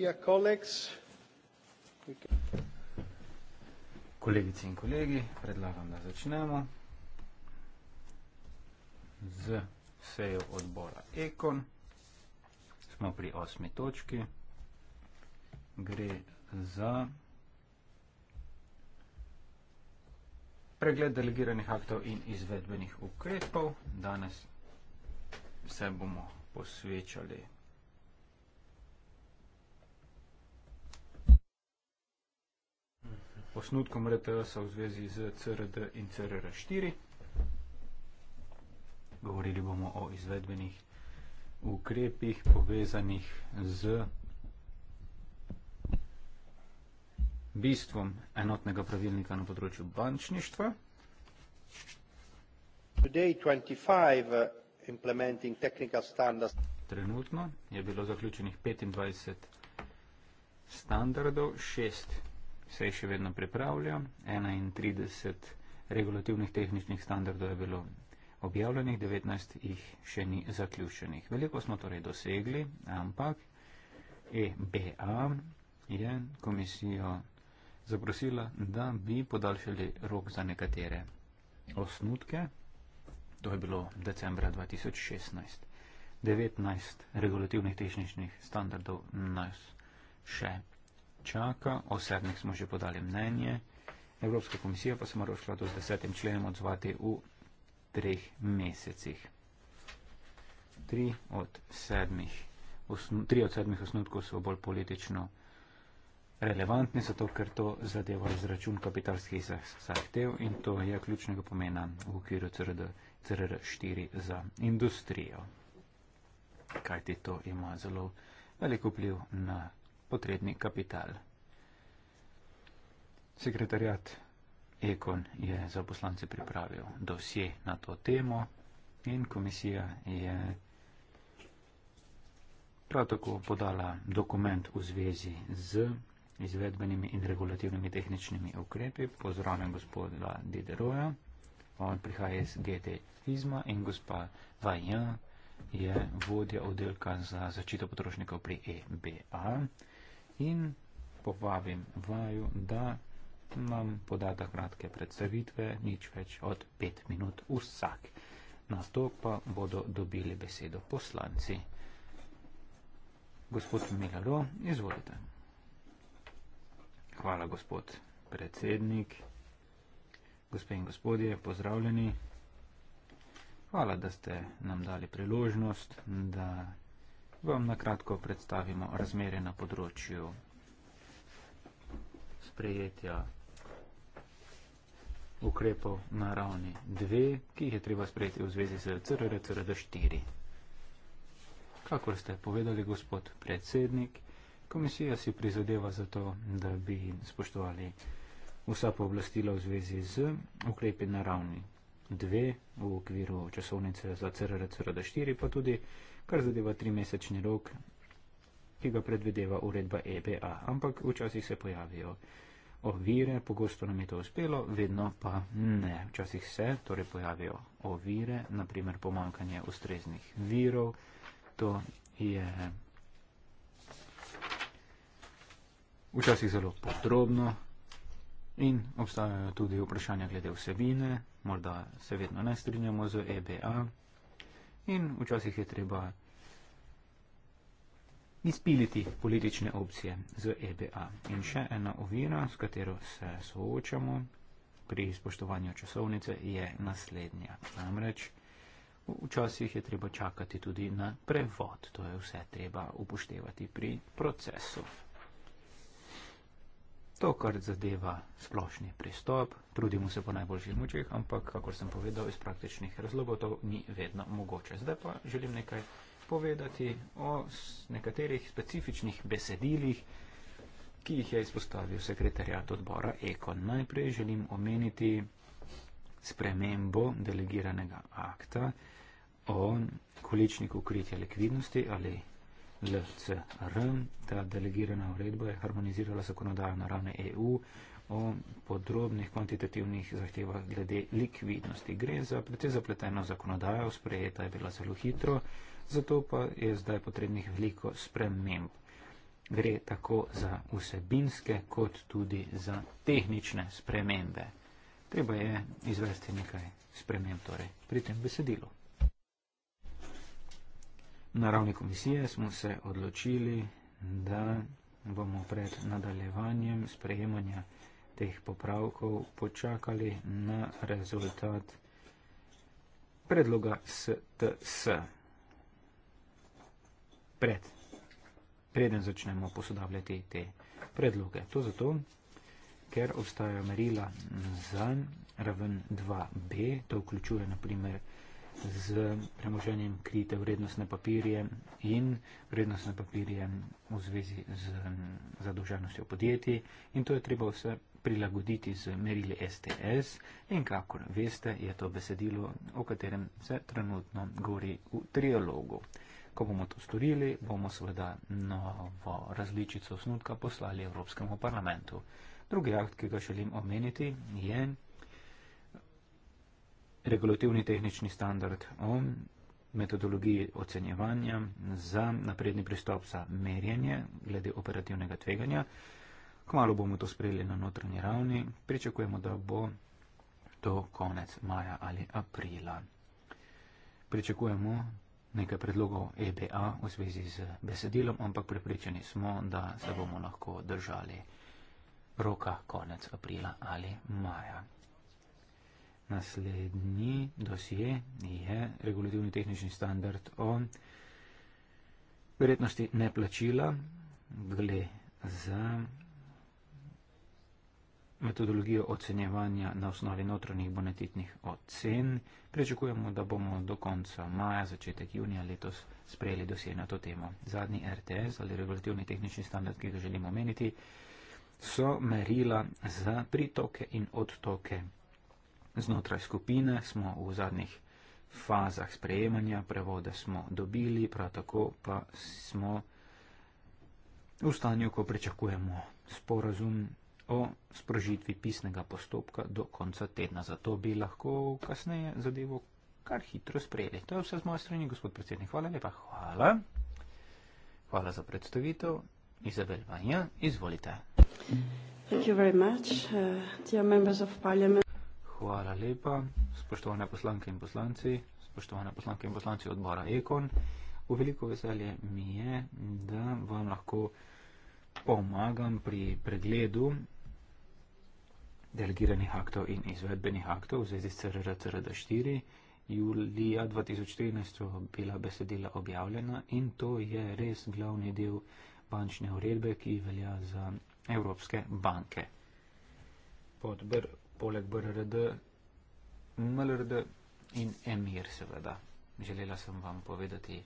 Dear colleagues, Kolegice in kolegi, predlagam, da začnemo z sejo odbora Ekon. Smo pri osmi točki. Gre za pregled delegiranih aktov in izvedbenih ukrepov. Danes se bomo posvečali posnutkom RTS-a v zvezi z CRD in CRR4. Govorili bomo o izvedbenih ukrepih povezanih z bistvom enotnega pravilnika na področju bančništva. Today 25 uh, implementing technical standards. Trenutno je bilo zaključenih 25 standardov, 6 se še vedno pripravlja. 31 regulativnih tehničnih standardov je bilo objavljenih, 19 jih še ni zaključenih. Veliko smo torej dosegli, ampak EBA je komisijo zaprosila, da bi podaljšali rok za nekatere osnutke. To je bilo decembra 2016. 19 regulativnih tehničnih standardov nas še čaka, o sedmih smo že podali mnenje, Evropska komisija pa se mora šla do z desetim členom odzvati v treh mesecih. Tri od sedmih, osnu, tri od sedmih osnutkov so bolj politično relevantni, zato ker to zadeva izračun kapitalskih zahtev in to je ključnega pomena v okviru CRR4 za industrijo. Kaj ti to ima zelo velik vpliv na potrebni kapital. Sekretarjat Ekon je za poslance pripravil dosje na to temo in komisija je prav tako podala dokument v zvezi z izvedbenimi in regulativnimi tehničnimi ukrepi. Pozdravljam gospoda Dideroja, on prihaja iz GT Fizma in gospa Vajan je vodja oddelka za začito potrošnikov pri EBA in povabim vaju, da nam podata kratke predstavitve, nič več od pet minut vsak. Na to pa bodo dobili besedo poslanci. Gospod Milaro, izvolite. Hvala, gospod predsednik. Gospe in gospodje, pozdravljeni. Hvala, da ste nam dali priložnost, da vam na kratko predstavimo razmere na področju sprejetja ukrepov na ravni 2, ki jih je treba sprejeti v zvezi z CRR CRD 4. Kakor ste povedali, gospod predsednik, komisija si prizadeva za to, da bi spoštovali vsa pooblastila v zvezi z ukrepi na ravni 2 v okviru časovnice za CRR CRD 4, pa tudi kar zadeva tri mesečni rok, ki ga predvideva uredba EBA. Ampak včasih se pojavijo ovire, pogosto nam je to uspelo, vedno pa ne. Včasih se torej pojavijo ovire, naprimer pomankanje ustreznih virov. To je včasih zelo podrobno. In obstajajo tudi vprašanja glede vsebine, morda se vedno ne strinjamo z EBA. In včasih je treba izpiliti politične opcije z EBA. In še ena ovira, s katero se soočamo pri spoštovanju časovnice, je naslednja. Namreč včasih je treba čakati tudi na prevod. To je vse treba upoštevati pri procesu. To, kar zadeva splošni pristop, trudimo se po najboljših močeh, ampak, kako sem povedal, iz praktičnih razlogov to ni vedno mogoče. Zdaj pa želim nekaj povedati o nekaterih specifičnih besedilih, ki jih je izpostavil sekretarjat odbora Eko. Najprej želim omeniti spremembo delegiranega akta o količniku kritja likvidnosti ali LCR. Ta delegirana uredba je harmonizirala zakonodajo na ravni EU o podrobnih kvantitativnih zahtevah glede likvidnosti. Gre za precej zapleteno zakonodajo, sprejeta je bila zelo hitro zato pa je zdaj potrebnih veliko sprememb. Gre tako za vsebinske, kot tudi za tehnične spremembe. Treba je izvesti nekaj sprememb torej, pri tem besedilu. Na ravni komisije smo se odločili, da bomo pred nadaljevanjem sprejemanja teh popravkov počakali na rezultat predloga STS pred, preden začnemo posodabljati te predloge. To zato, ker obstajajo merila za raven 2b, to vključuje naprimer z premoženjem krite vrednostne papirje in vrednostne papirje v zvezi z zadolženostjo podjetij in to je treba vse prilagoditi z merili STS in kakor veste, je to besedilo, o katerem se trenutno govori v trialogu. Ko bomo to storili, bomo seveda novo različico osnutka poslali Evropskemu parlamentu. Drugi akt, ki ga želim omeniti, je regulativni tehnični standard o metodologiji ocenjevanja za napredni pristop za merjenje glede operativnega tveganja. Kmalo bomo to sprejeli na notranji ravni. Pričakujemo, da bo to konec maja ali aprila. Pričakujemo nekaj predlogov EBA v zvezi z besedilom, ampak prepričani smo, da se bomo lahko držali roka konec aprila ali maja. Naslednji dosje je regulativni tehnični standard o verjetnosti neplačila, gle za metodologijo ocenjevanja na osnovi notranjih bonetitnih ocen. Prečakujemo, da bomo do konca maja, začetek junija letos sprejeli dosje na to temo. Zadnji RTS ali regulativni tehnični standard, ki ga želimo omeniti, so merila za pritoke in odtoke. Znotraj skupine smo v zadnjih fazah sprejemanja, prevode smo dobili, prav tako pa smo v stanju, ko pričakujemo sporazum o sprožitvi pisnega postopka do konca tedna. Zato bi lahko kasneje zadevo kar hitro sprejeli. To je vse z moje strani, gospod predsednik. Hvala lepa. Hvala. Hvala za predstavitev. Izabel Vanja, izvolite. Thank you very much, uh, dear members of parliament. Hvala lepa, spoštovane poslanke in poslanci, spoštovane poslanke in poslanci odbora Ekon. V veliko veselje mi je, da vam lahko pomagam pri pregledu delegiranih aktov in izvedbenih aktov v zvezi s CRRCRD4. Julija 2014 so bila besedila objavljena in to je res glavni del bančne uredbe, ki velja za evropske banke. Br, poleg BRRD, MLRD in EMIR seveda. Želela sem vam povedati,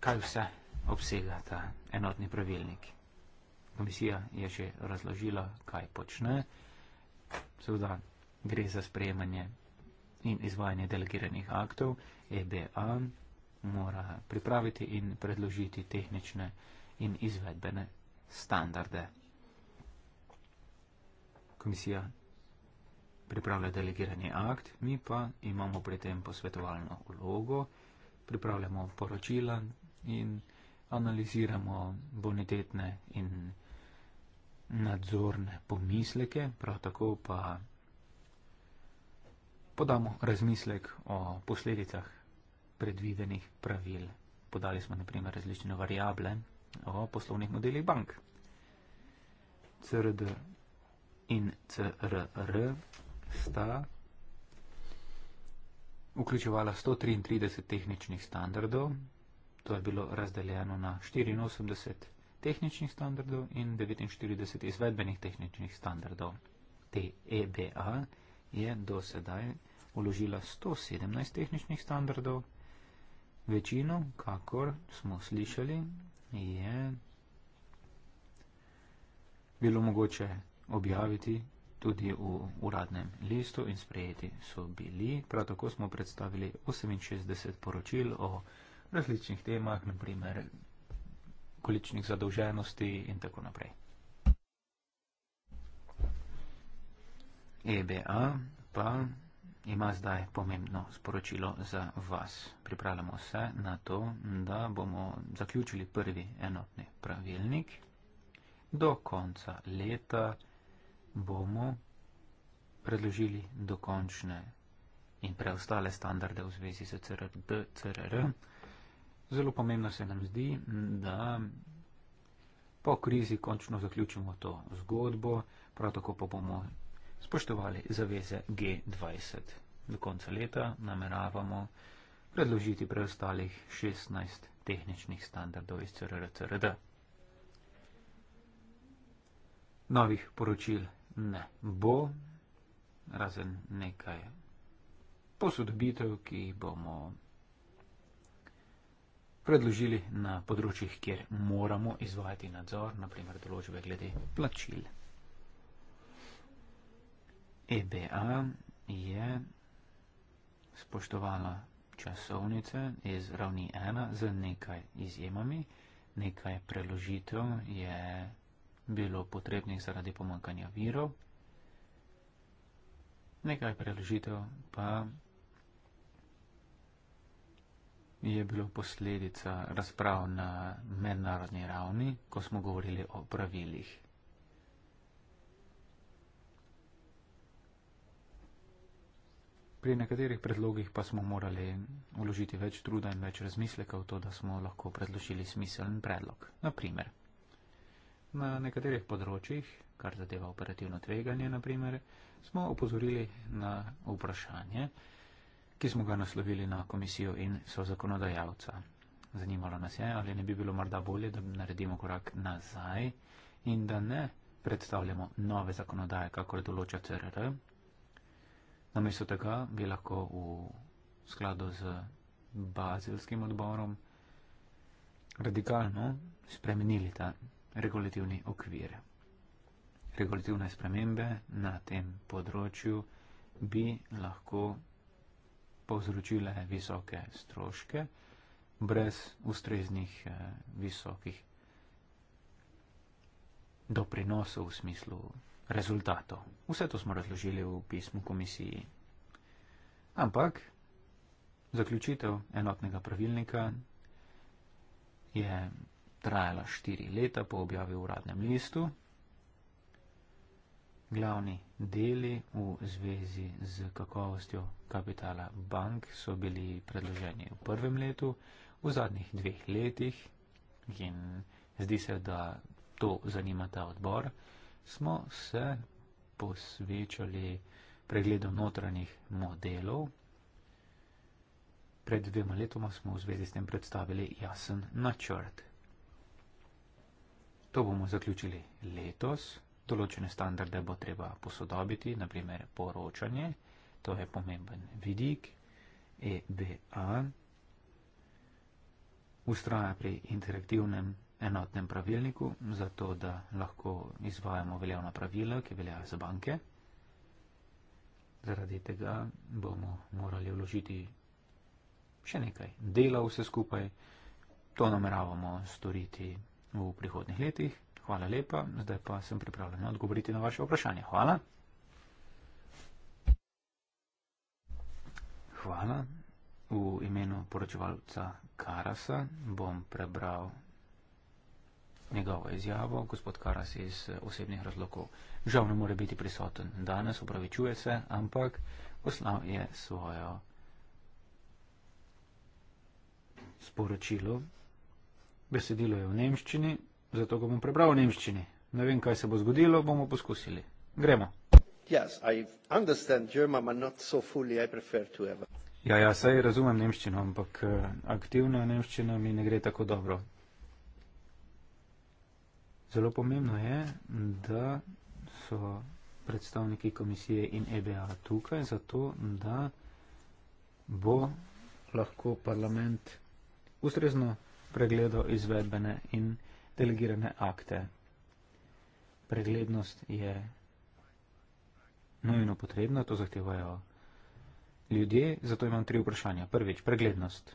kaj vse obsega ta enotni pravilnik. Komisija je še razložila, kaj počne. Seveda gre za sprejemanje in izvajanje delegiranih aktov. EBA mora pripraviti in predložiti tehnične in izvedbene standarde. Komisija pripravlja delegirani akt, mi pa imamo pri tem posvetovalno vlogo, pripravljamo poročila in analiziramo bonitetne in izvedbene standarde nadzorne pomisleke, prav tako pa podamo razmislek o posledicah predvidenih pravil. Podali smo naprimer različne variable o poslovnih modelih bank. CRD in CRR sta vključevala 133 tehničnih standardov, to je bilo razdeljeno na 84 tehničnih standardov in 49 izvedbenih tehničnih standardov. Te EBA je do sedaj uložila 117 tehničnih standardov. Večino, kakor smo slišali, je bilo mogoče objaviti tudi v uradnem listu in sprejeti so bili. Prav tako smo predstavili 68 poročil o različnih temah, naprimer količnih zadolženosti in tako naprej. EBA pa ima zdaj pomembno sporočilo za vas. Pripravljamo se na to, da bomo zaključili prvi enotni pravilnik. Do konca leta bomo predložili dokončne in preostale standarde v zvezi z CRD, CRR, CRR, zelo pomembno se nam zdi, da po krizi končno zaključimo to zgodbo, prav tako pa bomo spoštovali zaveze G20. Do konca leta nameravamo predložiti preostalih 16 tehničnih standardov iz CRRCRD. Novih poročil ne bo, razen nekaj posodobitev, ki bomo predložili na področjih, kjer moramo izvajati nadzor, naprimer določbe glede plačil. EBA je spoštovala časovnice iz ravni 1 z nekaj izjemami, nekaj preložitev je bilo potrebnih zaradi pomankanja virov, nekaj preložitev pa je bilo posledica razprav na mednarodni ravni, ko smo govorili o pravilih. Pri nekaterih predlogih pa smo morali vložiti več truda in več razmisleka v to, da smo lahko predložili smiseln predlog. Naprimer, na nekaterih področjih, kar zadeva operativno tveganje, naprimer, smo opozorili na vprašanje, ki smo ga naslovili na komisijo in so zakonodajalca. Zanimalo nas je, ali ne bi bilo morda bolje, da naredimo korak nazaj in da ne predstavljamo nove zakonodaje, kakor določa CRR. Namesto tega bi lahko v skladu z bazilskim odborom radikalno spremenili ta regulativni okvir. Regulativne spremembe na tem področju bi lahko povzročile visoke stroške brez ustreznih eh, visokih doprinosov v smislu rezultatov. Vse to smo razložili v pismu komisiji. Ampak zaključitev enotnega pravilnika je trajala štiri leta po objavi v uradnem listu glavni deli v zvezi z kakovostjo kapitala bank so bili predloženi v prvem letu, v zadnjih dveh letih in zdi se, da to zanima ta odbor, smo se posvečali pregledu notranjih modelov. Pred dvema letoma smo v zvezi s tem predstavili jasen načrt. To bomo zaključili letos določene standarde bo treba posodobiti, naprimer poročanje, to je pomemben vidik, EBA, ustraja pri interaktivnem enotnem pravilniku, zato da lahko izvajamo veljavna pravila, ki velja za banke. Zaradi tega bomo morali vložiti še nekaj dela vse skupaj. To nameravamo storiti v prihodnih letih. Hvala lepa. Zdaj pa sem pripravljen odgovoriti na vaše vprašanje. Hvala. Hvala. V imenu poročevalca Karasa bom prebral njegovo izjavo. Gospod Karas iz osebnih razlogov žal ne more biti prisoten danes, upravičuje se, ampak poslal je svojo sporočilo. Besedilo je v nemščini, zato ga bom prebral v nemščini. Ne vem, kaj se bo zgodilo, bomo poskusili. Gremo. Yes, Ja, ja, saj razumem nemščino, ampak eh, aktivna nemščina mi ne gre tako dobro. Zelo pomembno je, da so predstavniki komisije in EBA tukaj, zato da bo lahko parlament ustrezno pregledal izvedbene in izvedbene delegirane akte. Preglednost je nujno potrebna, to zahtevajo ljudje, zato imam tri vprašanja. Prvič, preglednost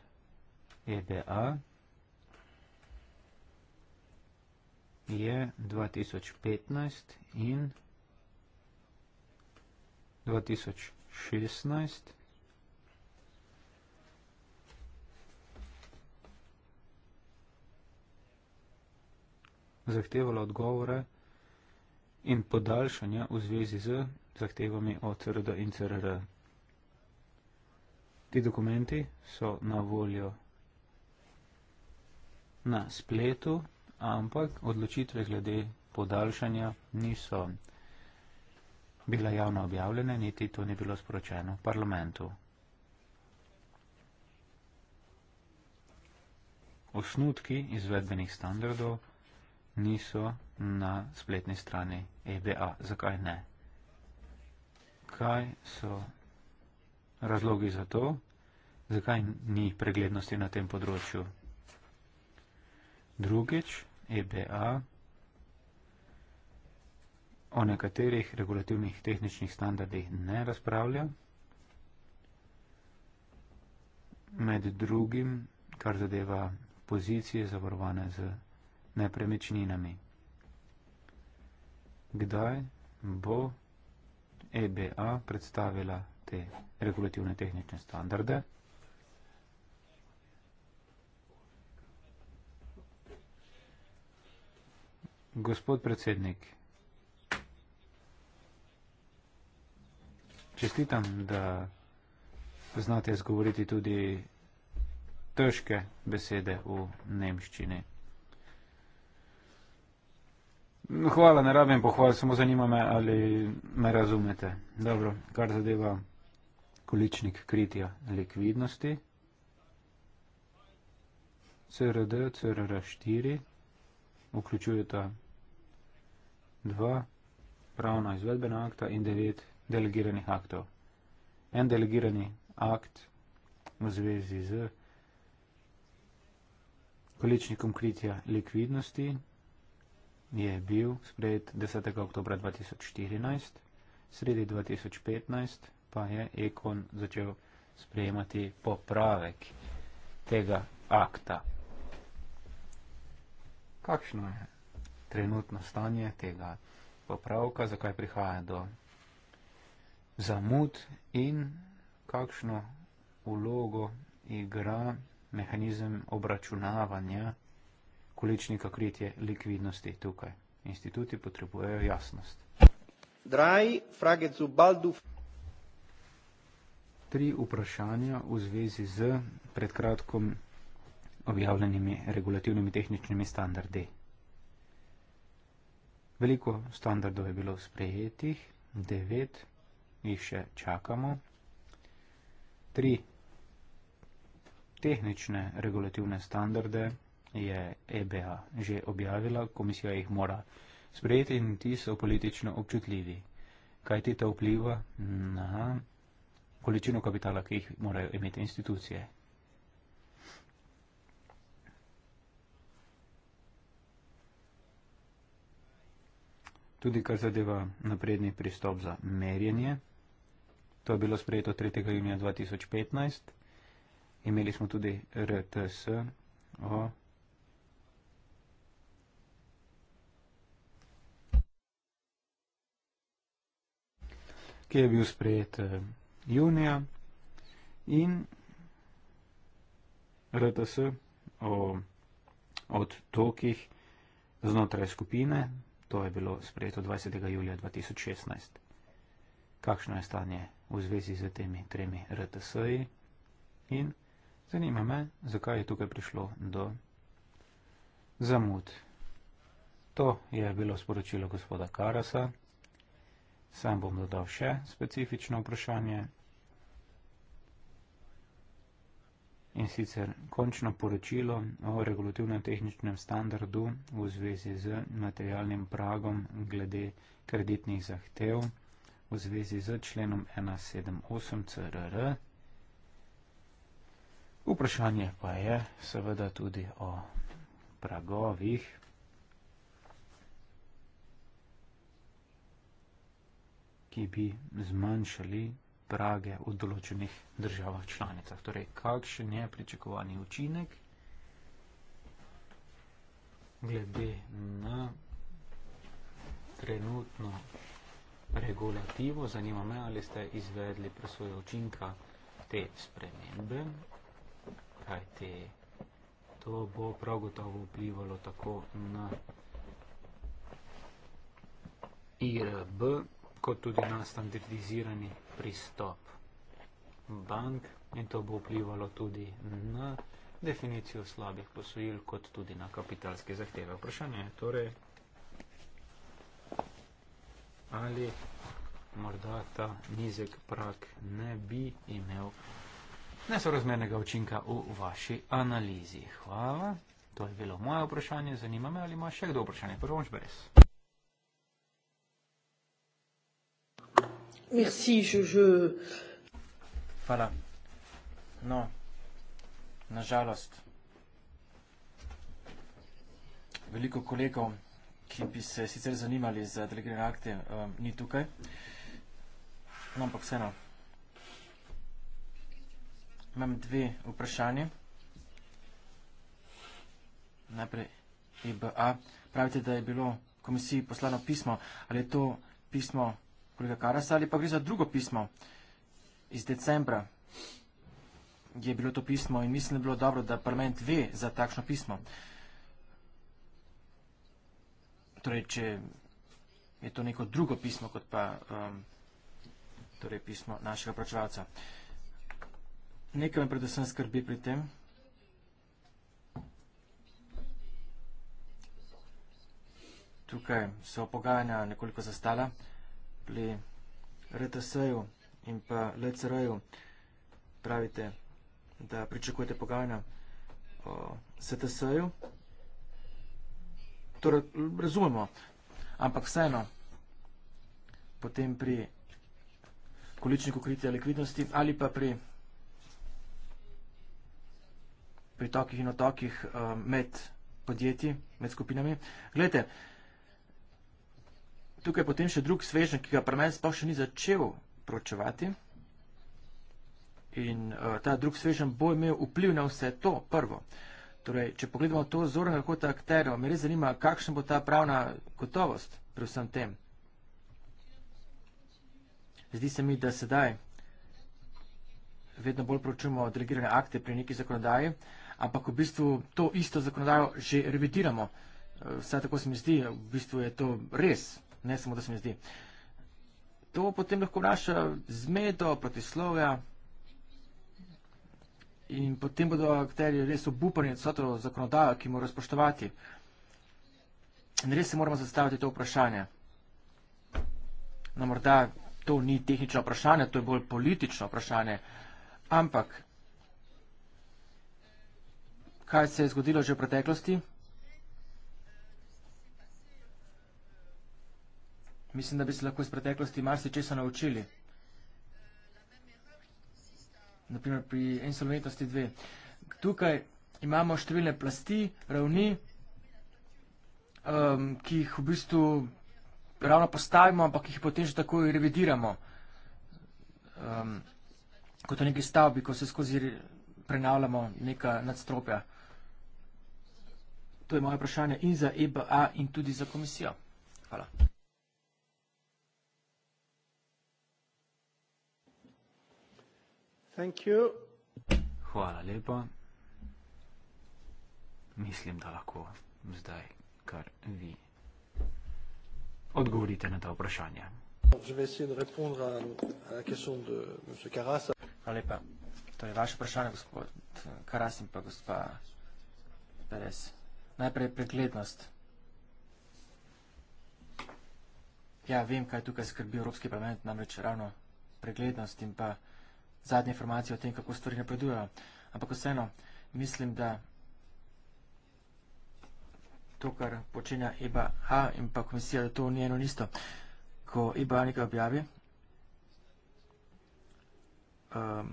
EDA je 2015 in 2016. zahtevala odgovore in podaljšanja v zvezi z zahtevami OCRD in CRR. Ti dokumenti so na voljo na spletu, ampak odločitve glede podaljšanja niso bila javno objavljene, niti to ni bilo sporočeno v parlamentu. Osnutki izvedbenih standardov niso na spletni strani EBA. Zakaj ne? Kaj so razlogi za to? Zakaj ni preglednosti na tem področju? Drugič, EBA o nekaterih regulativnih tehničnih standardih ne razpravlja. Med drugim, kar zadeva pozicije zavarovane z nepremičninami. Kdaj bo EBA predstavila te regulativne tehnične standarde? Gospod predsednik, čestitam, da znate zgovoriti tudi težke besede v nemščini. Hvala, ne rabim pohval, samo zanima me, ali me razumete. Dobro, kar zadeva količnik kritja likvidnosti. CRD, CRR 4, vključujeta dva pravna izvedbena akta in devet delegiranih aktov. En delegirani akt v zvezi z količnikom kritja likvidnosti, je bil sprejet 10. oktober 2014, sredi 2015 pa je Ekon začel sprejemati popravek tega akta. Kakšno je trenutno stanje tega popravka, zakaj prihaja do zamud in kakšno vlogo igra mehanizem obračunavanja količnika kritje likvidnosti tukaj. Instituti potrebujejo jasnost. Draj, Tri vprašanja v zvezi z predkratkom objavljenimi regulativnimi tehničnimi standardi. Veliko standardov je bilo sprejetih, devet jih še čakamo. Tri tehnične regulativne standarde je EBA že objavila, komisija jih mora sprejeti in ti so politično občutljivi. Kaj ti to vpliva na količino kapitala, ki jih morajo imeti institucije? Tudi kar zadeva napredni pristop za merjenje. To je bilo sprejeto 3. junija 2015. Imeli smo tudi RTS o ki je bil sprejet eh, junija in RTS o odtokih znotraj skupine, to je bilo sprejeto 20. julija 2016. Kakšno je stanje v zvezi z temi tremi RTS-ji in zanima me, zakaj je tukaj prišlo do zamud. To je bilo sporočilo gospoda Karasa. Sam bom dodal še specifično vprašanje. In sicer končno poročilo o regulativnem tehničnem standardu v zvezi z materialnim pragom glede kreditnih zahtev v zvezi z členom 178 CRR. Vprašanje pa je seveda tudi o pragovih, ki bi zmanjšali prage v določenih državah članicah. Torej, kakšen je pričakovani učinek glede na trenutno regulativo? Zanima me, ali ste izvedli presojo učinka te spremembe, kaj te to bo prav gotovo vplivalo tako na IRB, kot tudi na standardizirani pristop bank in to bo vplivalo tudi na definicijo slabih posojil, kot tudi na kapitalske zahteve. Vprašanje je torej, ali morda ta nizek prak ne bi imel nesorazmernega učinka v vaši analizi. Hvala. To je bilo moje vprašanje. Zanima me, ali ima še kdo vprašanje. Prvo, brez. Merci, je, je... Hvala. No, nažalost, veliko kolegov, ki bi se sicer zanimali za delegirane akte, um, ni tukaj. No, ampak vseeno, imam dve vprašanje. Najprej EBA. Pravite, da je bilo komisiji poslano pismo, ali je to pismo Kolega Karas, ali pa gre za drugo pismo iz decembra, je bilo to pismo in mislim, da je bilo dobro, da parlament ve za takšno pismo. Torej, če je to neko drugo pismo, kot pa um, torej pismo našega pračevalca. Nekaj me predvsem skrbi pri tem. Tukaj so pogajanja nekoliko zastala pri RTS-ju in pa LCR-ju pravite, da pričakujete pogajanja o STS-ju. Torej, razumemo, ampak vseeno, potem pri količniku kritja likvidnosti ali pa pri pri takih in otakih eh, med podjetji, med skupinami. Gledajte, tukaj je potem še drug svežen, ki ga pri meni sploh še ni začel pročevati. In uh, ta drug svežen bo imel vpliv na vse to, prvo. Torej, če pogledamo to zornega kota akterja, me res zanima, kakšna bo ta pravna gotovost pri vsem tem. Zdi se mi, da sedaj vedno bolj pročujemo delegirane akte pri neki zakonodaji, ampak v bistvu to isto zakonodajo že revidiramo. Eh, vsaj tako se mi zdi, v bistvu je to res ne samo da se mi zdi. To potem lahko vnaša zmedo, protislovja in potem bodo akterji res obupani od sotro zakonodajo, ki morajo spoštovati. In res se moramo zastaviti to vprašanje. No, morda to ni tehnično vprašanje, to je bolj politično vprašanje, ampak kaj se je zgodilo že v preteklosti? Mislim, da bi se lahko iz preteklosti marsičesa naučili. Naprimer pri insolventnosti 2. Tukaj imamo številne plasti, ravni, um, ki jih v bistvu ravno postavimo, ampak jih potem že tako revidiramo. Um, kot v neki stavbi, ko se skozi prenavljamo neka nadstropja. To je moje vprašanje in za EBA in tudi za komisijo. Hvala. Thank you. Hvala lepa. Mislim, da lahko zdaj kar vi odgovorite na ta vprašanja. Hvala lepa. Torej, vaše vprašanje, gospod Karas in pa gospa Perez. Najprej preglednost. Ja, vem, kaj tukaj skrbi Evropski parlament, namreč ravno preglednost in pa preglednost zadnje informacije o tem, kako stvari napredujejo. Ampak vseeno, mislim, da to, kar počenja EBA in pa komisija, da to ni eno isto. Ko EBA nekaj objavi, um,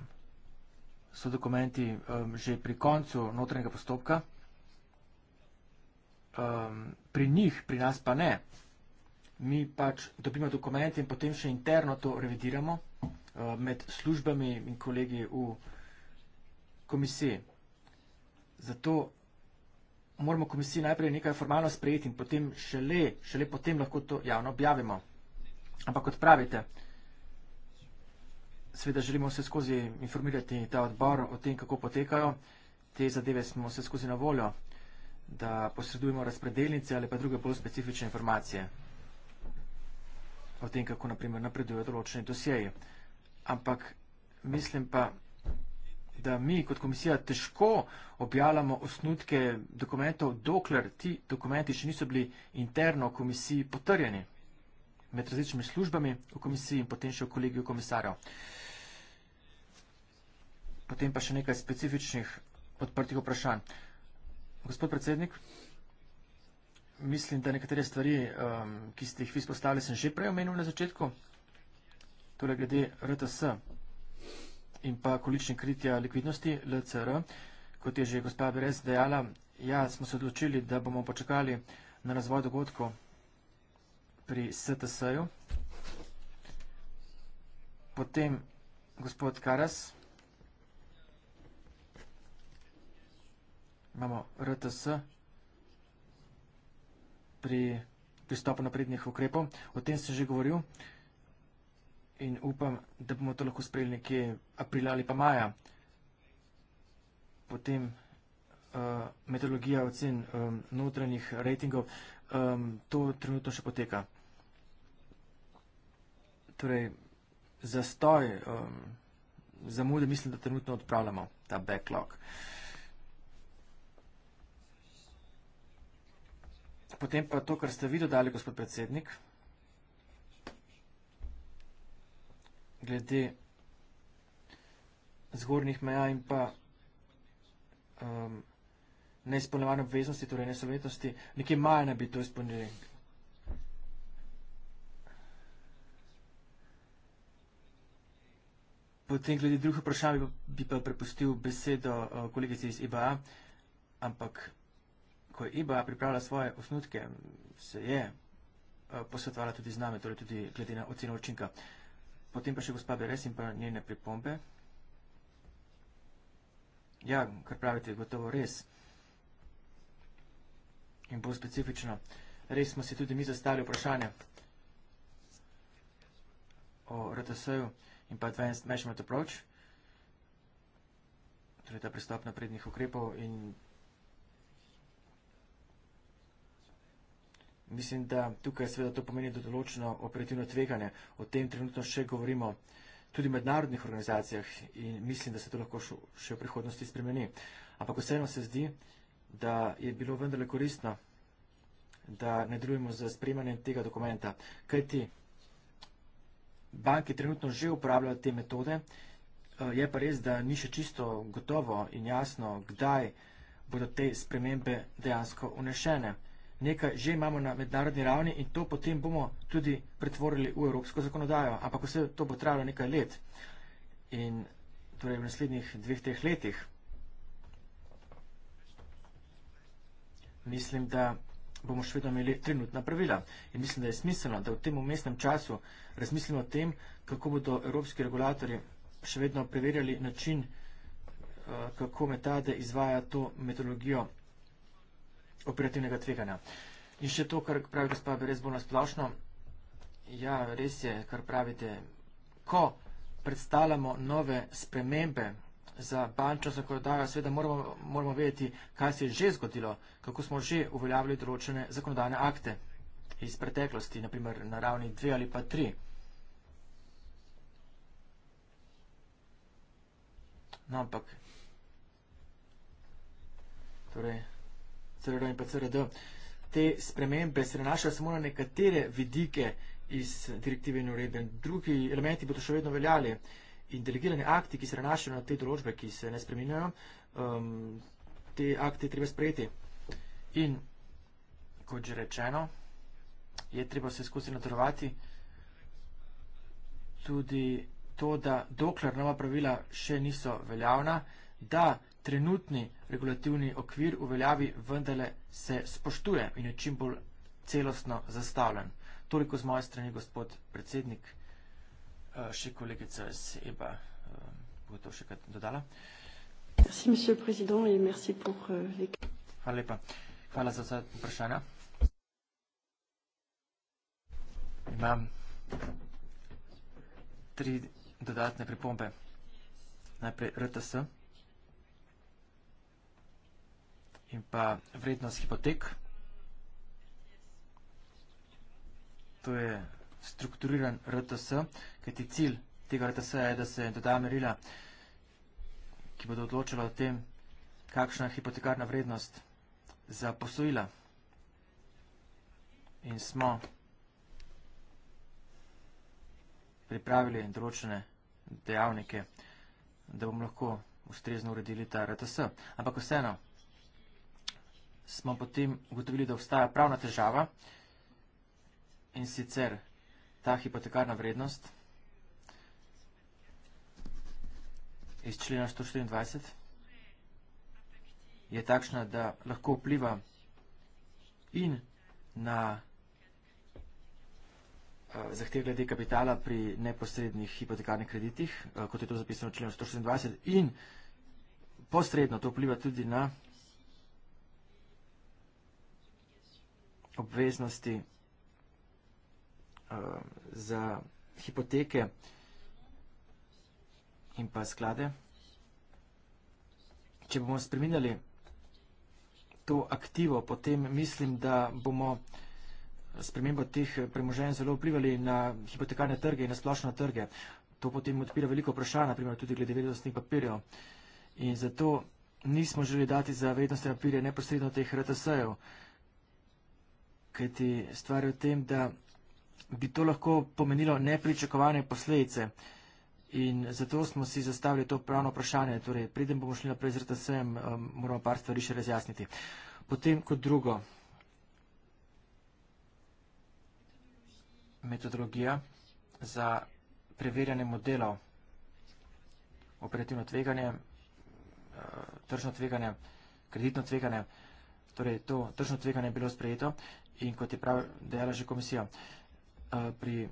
so dokumenti um, že pri koncu notranjega postopka, um, pri njih, pri nas pa ne. Mi pač dobimo dokumenti in potem še interno to revidiramo. Eh, med službami in kolegi v komisiji. Zato moramo komisiji najprej nekaj formalno sprejeti in potem šele, šele potem lahko to javno objavimo. Ampak kot pravite, sveda želimo vse skozi informirati ta odbor o tem, kako potekajo. Te zadeve smo vse skozi na voljo, da posredujemo razpredelnice ali pa druge bolj specifične informacije o tem, kako naprimer napredujejo določeni dosjeji ampak mislim pa, da mi kot komisija težko objavljamo osnutke dokumentov, dokler ti dokumenti še niso bili interno v komisiji potrjeni med različnimi službami v komisiji in potem še v kolegiju komisarjev. Potem pa še nekaj specifičnih odprtih vprašanj. Gospod predsednik, mislim, da nekatere stvari, um, ki ste jih vi spostavili, sem že prej omenil na začetku, torej glede RTS in pa količne kritja likvidnosti LCR, kot je že gospa Berez dejala, ja, smo se odločili, da bomo počakali na razvoj dogodkov pri STS-ju. Potem gospod Karas, imamo RTS pri pristopu naprednih ukrepov. O tem sem že govoril, da je to, in upam, da bomo to lahko sprejeli nekje aprila ali pa maja. Potem uh, metodologija ocen um, notranjih rejtingov, um, eh, to trenutno še poteka. Torej, zastoj, um, zamude mislim, da trenutno odpravljamo ta backlog. Potem pa to, kar ste vi dodali, gospod predsednik. glede zgornjih meja in pa um, neizpolnjevanja obveznosti, torej nesovetnosti, nekje maja ne bi to izpolnili. Potem, glede drugih vprašanj, bi pa prepustil besedo uh, kolegici iz IBA, ampak ko je IBA pripravila svoje osnutke, se je uh, posvetovala tudi z nami, torej tudi glede na oceno učinka. Uh, Potem pa še gospa Beres in pa njene pripombe. Ja, kar pravite, je gotovo res. In bolj specifično. Res smo si tudi mi zastali vprašanje o RTS-ju in pa Advanced Measurement Approach, torej ta pristop naprednih ukrepov in Mislim, da tukaj seveda to pomeni določeno operativno tveganje. O tem trenutno še govorimo tudi v mednarodnih organizacijah in mislim, da se to lahko še v prihodnosti spremeni. Ampak vseeno se zdi, da je bilo vendarle koristno, da ne delujemo z sprejemanjem tega dokumenta. Kaj ti banki trenutno že uporabljajo te metode, eh, je pa res, da ni še čisto gotovo in jasno, kdaj bodo te spremembe dejansko unešene nekaj že imamo na mednarodni ravni in to potem bomo tudi pretvorili v evropsko zakonodajo, ampak vse to bo trajalo nekaj let in torej v naslednjih dveh teh letih. Mislim, da bomo še vedno imeli trenutna pravila in mislim, da je smiselno, da v tem umestnem času razmislimo o tem, kako bodo evropski regulatori še vedno preverjali način, eh, kako metade izvaja to metodologijo operativnega tveganja. In še to, kar pravi gospod, je res bolj nasplošno. Ja, res je, kar pravite. Ko predstavljamo nove spremembe za bančno zakonodajo, seveda moramo, moramo vedeti, kaj se je že zgodilo, kako smo že uveljavili določene zakonodajne akte iz preteklosti, naprimer na ravni dve ali pa tri. No, ampak. Torej, CRD in pa CRD. Te spremembe se nanašajo samo na nekatere vidike iz direktive in uredbe. Drugi elementi bodo še vedno veljali in delegirani akti, ki se nanašajo na te določbe, ki se ne spreminjajo, um, te akte treba sprejeti. In kot že rečeno, je treba se skozi nadzorovati tudi to, da dokler nova pravila še niso veljavna, da trenutni regulativni okvir uveljavi vendarle se spoštuje in je čim bolj celostno zastavljen. Toliko z moje strani, gospod predsednik, eh, še kolegica Seba eh, bo to še kaj dodala. Euh, Hvala lepa. Hvala za vse vprašanja. Imam tri dodatne pripombe. Najprej RTS. in pa vrednost hipotek. To je strukturiran RTS, kajti cilj tega RTS je, da se doda merila, ki bodo odločila o tem, kakšna je hipotekarna vrednost za posojila. In smo pripravili določene dejavnike, da bomo lahko ustrezno uredili ta RTS. Ampak vseeno, smo potem ugotovili, da obstaja pravna težava in sicer ta hipotekarna vrednost iz člena 124 je takšna, da lahko vpliva in na eh, zahtev glede kapitala pri neposrednih hipotekarnih kreditih, eh, kot je to zapisano v členu 124 in posredno to vpliva tudi na obveznosti eh, za hipoteke in pa sklade. Če bomo spreminjali to aktivo, potem mislim, da bomo spremembo teh premoženj zelo vplivali na hipotekarne trge in na splošno trge. To potem odpira veliko vprašanj, naprimer tudi glede vrednostnih papirjev. In zato nismo želeli dati za vrednostne papirje neposredno teh RTS-ev kajti stvar je v tem, da bi to lahko pomenilo nepričakovane posledice. In zato smo si zastavili to pravno vprašanje, torej preden bomo šli naprej z RTS-em, um, moramo par stvari še razjasniti. Potem kot drugo, metodologija za preverjanje modelov, operativno tveganje, uh, tržno tveganje, kreditno tveganje, torej to tržno tveganje je bilo sprejeto in kot je prav dejala že komisija, eh, pri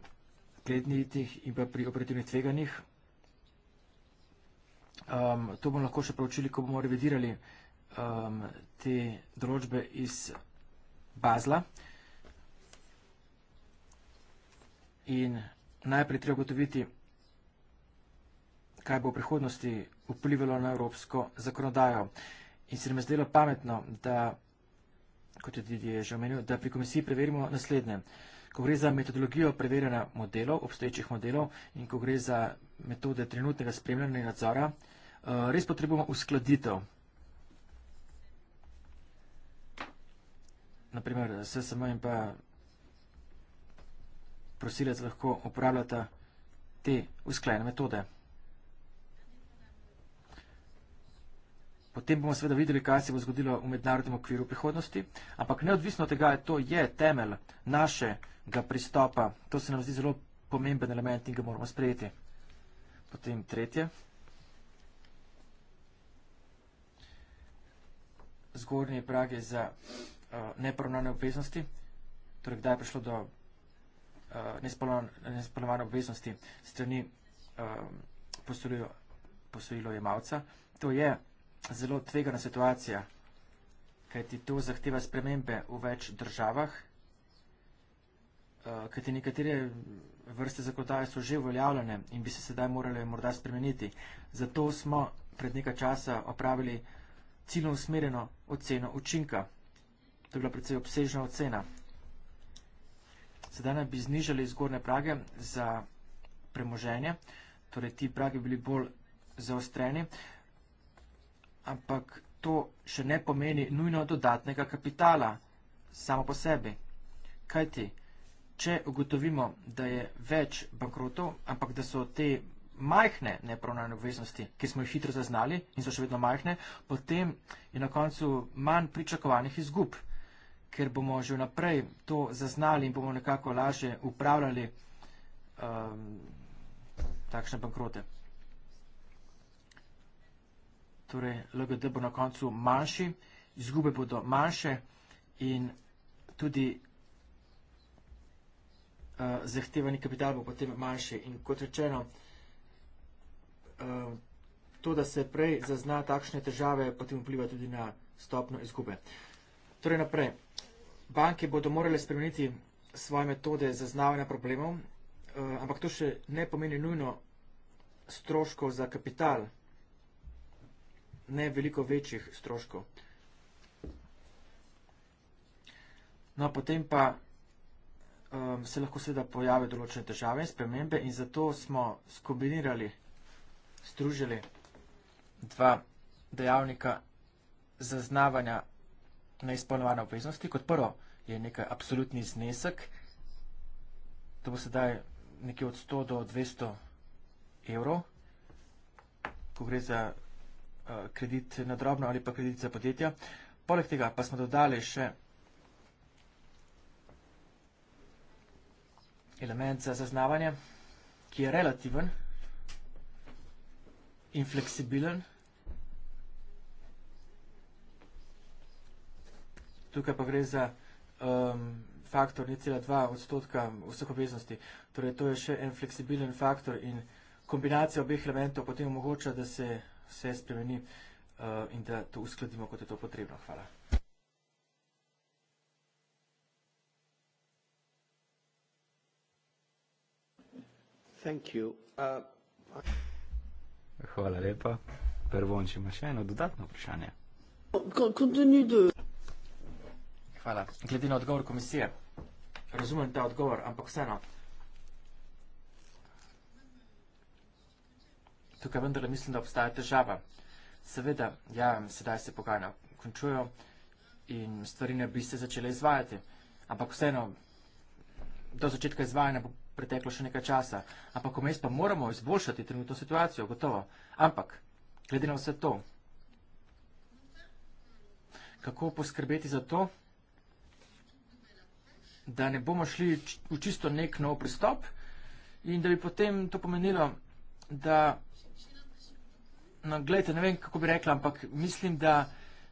kreditnih in pa pri operativnih tveganjih. Ehm, to bomo lahko še pravčili, ko bomo revidirali ehm, te določbe iz Bazla. In najprej treba gotoviti, kaj bo v prihodnosti vplivalo na evropsko zakonodajo. In se nam je zdelo pametno, da vsega, kot je tudi že omenil, da pri komisiji preverimo naslednje. Ko gre za metodologijo preverjanja modelov, obstoječih modelov in ko gre za metode trenutnega spremljanja in nadzora, eh, res potrebujemo uskladitev. Naprimer, SSM in pa prosilec lahko uporabljata te usklajene metode. Potem bomo seveda videli, kaj se bo zgodilo v mednarodnem okviru prihodnosti, ampak neodvisno od tega, to je temelj našega pristopa, to se nam zdi zelo pomemben element in ga moramo sprejeti. Potem tretje. Zgornji prag je za uh, eh, neporovnane obveznosti, torej kdaj je prišlo do uh, eh, nespolnovane obveznosti strani uh, posojilo jemalca. To je zelo tvegana situacija, kajti to zahteva spremembe v več državah, eh, kajti nekatere vrste zakonodaje so že uveljavljene in bi se sedaj morale morda spremeniti. Zato smo pred nekaj časa opravili ciljno usmerjeno oceno učinka. To je bila predvsej obsežna ocena. Sedaj naj bi znižali zgornje prage za premoženje, torej ti pragi bili bolj zaostreni ampak to še ne pomeni nujno dodatnega kapitala samo po sebi. Kajti, če ugotovimo, da je več bankrotov, ampak da so te majhne neprovnane obveznosti, ki smo jih hitro zaznali in so še vedno majhne, potem je na koncu manj pričakovanih izgub, ker bomo že vnaprej to zaznali in bomo nekako lažje upravljali um, takšne bankrote torej LGD bo na koncu manjši, izgube bodo manjše in tudi eh, zahtevani kapital bo potem manjši. In kot rečeno, eh, to, da se prej zazna takšne težave, potem vpliva tudi na stopno izgube. Torej naprej, banke bodo morale spremeniti svoje metode zaznavanja problemov, eh, ampak to še ne pomeni nujno stroškov za kapital, ampak to še ne pomeni nujno stroškov za kapital, ne veliko večjih stroškov. No, potem pa um, se lahko seveda pojave določene države in spremembe in zato smo skombinirali, združili dva dejavnika zaznavanja na izpolnovanje obveznosti. Kot prvo je nekaj absolutni znesek, to bo sedaj nekje od 100 do 200 evrov, ko gre za Eh, kredit na drobno ali pa kredit za podjetja. Poleg tega pa smo dodali še element za zaznavanje, ki je relativen in fleksibilen. Tukaj pa gre za um, faktor ne cela dva odstotka vseh obveznosti. Torej, to je še en fleksibilen faktor in kombinacija obeh elementov potem omogoča, da se vse spremeni eh, in da to uskladimo, kot je to potrebno. Hvala. Uh, Hvala lepa. Prvonč ima še eno dodatno vprašanje. Hvala. Glede na odgovor komisije, razumem ta odgovor, ampak vseeno. tukaj vendarle mislim, da obstaja težava. Seveda, ja, sedaj se pogajanja končujo in stvari ne bi se začele izvajati. Ampak vseeno, do začetka izvajanja bo preteklo še nekaj časa. Ampak vmes pa moramo izboljšati trenutno situacijo, gotovo. Ampak, glede na vse to, kako poskrbeti za to, da ne bomo šli v čisto nek nov pristop in da bi potem to pomenilo, da No, gledajte, ne vem, kako bi rekla, ampak mislim, da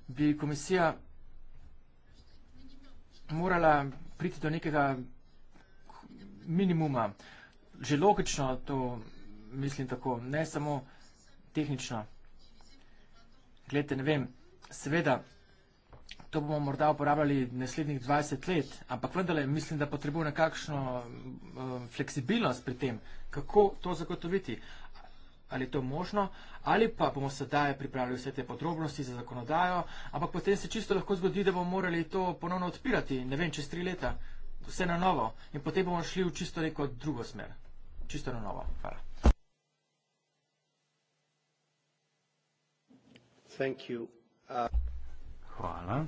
bi komisija morala priti do nekega minimuma. Že logično to mislim tako, ne samo tehnično. Gledajte, ne vem, seveda, to bomo morda uporabljali naslednjih 20 let, ampak vendarle mislim, da potrebuje nekakšno uh, fleksibilnost pri tem, kako to zagotoviti ali je to možno, ali pa bomo sedaj pripravili vse te podrobnosti za zakonodajo, ampak potem se čisto lahko zgodi, da bomo morali to ponovno odpirati, ne vem, čez tri leta, vse na novo in potem bomo šli v čisto neko drugo smer. Čisto na novo. Hvala. Uh, Hvala.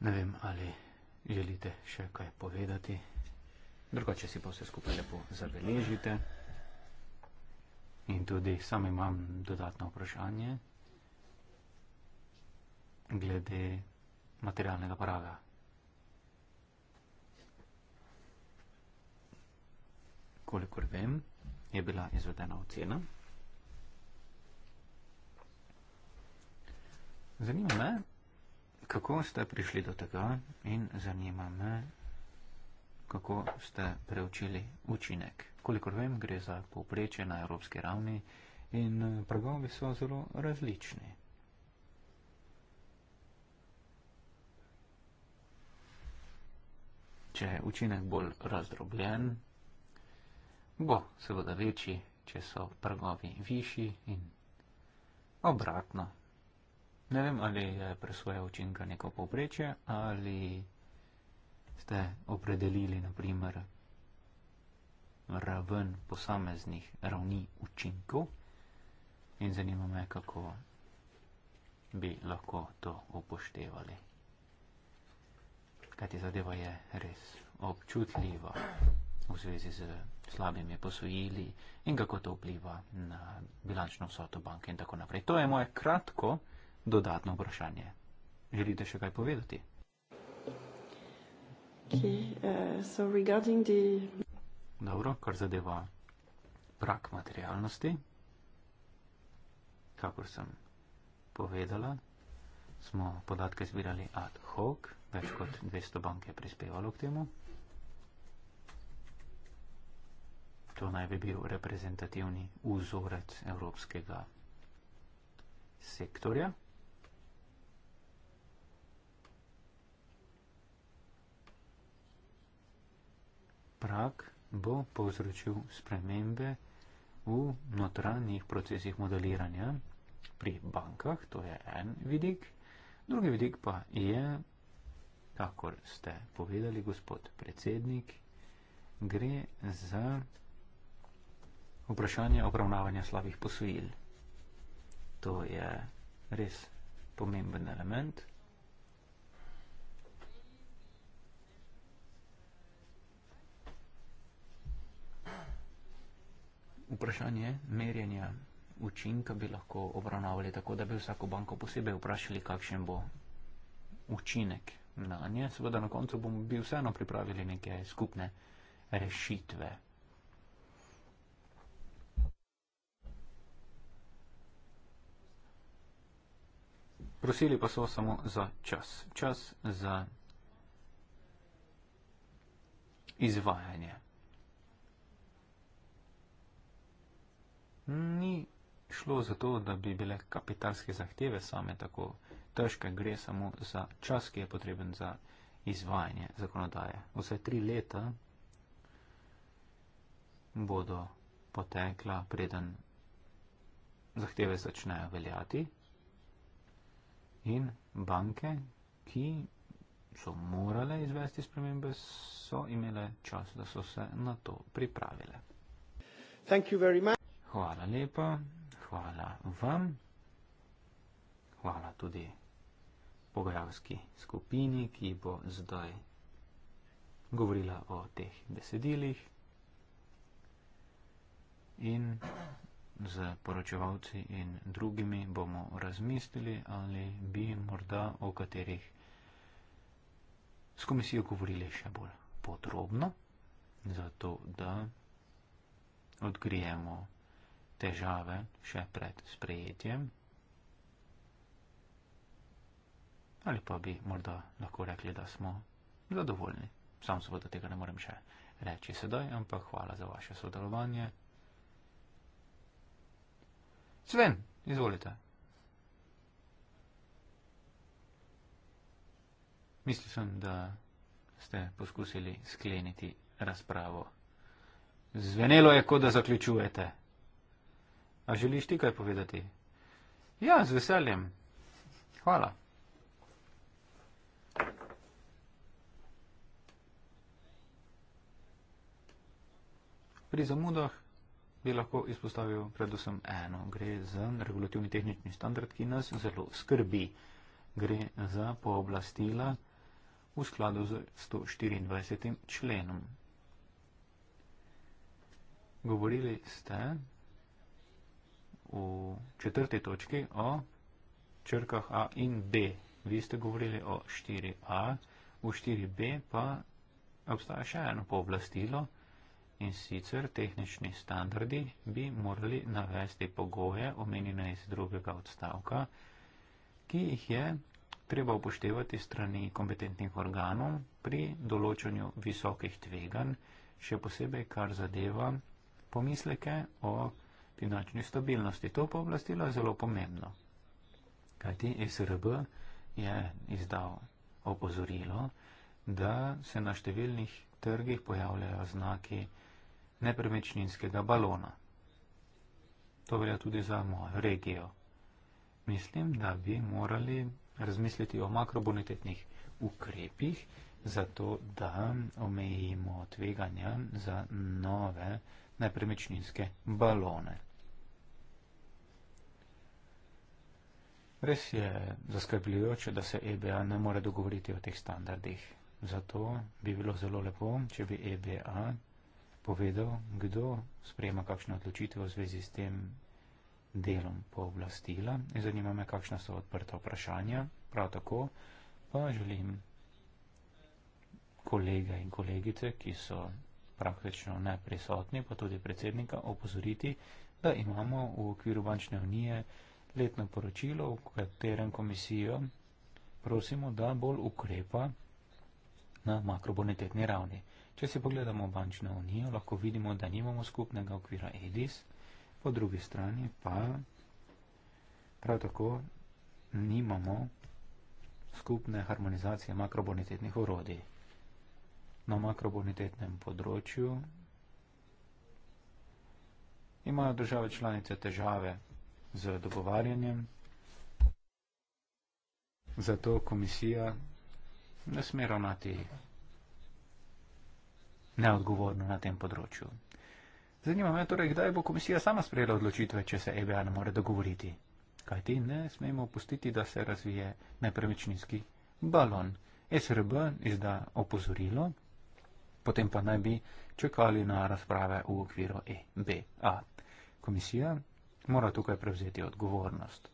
Ne vem, ali želite še kaj povedati drugače si pa vse skupaj lepo zabeležite. In tudi sam imam dodatno vprašanje glede materialnega praga. Kolikor vem, je bila izvedena ocena. Zanima me, kako ste prišli do tega in zanima me, kako ste preučili učinek. Kolikor vem, gre za povprečje na evropski ravni in eh, pragovi so zelo različni. Če je učinek bolj razdrobljen, bo seveda večji, če so pragovi višji in obratno. Ne vem, ali je presoja učinka neko povprečje ali ste opredelili naprimer raven posameznih ravni učinkov in zanima me, kako bi lahko to upoštevali. Kajti zadeva je res občutljiva v zvezi z slabimi posojili in kako to vpliva na bilančno vsoto banke in tako naprej. To je moje kratko dodatno vprašanje. Želite še kaj povedati? Okay. Uh, the... Dobro, kar zadeva prak materialnosti, kakor sem povedala, smo podatke zbirali ad hoc, več kot 200 bank je prispevalo k temu. To naj bi bil reprezentativni vzorec evropskega sektorja. prak bo povzročil spremembe v notranjih procesih modeliranja pri bankah, to je en vidik. Drugi vidik pa je, kako ste povedali, gospod predsednik, gre za vprašanje obravnavanja slabih posojil. To je res pomemben element. vprašanje merjenja učinka bi lahko obravnavali tako, da bi vsako banko posebej vprašali, kakšen bo učinek na nje. Seveda na koncu bomo bi vseeno pripravili neke skupne rešitve. Prosili pa so samo za čas. Čas za izvajanje. ni šlo za to, da bi bile kapitalske zahteve same tako težke, gre samo za čas, ki je potreben za izvajanje zakonodaje. Vse tri leta bodo potekla, preden zahteve začnejo veljati in banke, ki so morale izvesti spremembe, so imele čas, da so se na to pripravile. Thank you very much. Hvala lepa, hvala vam, hvala tudi pogajalski skupini, ki bo zdaj govorila o teh besedilih in z poročevalci in drugimi bomo razmislili, ali bi morda o katerih s komisijo govorili še bolj podrobno, zato da odkrijemo težave še pred sprejetjem. Ali pa bi morda lahko rekli, da smo zadovoljni. Sam seveda tega ne morem še reči sedaj, ampak hvala za vaše sodelovanje. Sven, izvolite. Mislil sem, da ste poskusili skleniti razpravo. Zvenelo je, kot da zaključujete. A želiš ti kaj povedati? Ja, z veseljem. Hvala. Pri zamudah bi lahko izpostavil predvsem eno. Gre za regulativni tehnični standard, ki nas zelo skrbi. Gre za pooblastila v skladu z 124. členom. Govorili ste, v četrti točki o črkah A in B. Vi ste govorili o 4A, v 4B pa obstaja še eno povlastilo in sicer tehnični standardi bi morali navesti pogoje omenjene iz drugega odstavka, ki jih je treba upoštevati strani kompetentnih organov pri določanju visokih tveganj, še posebej kar zadeva pomisleke o tveganju finančni stabilnosti. To pooblastilo je zelo pomembno. Kajti SRB je izdal opozorilo, da se na številnih trgih pojavljajo znaki nepremečninskega balona. To velja tudi za mojo regijo. Mislim, da bi morali razmisliti o makrobonitetnih ukrepih, zato da omejimo tveganja za nove nepremičninske balone. Res je zaskrbljujoče, da se EBA ne more dogovoriti o teh standardih. Zato bi bilo zelo lepo, če bi EBA povedal, kdo sprejema kakšne odločitve v zvezi s tem delom pooblastila. Zanima me, kakšna so odprta vprašanja. Prav tako pa želim kolega in kolegice, ki so praktično ne prisotni, pa tudi predsednika, opozoriti, da imamo v okviru bančne unije letno poročilo, v katerem komisijo prosimo, da bolj ukrepa na makrobonitetni ravni. Če si pogledamo bančno unijo, lahko vidimo, da nimamo skupnega okvira EDIS, po drugi strani pa prav tako nimamo skupne harmonizacije makrobonitetnih orodij na makrobonitetnem področju imajo države članice težave z dogovarjanjem, zato komisija ne sme ravnati neodgovorno na tem področju. Zanima me torej, kdaj bo komisija sama sprejela odločitve, če se EBA ne more dogovoriti. Kajti ne smemo opustiti, da se razvije nepremičninski balon. SRB izda opozorilo potem pa naj bi čakali na razprave v okviru EBA. Komisija mora tukaj prevzeti odgovornost.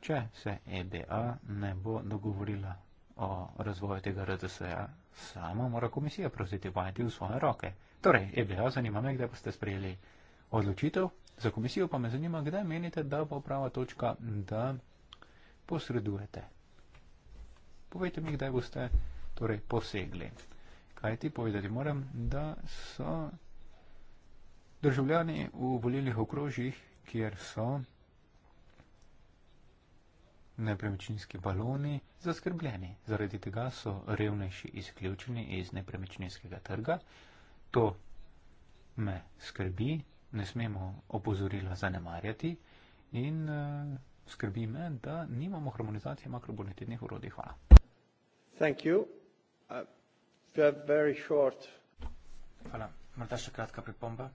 Če se EBA ne bo dogovorila o razvoju tega RDS-ja, sama mora komisija prevzeti vajeti v svoje roke. Torej, EBA zanima me, kdaj boste sprejeli odločitev, za komisijo pa me zanima, kdaj menite, da bo prava točka, da posredujete. Povejte mi, kdaj boste torej posegli. Kaj ti povedati moram, da so državljani v volilnih okrožjih, kjer so nepremičninski baloni zaskrbljeni. Zaradi tega so revnejši izključeni iz nepremičninskega trga. To me skrbi, ne smemo opozorila zanemarjati in uh, skrbi me, da nimamo harmonizacije makrobonitetnih urodij. Hvala. Thank you. Uh... Hvala. Morda še kratka pripomba.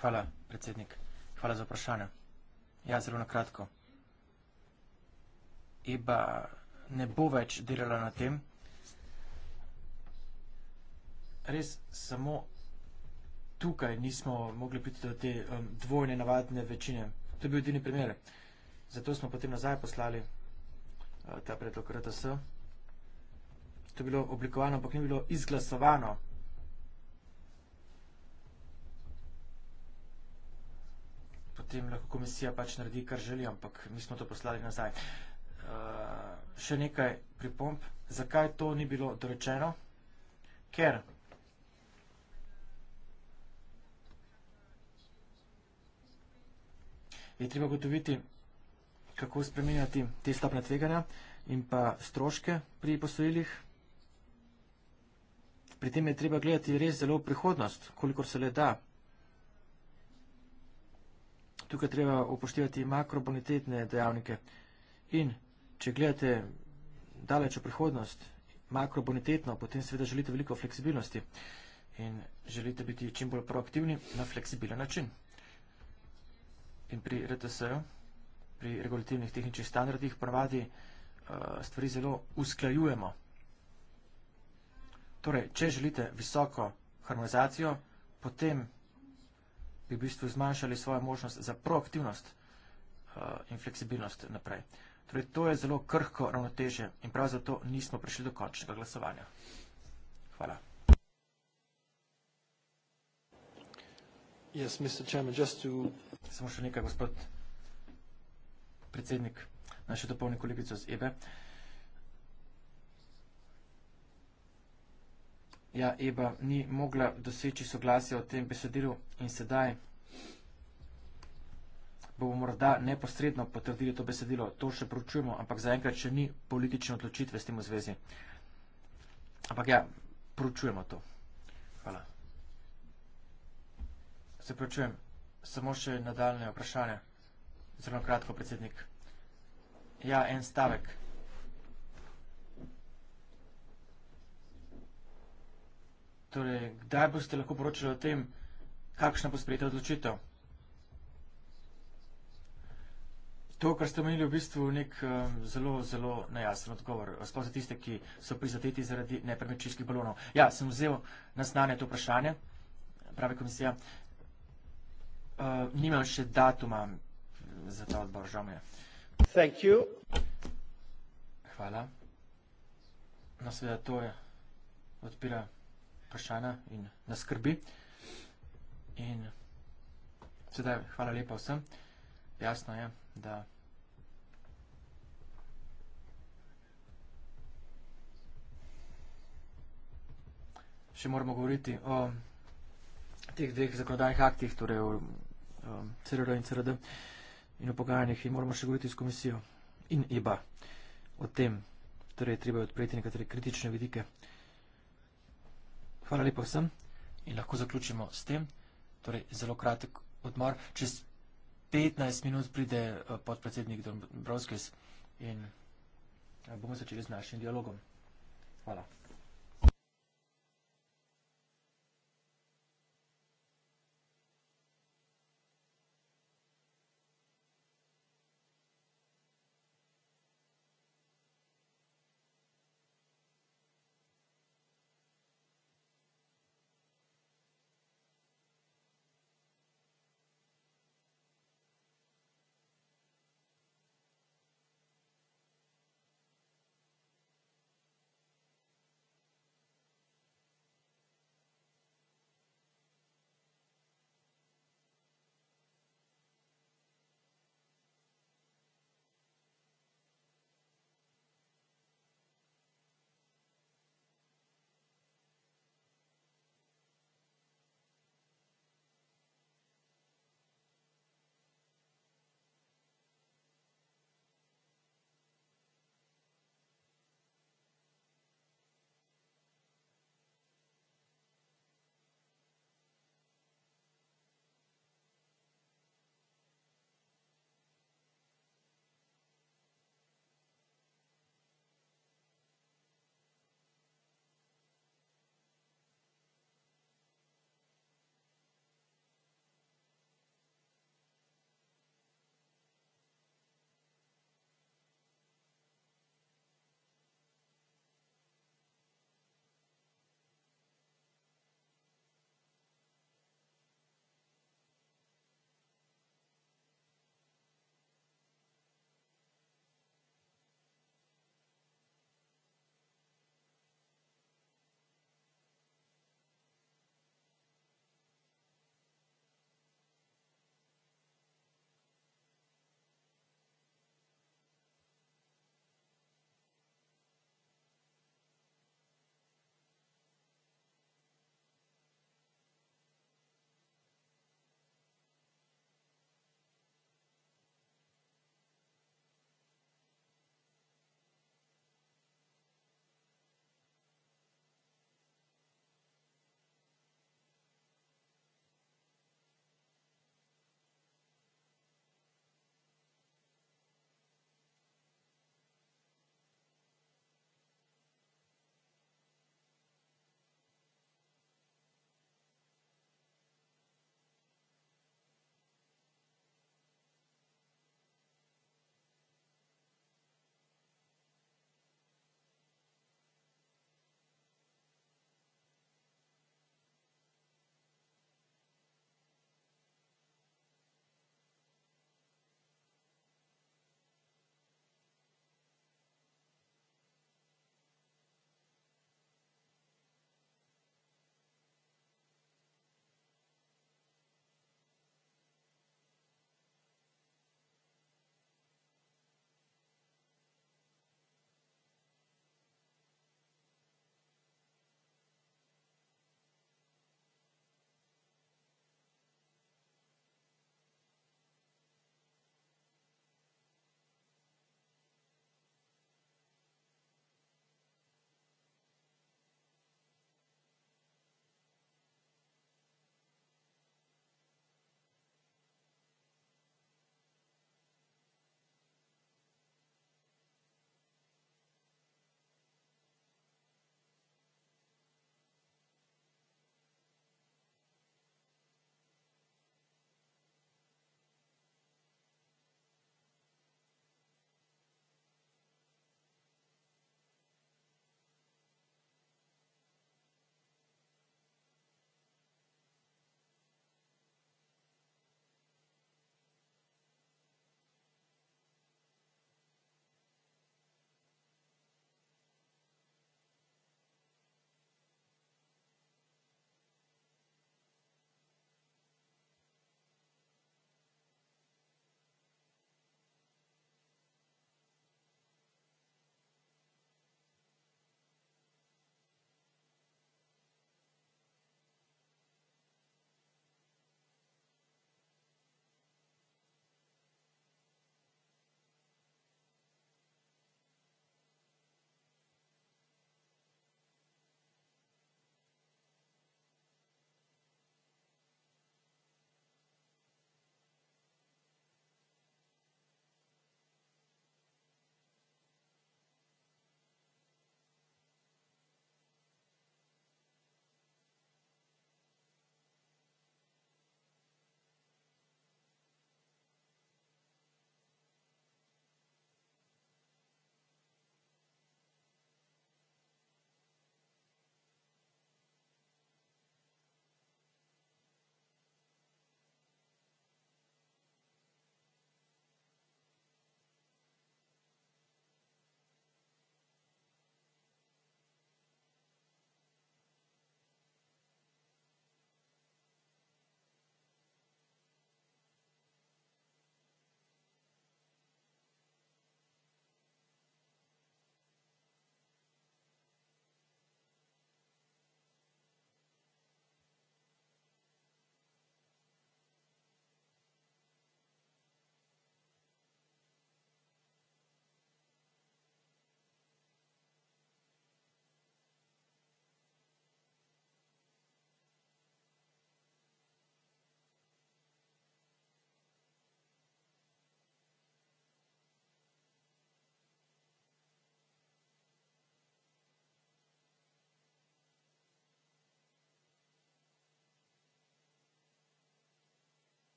Hvala, predsednik. Hvala za vprašanje. Ja, zelo na kratko. EBA ne bo več delala na tem. Res samo tukaj nismo mogli priti do te um, dvojne navadne večine. To je bil edini primer. Zato smo potem nazaj poslali uh, ta predlog RTS to bilo oblikovano, ampak ni bilo izglasovano. Potem lahko komisija pač naredi, kar želi, ampak mi smo to poslali nazaj. Uh, še nekaj pripomp. Zakaj to ni bilo dorečeno? Ker je treba gotoviti, kako spremenjati te stopne tveganja in pa stroške pri posojilih pri tem je treba gledati res zelo v prihodnost, kolikor se le da. Tukaj treba upoštevati makrobonitetne dejavnike. In če gledate daleč v prihodnost, makrobonitetno, potem seveda želite veliko fleksibilnosti in želite biti čim bolj proaktivni na fleksibilen način. In pri RTS-ju, pri regulativnih tehničnih standardih, pravadi eh, stvari zelo usklajujemo. Torej, če želite visoko harmonizacijo, potem bi v bistvu zmanjšali svojo možnost za proaktivnost eh, in fleksibilnost naprej. Torej, to je zelo krhko ravnoteže in prav zato nismo prišli do končnega glasovanja. Hvala. Yes, Mr. Chairman, just to... Samo še nekaj, gospod predsednik, naše dopolni kolegico z EBE. Uh, ja, Eba ni mogla doseči soglasja o tem besedilu in sedaj bomo morda neposredno potrdili to besedilo. To še pročujemo, ampak zaenkrat še ni politične odločitve s tem v zvezi. Ampak ja, pročujemo to. Hvala. Se pročujem. Samo še nadaljne vprašanje. Zelo kratko, predsednik. Ja, en stavek. Hm. Torej, kdaj boste lahko poročali o tem, kakšna bo sprejeta odločitev? To, kar ste omenili, je v bistvu nek um, zelo, zelo nejasen odgovor, sploh za tiste, ki so prizadeti zaradi nepremičninskih balonov. Ja, sem vzel na znanje to vprašanje, pravi komisija. Uh, nimam še datuma za ta odbor, žal mi je. Thank you. Hvala. No, seveda, to je odpira vprašanja in na skrbi. In sedaj hvala lepa vsem. Jasno je, da še moramo govoriti o teh dveh zakonodajnih aktih, torej o, o CRR in CRD in o pogajanjih in moramo še govoriti s komisijo in IBA e o tem, torej treba je odpreti nekatere kritične vidike. Hvala lepo vsem in lahko zaključimo s tem. Torej, zelo kratek odmor. Čez 15 minut pride eh, podpredsednik Dombrovskis in eh, bomo začeli z našim dialogom. Hvala.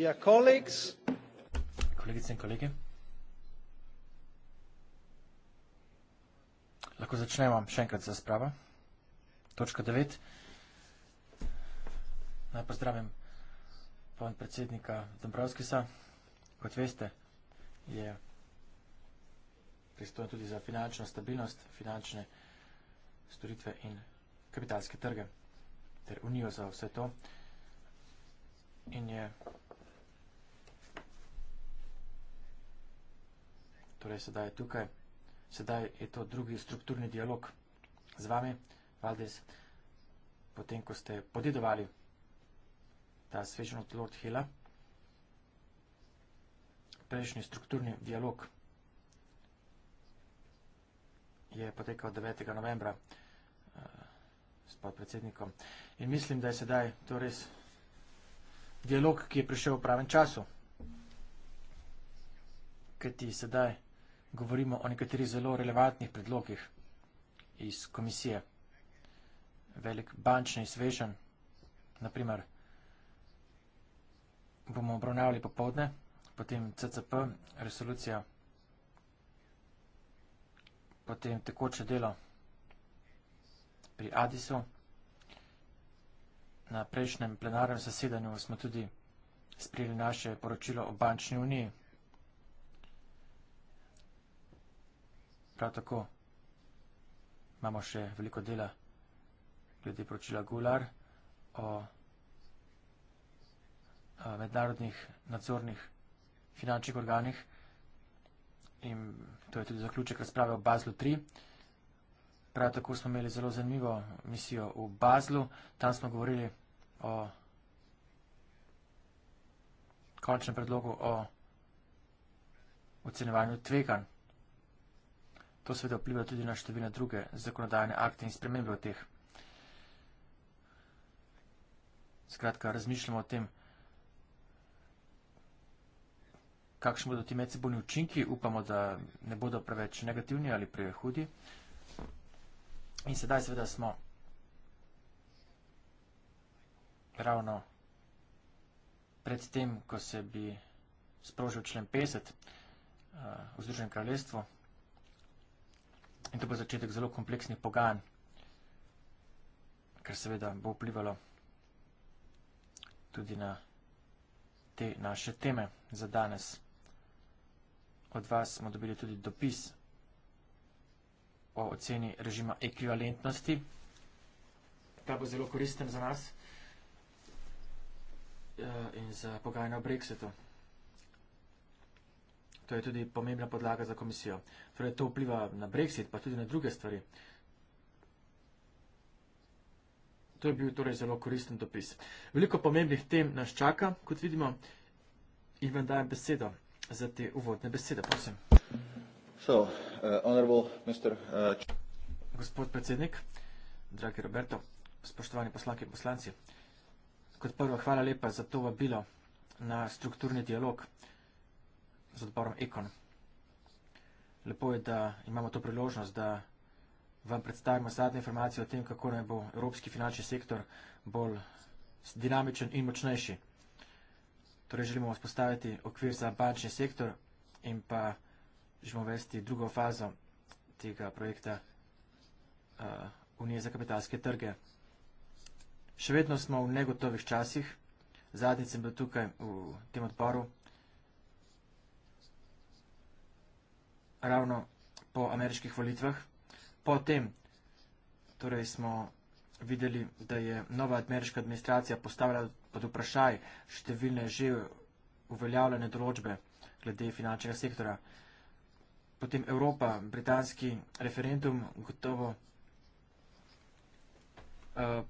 Yeah, colleagues. Kolegice in kolegi. Lahko začnemo še enkrat za spravo. Točka 9. Naj pozdravim pon predsednika Dombrovskisa. Kot veste, je pristojen tudi za finančno stabilnost, finančne storitve in kapitalske trge ter unijo za vse to. In je torej sedaj je tukaj, sedaj je to drugi strukturni dialog z vami, Valdes, potem, ko ste podedovali ta svečen od Lord Hilla, prejšnji strukturni dialog je potekal 9. novembra eh, s podpredsednikom. In mislim, da je sedaj to res dialog, ki je prišel v pravem času. Kaj ti sedaj? govorimo o nekaterih zelo relevantnih predlogih iz komisije. Velik bančni svežen, naprimer, bomo obravnavali popovdne, potem CCP, resolucija, potem tekoče delo pri Adisu. Na prejšnjem plenarnem zasedanju smo tudi sprijeli naše poročilo o bančni uniji. Prav tako imamo še veliko dela glede poročila Gular o mednarodnih nadzornih finančnih organih in to je tudi zaključek razprave o Bazlu 3. Prav tako smo imeli zelo zanimivo misijo v Bazlu, tam smo govorili o končnem predlogu o ocenevanju tvekanj. To seveda vpliva tudi na številne druge zakonodajne akte in spremembe v teh. Skratka, razmišljamo o tem, kakšni bodo ti medsebojni učinki, upamo, da ne bodo preveč negativni ali preveč hudi. In sedaj seveda smo ravno pred tem, ko se bi sprožil člen 50 uh, eh, v Združenem kraljestvu. In to bo začetek zelo kompleksnih pogajanj, kar seveda bo vplivalo tudi na te naše teme za danes. Od vas smo dobili tudi dopis o oceni režima ekvivalentnosti. Ta bo zelo koristen za nas eh, in za pogajanje o brexitu. To je tudi pomembna podlaga za komisijo. Torej, to vpliva na Brexit, pa tudi na druge stvari. To je bil torej zelo koristen dopis. Veliko pomembnih tem nas čaka, kot vidimo, in vam dajem besedo za te uvodne besede, prosim. So, uh, honorable Mr. Uh, Gospod predsednik, dragi Roberto, spoštovani poslanke in poslanci, kot prvo hvala lepa za to vabilo na strukturni dialog z odborom Ekon. Lepo je, da imamo to priložnost, da vam predstavimo zadnje informacije o tem, kako naj bo evropski finančni sektor bolj dinamičen in močnejši. Torej želimo vzpostaviti okvir za bančni sektor in pa želimo vesti drugo fazo tega projekta uh, Unije za kapitalske trge. Še vedno smo v negotovih časih. Zadnjic sem bil tukaj v tem odboru, ravno po ameriških volitvah. Potem torej smo videli, da je nova ameriška administracija postavila pod vprašaj številne že uveljavljene določbe glede finančnega sektora. Potem Evropa, britanski referendum, gotovo uh,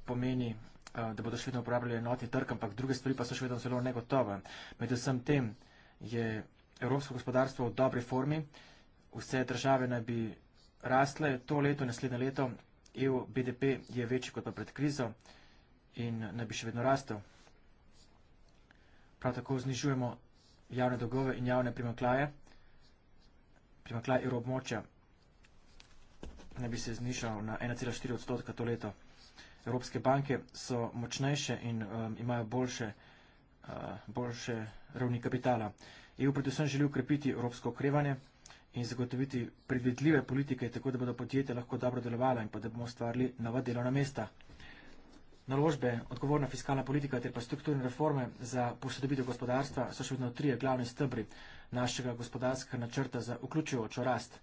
pomeni, uh, da bodo še vedno uporabljali enotni trg, ampak druge stvari pa so še vedno zelo negotove. Med vsem tem je evropsko gospodarstvo v dobri formi. Uh, vse države naj bi rasle to leto, naslednje leto. EU BDP je večji kot pa pred krizo in naj bi še vedno rastel. Prav tako znižujemo javne dolgove in javne primaklaje. Primaklaj evroobmočja naj bi se znižal na 1,4 odstotka to leto. Evropske banke so močnejše in um, imajo boljše, uh, boljše ravni kapitala. EU predvsem želi ukrepiti evropsko okrevanje in zagotoviti predvidljive politike, tako da bodo podjetja lahko dobro delovala in pa da bomo stvarili nova delovna mesta. Naložbe, odgovorna fiskalna politika ter pa strukturne reforme za posodobitev gospodarstva so še vedno trije glavni stebri našega gospodarskega načrta za vključujočo rast.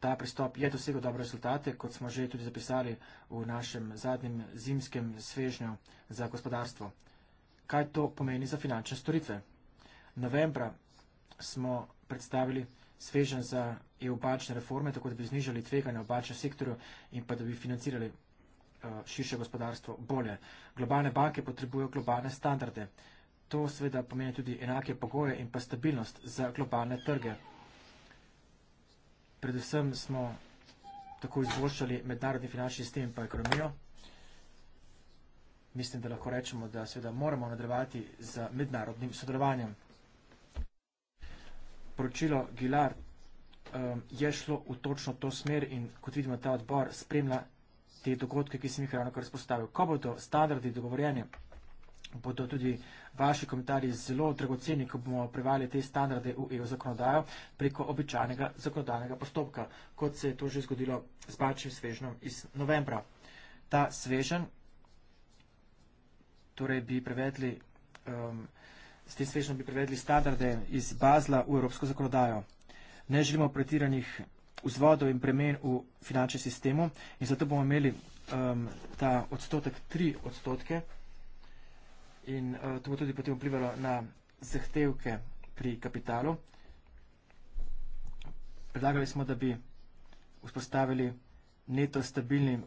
Ta pristop je dosegel dobre rezultate, kot smo že tudi zapisali v našem zadnjem zimskem svežnju za gospodarstvo. Kaj to pomeni za finančne storitve? Novembra smo predstavili svežen za EU bančne reforme, tako da bi znižali tveganje v bančnem sektorju in pa da bi financirali eh, širše gospodarstvo bolje. Globalne banke potrebujejo globalne standarde. To seveda pomeni tudi enake pogoje in pa stabilnost za globalne trge. Predvsem smo tako izboljšali mednarodni finančni sistem in pa ekonomijo. Mislim, da lahko rečemo, da seveda moramo nadrevati z mednarodnim sodelovanjem poročilo Gilar um, je šlo v točno to smer in kot vidimo, ta odbor spremlja te dogodke, ki sem jih ravno kar spostavil. Ko bodo standardi dogovorjeni, bodo tudi vaši komentarji zelo dragoceni, ko bomo prevali te standarde v EU zakonodajo preko običajnega zakonodajnega postopka, kot se je to že zgodilo z bačnim svežnom iz novembra. Ta svežen, torej bi prevedli um, s tem svečno bi prevedli standarde iz Bazla v evropsko zakonodajo. Ne želimo pretiranih vzvodov in bremen v finančnem sistemu in zato bomo imeli um, ta odstotek 3 odstotke in uh, to bo tudi potem vplivalo na zahtevke pri kapitalu. Predlagali smo, da bi vzpostavili neto stabilni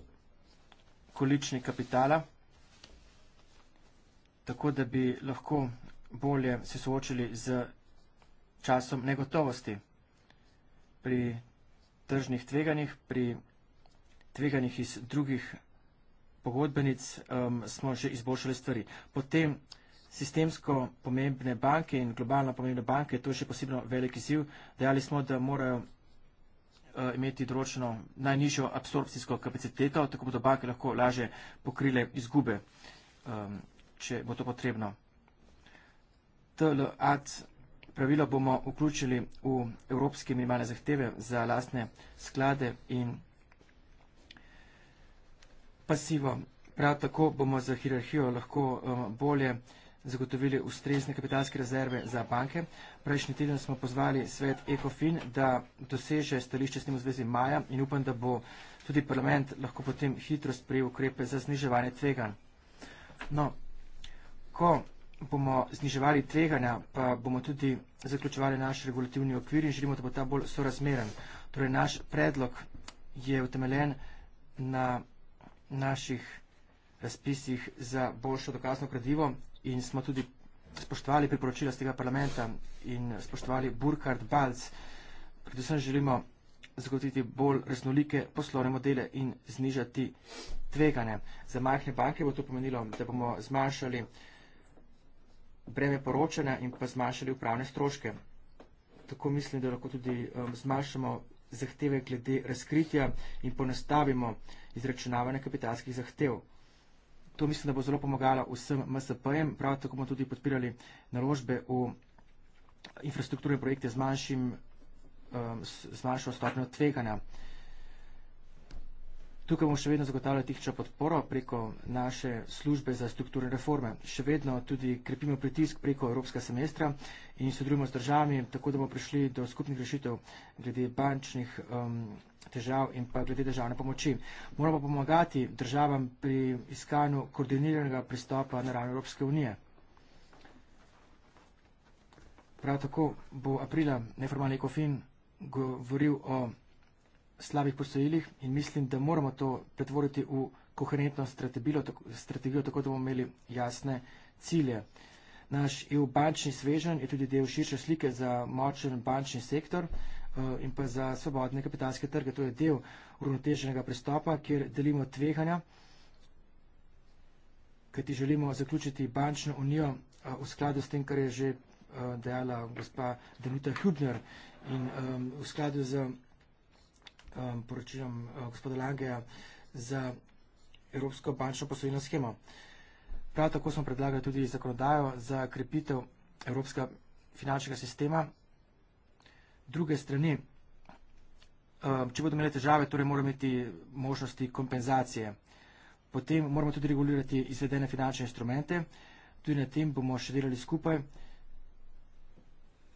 količnik kapitala, tako da bi lahko bolje se soočili z časom negotovosti pri tržnih tveganjih, pri tveganjih iz drugih pogodbenic um, smo že izboljšali stvari. Potem sistemsko pomembne banke in globalno pomembne banke, to je še posebno velik izziv, dejali smo, da morajo uh, imeti določeno najnižjo absorpcijsko kapaciteto, tako bodo banke lahko laže pokrile izgube, um, če bo to potrebno. TLAD. Pravilo bomo vključili v evropske minimalne zahteve za lastne sklade in pasivo. Prav tako bomo za hierarhijo lahko eh, bolje zagotovili ustrezne kapitalske rezerve za banke. Prejšnji teden smo pozvali svet ECOFIN, da doseže stališče s tem v zvezi maja in upam, da bo tudi parlament lahko potem hitro sprejel ukrepe za zniževanje tveganj. No, ko bomo zniževali tveganja, pa bomo tudi zaključevali naš regulativni okvir in želimo, da bo ta bolj sorazmeren. Torej, naš predlog je utemeljen na naših razpisih za boljšo dokazno gradivo in smo tudi spoštovali priporočila z tega parlamenta in spoštovali Burkhard Balc. Predvsem želimo zagotoviti bolj raznolike poslovne modele in znižati tvegane. Za majhne banke bo to pomenilo, da bomo zmanjšali breme poročanja in pa zmanjšali upravne stroške. Tako mislim, da lahko tudi um, zmanjšamo zahteve glede razkritja in ponastavimo izračunavanje kapitalskih zahtev. To mislim, da bo zelo pomagalo vsem MSP-jem, prav tako bomo tudi podpirali naložbe v infrastrukturne projekte z manjšim, um, z manjšo stopnjo tveganja. Uh, Tukaj bomo še vedno zagotavljali tihčo podporo preko naše službe za strukturne reforme. Še vedno tudi krepimo pritisk preko Evropskega semestra in sodelujemo z državami, tako da bomo prišli do skupnih rešitev glede bančnih um, težav in pa glede državne pomoči. Moramo pomagati državam pri iskanju koordiniranega pristopa na ravni Evropske unije. Prav tako bo aprila neformalni kofin govoril o slabih posojilih in mislim, da moramo to pretvoriti v koherentno strategijo, tako, strategijo, tako da bomo imeli jasne cilje. Naš EU bančni svežen je tudi del širše slike za močen bančni sektor eh, in pa za svobodne kapitalske trge. To je del uravnoteženega pristopa, kjer delimo tveganja, kajti želimo zaključiti bančno unijo eh, v skladu s tem, kar je že eh, dejala gospa Denita Hübner in v skladu z um, poročilom uh, gospoda Langeja za Evropsko bančno posojilno schemo. Prav tako smo predlagali tudi zakonodajo za krepitev Evropskega finančnega sistema. Druge strani, um, če bodo imeli težave, torej moramo imeti možnosti kompenzacije. Potem moramo tudi regulirati izvedene finančne instrumente. Tudi na tem bomo še delali skupaj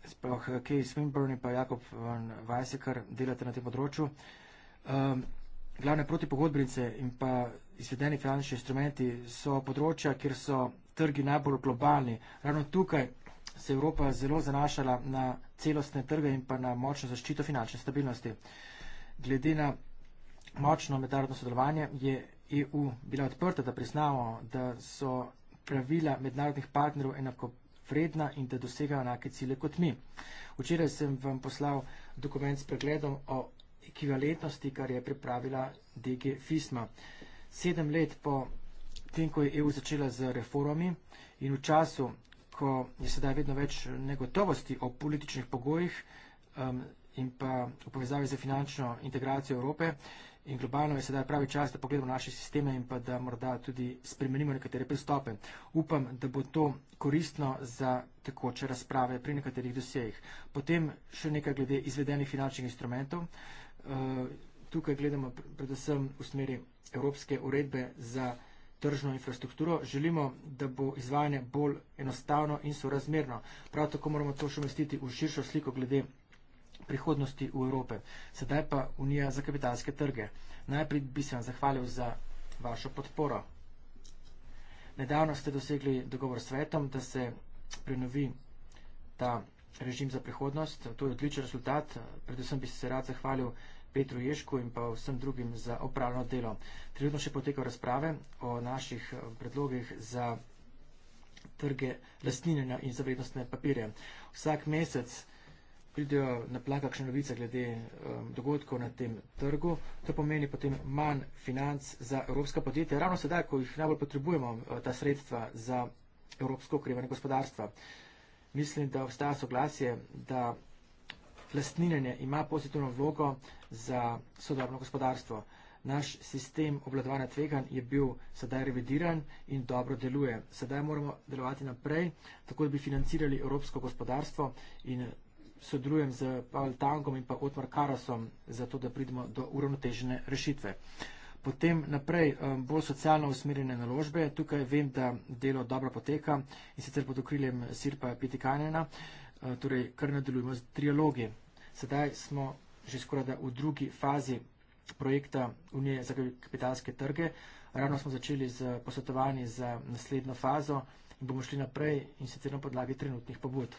sploh eh, Kej Swinburne in pa Jakob Van Vajse, kar delate na tem področju. Um, glavne protipogodbenice in pa izvedeni finančni instrumenti so področja, kjer so trgi najbolj globalni. Ravno tukaj se je Evropa zelo zanašala na celostne trge in pa na močno zaščito finančne stabilnosti. Glede na močno mednarodno sodelovanje je EU bila odprta, da priznamo, da so pravila mednarodnih partnerov enako vredna in da dosegajo enake cilje kot mi. Včeraj sem vam poslal dokument s pregledom o ekvivalentnosti, kar je pripravila DG FISMA. Sedem let po tem, ko je EU začela z reformami in v času, ko je sedaj vedno več negotovosti o političnih pogojih um, in pa v povezavi z finančno integracijo Evrope, in globalno je sedaj pravi čas, da pogledamo naše sisteme in pa da morda tudi spremenimo nekatere pristope. Upam, da bo to koristno za tekoče razprave pri nekaterih dosejih. Potem še nekaj glede izvedenih finančnih instrumentov. Eh, tukaj gledamo predvsem v smeri evropske uredbe za tržno infrastrukturo. Želimo, da bo izvajanje bolj enostavno in sorazmerno. Prav tako moramo to še umestiti v širšo sliko glede prihodnosti v Evrope. Sedaj pa Unija za kapitalske trge. Najprej bi se vam zahvalil za vašo podporo. Nedavno ste dosegli dogovor s svetom, da se prenovi ta režim za prihodnost. To je odličen rezultat. Predvsem bi se rad zahvalil Petru Ješku in pa vsem drugim za opravljeno delo. Trenutno še potekajo razprave o naših predlogih za trge lastninjenja in za vrednostne papirje. Vsak mesec pridejo na plak kakšne novice glede um, dogodkov na tem trgu. To pomeni potem manj financ za evropska podjetja, ravno sedaj, ko jih najbolj potrebujemo, uh, ta sredstva za evropsko okrevanje gospodarstva. Mislim, da obstaja soglasje, da lastninjenje ima pozitivno vlogo za sodobno gospodarstvo. Naš sistem obladovanja tveganj je bil sedaj revidiran in dobro deluje. Sedaj moramo delovati naprej, tako da bi financirali evropsko gospodarstvo in sodelujem z Paul Tangom in pa Otmar Karosom, zato da pridemo do uravnotežene rešitve. Potem naprej um, bolj socialno usmerjene naložbe. Tukaj vem, da delo dobro poteka in sicer pod okriljem Sirpa Pitikanjena, uh, torej kar nadaljujemo z trialogi. Sedaj smo že skoraj v drugi fazi projekta Unije za kapitalske trge. Ravno smo začeli z posvetovanji za naslednjo fazo in bomo šli naprej in sicer na podlagi trenutnih pobud.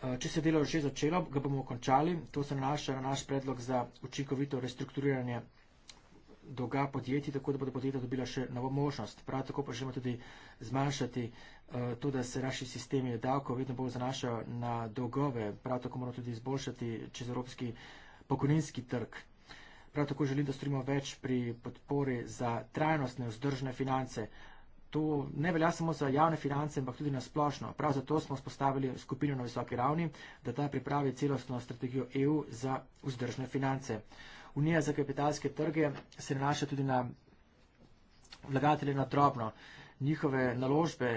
Eh, če se delo že začelo, ga bomo končali. To se nanaša na naš predlog za učinkovito restrukturiranje dolga podjetij, tako da bodo podjetja dobila še novo možnost. Prav tako pa želimo tudi zmanjšati eh, to, da se naši sistemi davkov vedno bolj zanašajo na dolgove. Prav tako moramo tudi izboljšati čez evropski pokojninski trg. Prav tako želim, da storimo več pri podpori za trajnostne, vzdržne finance. To ne velja samo za javne finance, ampak tudi na splošno. Prav zato smo spostavili skupino na visoki ravni, da ta pripravi celostno strategijo EU za vzdržne finance. Unija za kapitalske trge se nanaša tudi na vlagatelje na drobno. Njihove naložbe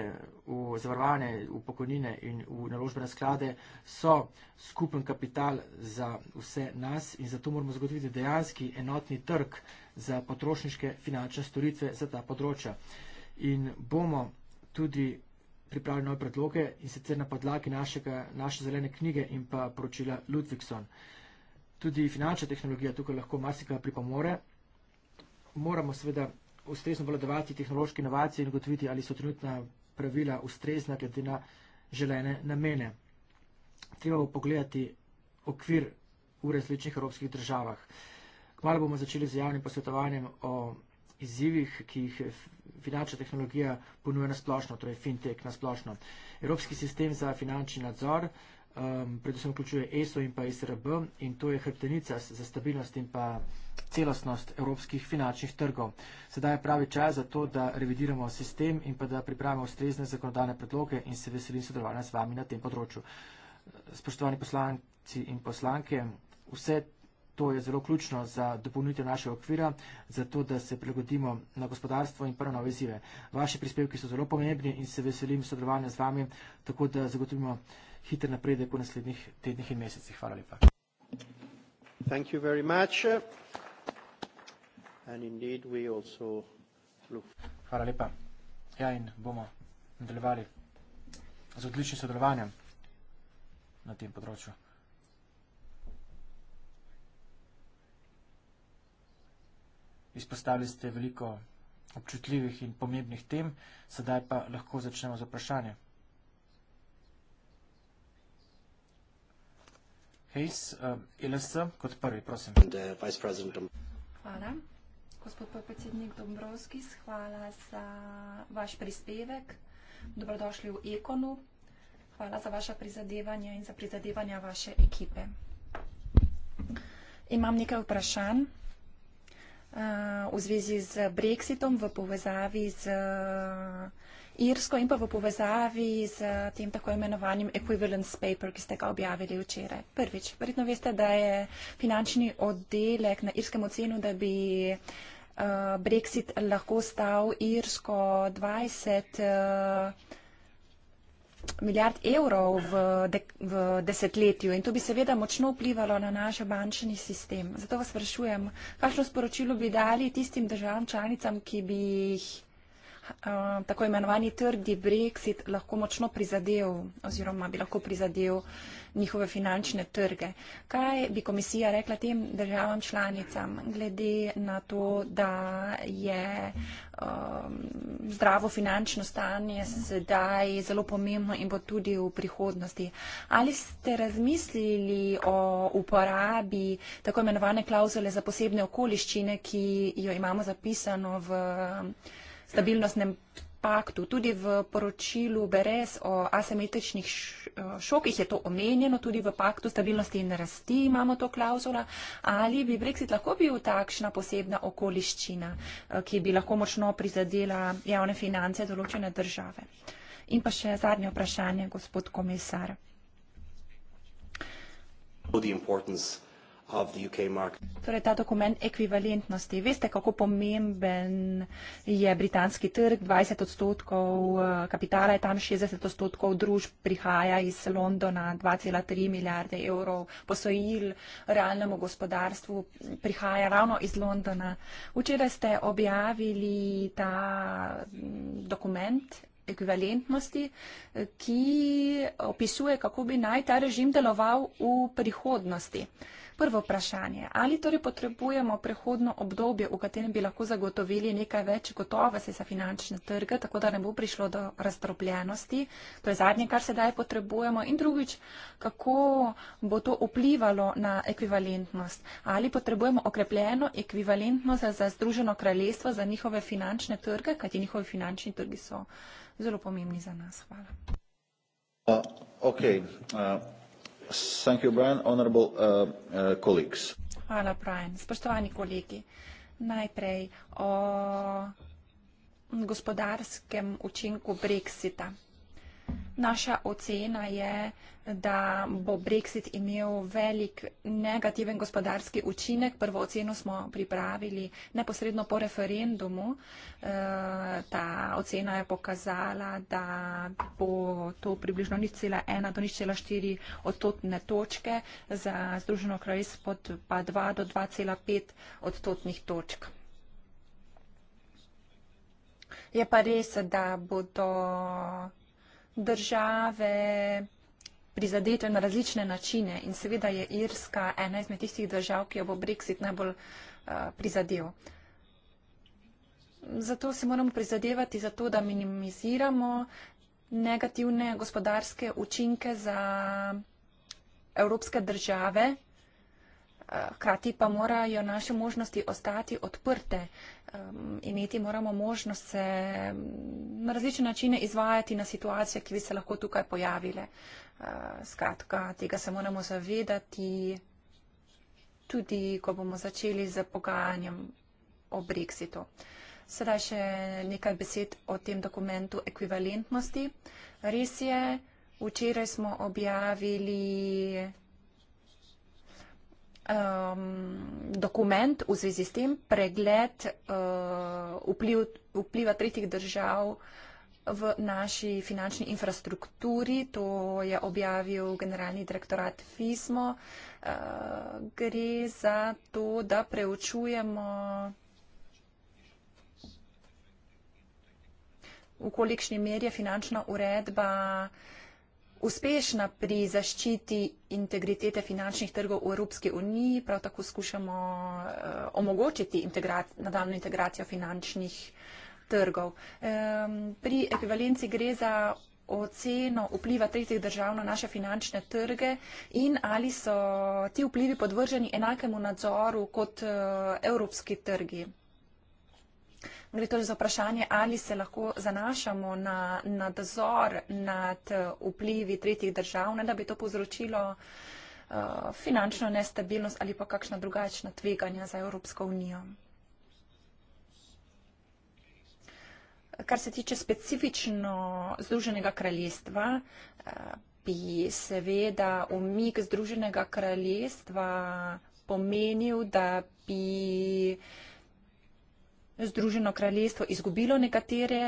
v zavarovanje, v pokojnine in v naložbene sklade so skupen kapital za vse nas in zato moramo zagotoviti dejanski enotni trg za potrošniške finančne storitve za ta področja in bomo tudi pripravili nove predloge in sicer na podlagi našega, naše zelene knjige in pa poročila Ludvikson. Tudi finančna tehnologija tukaj lahko marsikaj pripomore. Moramo seveda ustrezno vladovati tehnološke inovacije in ugotoviti, ali so trenutna pravila ustrezna glede na želene namene. Treba bo pogledati okvir v različnih evropskih državah. Kmalo bomo začeli z javnim posvetovanjem o izzivih, ki jih finančna tehnologija ponuja na splošno, torej fintech na splošno. Evropski sistem za finančni nadzor um, predvsem vključuje ESO in pa SRB in to je hrbtenica za stabilnost in pa celostnost evropskih finančnih trgov. Sedaj je pravi čas za to, da revidiramo sistem in pa da pripravimo ustrezne zakonodane predloge in se veselim sodelovanja z vami na tem področju. Spoštovani poslanci in poslanke, vse To je zelo ključno za dopolnitev našega okvira, zato da se prilagodimo na gospodarstvo in prve nove izzive. Vaši prispevki so zelo pomembni in se veselim sodelovanja z vami, tako da zagotovimo hiter napredek v naslednjih tednih in mesecih. Hvala lepa. Thank you very much. And indeed we also look. Hvala lepa. Ja, in bomo nadaljevali z odličnim sodelovanjem na tem področju. Izpostavili ste veliko občutljivih in pomembnih tem, sedaj pa lahko začnemo z vprašanje. Hejs, eh, LS, kot prvi, prosim. Hvala. Gospod podpredsednik Dombrovskis, hvala za vaš prispevek. Dobrodošli v Ekonu. Hvala za vaše prizadevanje in za prizadevanja vaše ekipe. Imam nekaj vprašanj v zvezi z Brexitom, v povezavi z eh, Irsko in pa v povezavi z tem tako imenovanim equivalence paper, ki ste ga objavili včeraj. Prvič, verjetno veste, da je finančni oddelek na Irskem ocenil, da bi eh, Brexit lahko stal Irsko 20 milijard evrov v, de, v desetletju in to bi seveda močno vplivalo na naš bančni sistem. Zato vas sprašujem, kakšno sporočilo bi dali tistim državam članicam, ki bi jih uh, tako imenovani trdi Brexit lahko močno prizadel oziroma bi lahko prizadel uh, njihove finančne trge. Kaj bi komisija rekla tem državam članicam glede na to, da je um, zdravo finančno stanje sedaj zelo pomembno in bo tudi v prihodnosti? Ali ste razmislili o uporabi tako imenovane klauzule za posebne okoliščine, ki jo imamo zapisano v stabilnostnem paktu, tudi v poročilu Beres o asimetričnih eh, šokih je to omenjeno, tudi v paktu stabilnosti in rasti imamo to klauzulo, ali bi Brexit lahko bil takšna posebna okoliščina, eh, ki bi lahko močno prizadela javne finance določene države. In pa še zadnje vprašanje, gospod komisar of the UK market. Torej, ta dokument ekvivalentnosti. Veste, kako pomemben je britanski trg, 20 odstotkov eh, kapitala je tam, 60 odstotkov družb prihaja iz Londona, 2,3 milijarde evrov posojil realnemu gospodarstvu prihaja ravno iz Londona. Včeraj ste objavili ta mm, dokument ekvivalentnosti, eh, ki opisuje, kako bi naj ta režim deloval v prihodnosti. Prvo vprašanje, ali torej potrebujemo prehodno obdobje, v katerem bi lahko zagotovili nekaj več gotovosti za finančne trge, tako da ne bo prišlo do razdrobljenosti. To je zadnje, kar sedaj potrebujemo. In drugič, kako bo to vplivalo na ekvivalentnost. Ali potrebujemo okrepljeno ekvivalentnost za Združeno kraljestvo, za njihove finančne trge, kajti njihovi finančni trgi so zelo pomembni za nas. Hvala. Uh, okay. uh, Thank you, Brian. Honorable uh, uh, colleagues. Hvala, Brian. Spoštovani kolegi, najprej o gospodarskem učinku Brexita. Naša ocena je, da bo Brexit imel velik negativen gospodarski učinek. Prvo oceno smo pripravili neposredno po referendumu. Eh, ta ocena je pokazala, da bo to približno 0,1 do 0,4 odstotne točke, za Združeno kraljestvo pa 2 do 2,5 odstotnih točk. Je pa res, da bodo države prizadete na različne načine in seveda je Irska ena izmed tistih držav, ki jo bo Brexit najbolj eh, prizadel. Zato se moramo prizadevati za to, da minimiziramo negativne gospodarske učinke za evropske države Hkrati pa morajo naše možnosti ostati odprte. Imeti moramo možnost se na različne načine izvajati na situacije, ki bi se lahko tukaj pojavile. Eh, skratka, tega se moramo zavedati tudi, ko bomo začeli z pogajanjem o Brexitu. Sedaj še nekaj besed o tem dokumentu ekvivalentnosti. Res je, včeraj smo objavili um, dokument v zvezi s tem, pregled uh, vpliv, vpliva tretjih držav v naši finančni infrastrukturi. To je objavil generalni direktorat FISMO. Uh, gre za to, da preučujemo. V kolikšni meri je finančna uredba uh, uspešna pri zaščiti integritete finančnih trgov v Evropski uniji, prav tako skušamo uh, omogočiti integrat, nadaljno integracijo finančnih trgov. Um, pri ekvivalenci gre za oceno vpliva tretjih držav na naše finančne trge in ali so ti vplivi podvrženi enakemu nadzoru kot uh, evropski trgi. Gre torej za vprašanje, ali se lahko zanašamo na nadzor nad eh, vplivi tretjih držav, ne da bi to povzročilo eh, finančno nestabilnost ali pa kakšna drugačna tveganja za Evropsko unijo. Kar se tiče specifično Združenega kraljestva, eh, bi seveda umik Združenega kraljestva pomenil, da bi Združeno kraljestvo izgubilo nekatere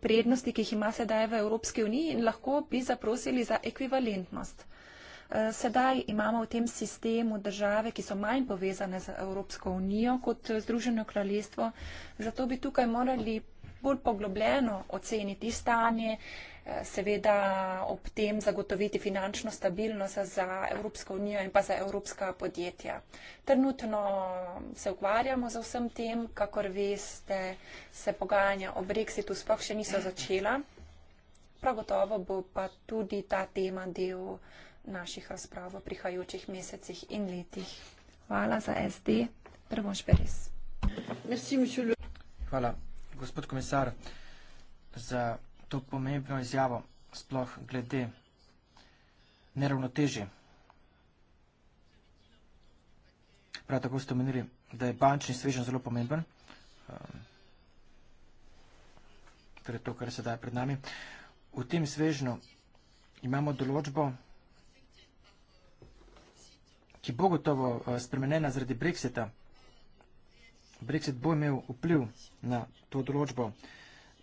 prednosti, ki jih ima sedaj v Evropski uniji in lahko bi zaprosili za ekvivalentnost. Eh, sedaj imamo v tem sistemu države, ki so manj povezane z Evropsko unijo kot Združeno kraljestvo, zato bi tukaj morali bolj poglobljeno oceniti stanje, seveda ob tem zagotoviti finančno stabilnost za Evropsko unijo in pa za evropska podjetja. Trenutno se ukvarjamo za vsem tem, kakor veste, se pogajanja o Brexitu sploh še niso začela. Prav gotovo bo pa tudi ta tema del naših razprav v prihajajočih mesecih in letih. Hvala za SD. Prvoš Beres. Hvala, gospod komisar, za to pomembno izjavo, sploh glede neravnotežje. Prav tako ste omenili, da je bančni svežen zelo pomemben, ehm, torej to, kar se daje pred nami. V tem svežnu imamo določbo, ki bo gotovo eh, spremenena zaradi Brexita. Brexit bo imel vpliv na to določbo. Brexit bo imel vpliv na to določbo.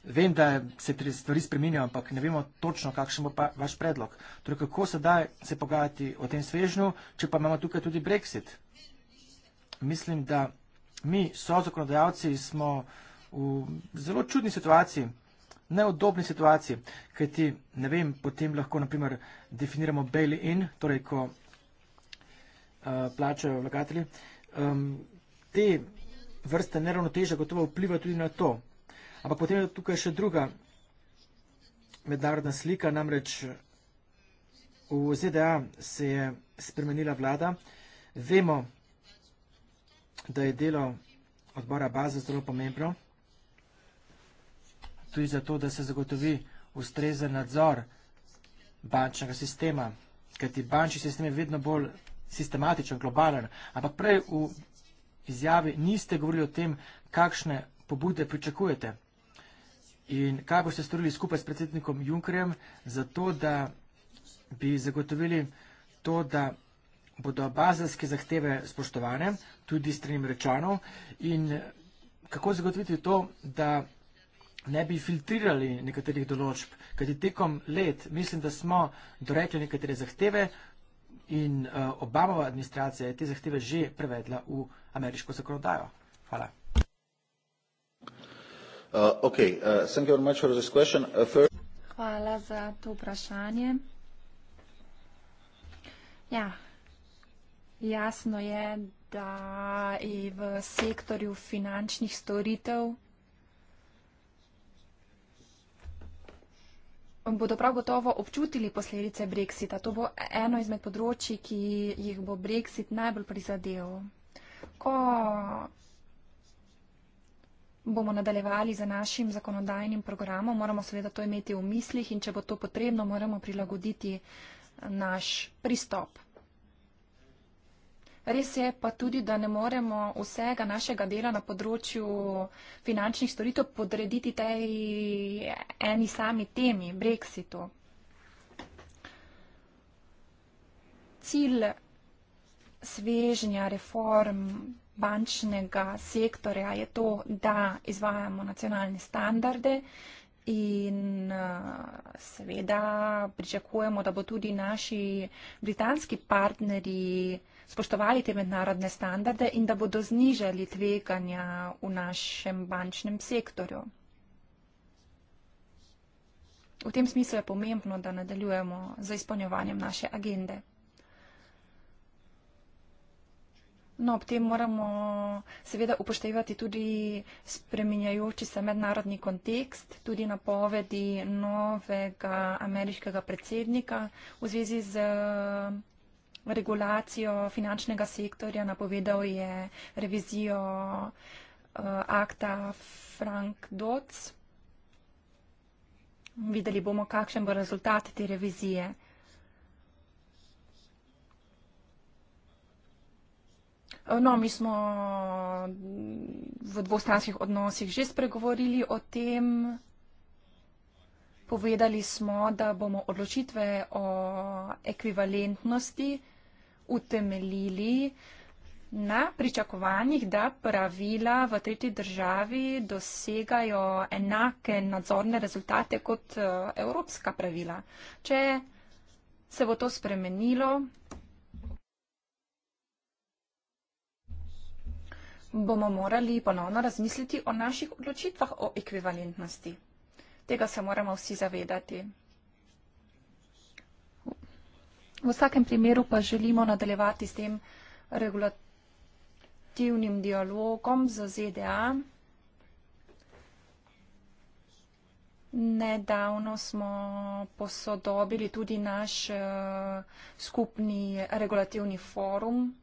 Vem, da se stvari spremenjajo, ampak ne vemo točno, kakšen bo pa vaš predlog. Torej, kako se da se pogajati o tem svežnju, če pa imamo tukaj tudi Brexit? Mislim, da mi, so zakonodajalci, smo v zelo čudni situaciji, neodobni situaciji, kaj ti, ne vem, potem lahko, naprimer, definiramo bail-in, torej, ko uh, plačajo vlagatelji. Um, te vrste neravnoteže gotovo vpliva tudi na to, Ampak potem je tukaj še druga mednarodna slika, namreč v ZDA se je spremenila vlada. Vemo, da je delo odbora baze zelo pomembno, tudi zato, da se zagotovi ustrezen nadzor bančnega sistema, kajti bančni sistem je vedno bolj sistematičen, globalen. Ampak prej v izjavi niste govorili o tem, kakšne pobude pričakujete. In kaj boste storili skupaj s predsednikom Junkerjem, zato da bi zagotovili to, da bodo bazelske zahteve spoštovane, tudi stranim rečanov, in kako zagotoviti to, da ne bi filtrirali nekaterih določb, kajti tekom let mislim, da smo dorekli nekatere zahteve in eh, Obamova administracija je te zahteve že prevedla v ameriško zakonodajo. Hvala. Uh, okay, uh, thank you very much for this question. Uh, first Hvala za to vprašanje. Ja, jasno je, da je v sektorju finančnih storitev bodo prav gotovo občutili posledice Brexita. To bo eno izmed področji, ki jih bo Brexit najbolj prizadel. Ko bomo nadaljevali z našim zakonodajnim programom, moramo seveda to imeti v mislih in če bo to potrebno, moramo prilagoditi eh, naš pristop. Res je pa tudi, da ne moremo vsega našega dela na področju finančnih storitev podrediti tej eni sami temi, Brexitu. Cilj svežnja reform bančnega sektorja je to, da izvajamo nacionalne standarde in eh, seveda pričakujemo, da bo tudi naši britanski partnerji spoštovali te mednarodne standarde in da bodo znižali tveganja v našem bančnem sektorju. V tem smislu je pomembno, da nadaljujemo za izpolnjevanjem naše agende. No, ob tem moramo seveda upoštevati tudi spreminjajoči se mednarodni kontekst, tudi napovedi novega ameriškega predsednika v zvezi z regulacijo finančnega sektorja. Napovedal je revizijo uh, akta Frank Dodds. Videli bomo, kakšen bo rezultat te revizije. Eh, no, mi smo mm, v dvostranskih odnosih že spregovorili o tem. Povedali smo, da bomo odločitve o ekvivalentnosti utemeljili na pričakovanjih, da pravila v tretji državi dosegajo enake nadzorne rezultate kot eh, evropska pravila. Če se bo to spremenilo, bomo morali ponovno razmisliti o naših odločitvah o ekvivalentnosti. Tega se moramo vsi zavedati. V vsakem primeru pa želimo nadaljevati s tem regulativnim dialogom z ZDA. Nedavno smo posodobili tudi naš eh, skupni regulativni forum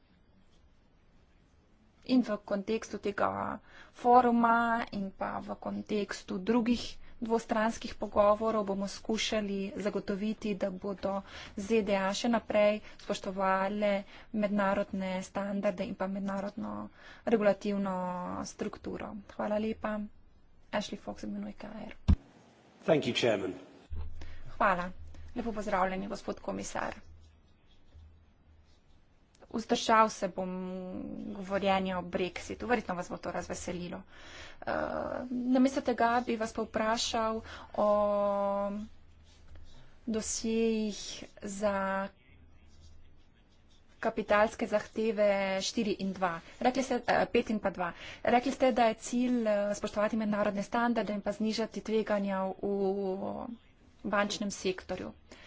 in v kontekstu tega foruma in pa v kontekstu drugih dvostranskih pogovorov bomo skušali zagotoviti, da bodo ZDA še naprej spoštovale mednarodne standarde in pa mednarodno regulativno strukturo. Hvala lepa. Ashley Fox, MNUKR. E Hvala. Lepo pozdravljeni, gospod komisar vzdržal se bom govorjenja o brexitu, verjetno vas bo to razveselilo. Uh, namesto tega bi vas pa vprašal o dosjejih za kapitalske zahteve 4 in 2, rekli ste, 5 eh, in pa 2. Rekli ste, da je cilj eh, spoštovati mednarodne standarde in pa znižati tveganja v bančnem sektorju. Uh,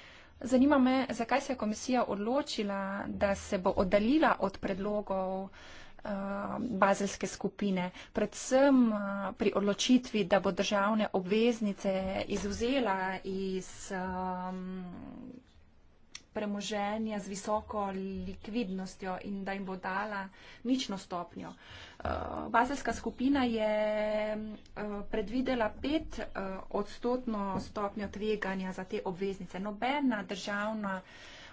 Zanima me, zakaj se je komisija odločila, da se bo oddaljila od predlogov eh, bazelske skupine, predvsem eh, pri odločitvi, da bo državne obveznice izuzela iz eh, premoženje z visoko likvidnostjo in da jim bo dala nično stopnjo. Eh, baselska skupina je eh, predvidela pet eh, odstotno stopnjo tveganja za te obveznice. Nobena državna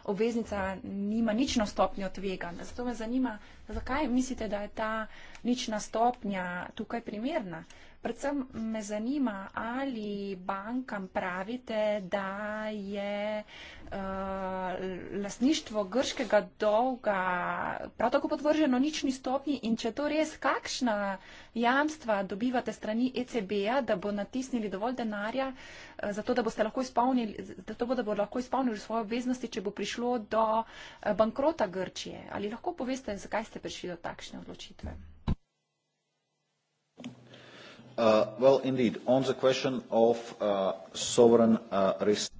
obveznica nima nično stopnjo tveganja. Zato me zanima, zakaj mislite, da je ta nična stopnja tukaj primerna? Predvsem me zanima, ali bankam pravite, da je uh, eh, lasništvo grškega dolga prav tako podvrženo nični stopnji in če to res, kakšna jamstva dobivate strani ECB-ja, da bo natisnili dovolj denarja, uh, eh, zato da boste lahko izpolnili, zato bo, da bo lahko izpolnili svoje obveznosti, če bo prišlo do uh, bankrota Grčije. Ali lahko poveste, zakaj ste prišli do takšne odločitve? Mm. Uh, well, indeed, on the question of uh, sovereign uh, risk.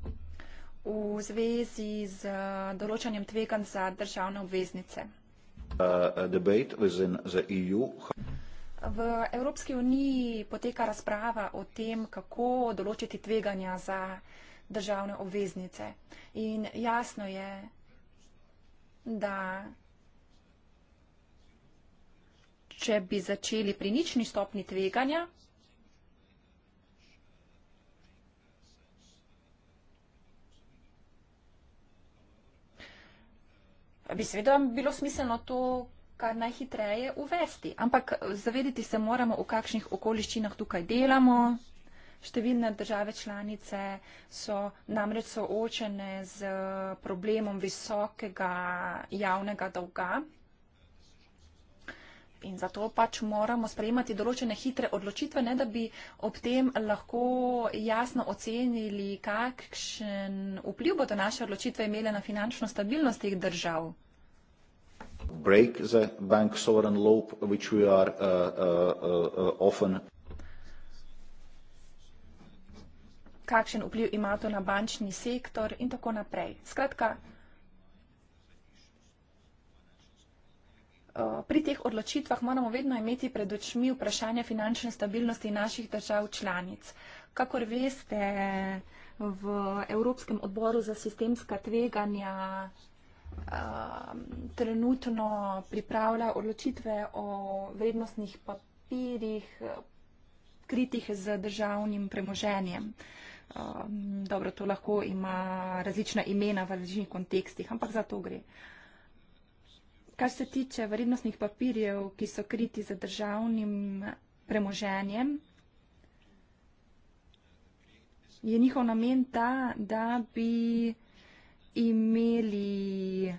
V zvezi z uh, določanjem tvekan za državne obveznice. Uh, the EU. V Evropski uniji poteka razprava o tem, kako določiti tveganja za državne obveznice. In jasno je, da če bi začeli pri nični stopni tveganja, bi seveda bilo smiselno to kar najhitreje uvesti. Ampak zavedeti se moramo, v kakšnih okoliščinah tukaj delamo. Številne države članice so namreč soočene z problemom visokega javnega dolga. In zato pač moramo sprejemati določene hitre odločitve, ne da bi ob tem lahko jasno ocenili, kakšen vpliv bodo naše odločitve imele na finančno stabilnost teh držav. Uh, uh, uh, kakšen vpliv ima to na bančni sektor in tako naprej. Skratka, Eh, pri teh odločitvah moramo vedno imeti pred očmi vprašanje finančne stabilnosti naših držav članic. Kakor veste, v Evropskem odboru za sistemska tveganja eh, trenutno pripravlja odločitve o vrednostnih papirjih, kritih z državnim premoženjem. Eh, dobro, to lahko ima različna imena v različnih kontekstih, ampak za to gre. Kar se tiče vrednostnih papirjev, ki so kriti za državnim premoženjem, je njihov namen ta, da bi imeli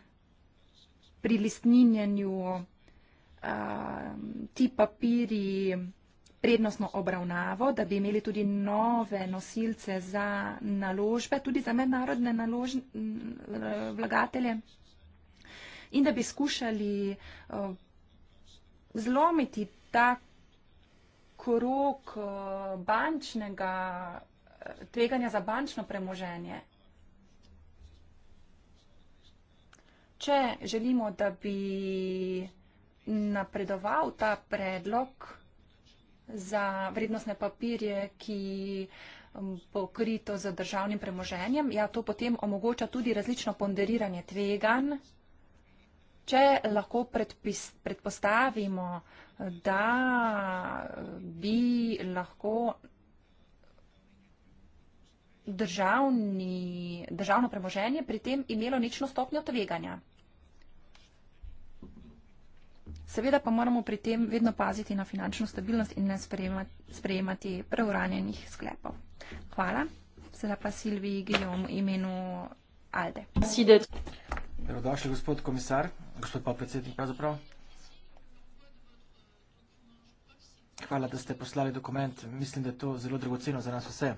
pri listninjenju a, ti papiri prednostno obravnavo, da bi imeli tudi nove nosilce za naložbe, tudi za mednarodne vlagatelje. Naložb in da bi skušali uh, zlomiti ta krok uh, eh, bančnega eh, tveganja za bančno premoženje. Če želimo, da bi napredoval ta predlog za vrednostne papirje, ki mm, pokrito z državnim premoženjem, ja, to potem omogoča tudi različno ponderiranje tveganj. Če lahko predpis, predpostavimo, da bi lahko državni, državno premoženje pri tem imelo nično stopnjo tveganja. Seveda pa moramo pri tem vedno paziti na finančno stabilnost in ne sprejemati, sprejemati preuranjenih sklepov. Hvala. Sedaj pa Silvi Gijom imenu Alde. Dobrodošli, gospod komisar gospod podpredsednik, pravzaprav. Hvala, da ste poslali dokument. Mislim, da je to zelo dragoceno za nas vse.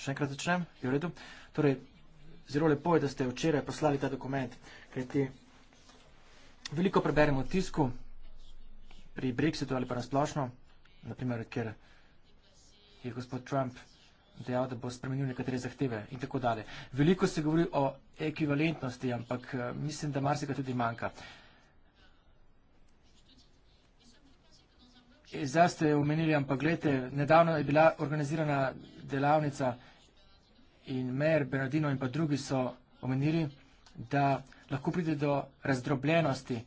Še enkrat začnem, je v redu. Torej, zelo lepo je, da ste včeraj poslali ta dokument, kajti veliko preberemo v tisku pri Brexitu ali pa nasplošno, naprimer, ker je gospod Trump dejal, da bo spremenil nekatere zahteve in tako dalje. Veliko se govori o ekvivalentnosti, ampak eh, mislim, da marsika tudi manjka. Eh, zdaj ste omenili, ampak gledajte, nedavno je bila organizirana delavnica in Mer, Bernardino in pa drugi so omenili, da lahko pride do razdrobljenosti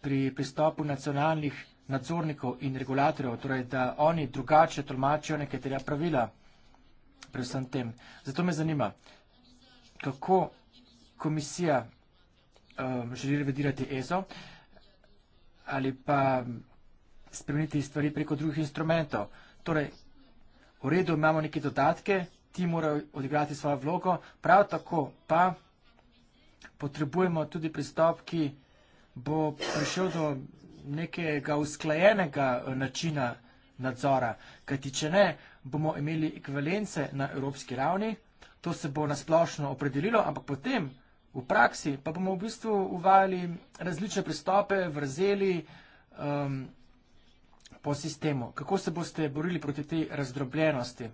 pri pristopu nacionalnih nadzornikov in regulatorjev, torej da oni drugače tolmačijo nekatera pravila pri vsem tem. Zato me zanima, kako komisija um, želi revidirati EZO ali pa spremeniti stvari preko drugih instrumentov. Torej, v redu imamo neke dodatke, ti morajo odigrati svojo vlogo, prav tako pa potrebujemo tudi pristop, ki bo prišel do nekega usklajenega eh, načina nadzora. Kajti, če ne, bomo imeli ekvivalence na evropski ravni, to se bo nasplošno opredelilo, ampak potem v praksi pa bomo v bistvu uvajali različne pristope, vrzeli um, po sistemu. Kako se boste borili proti tej razdrobljenosti?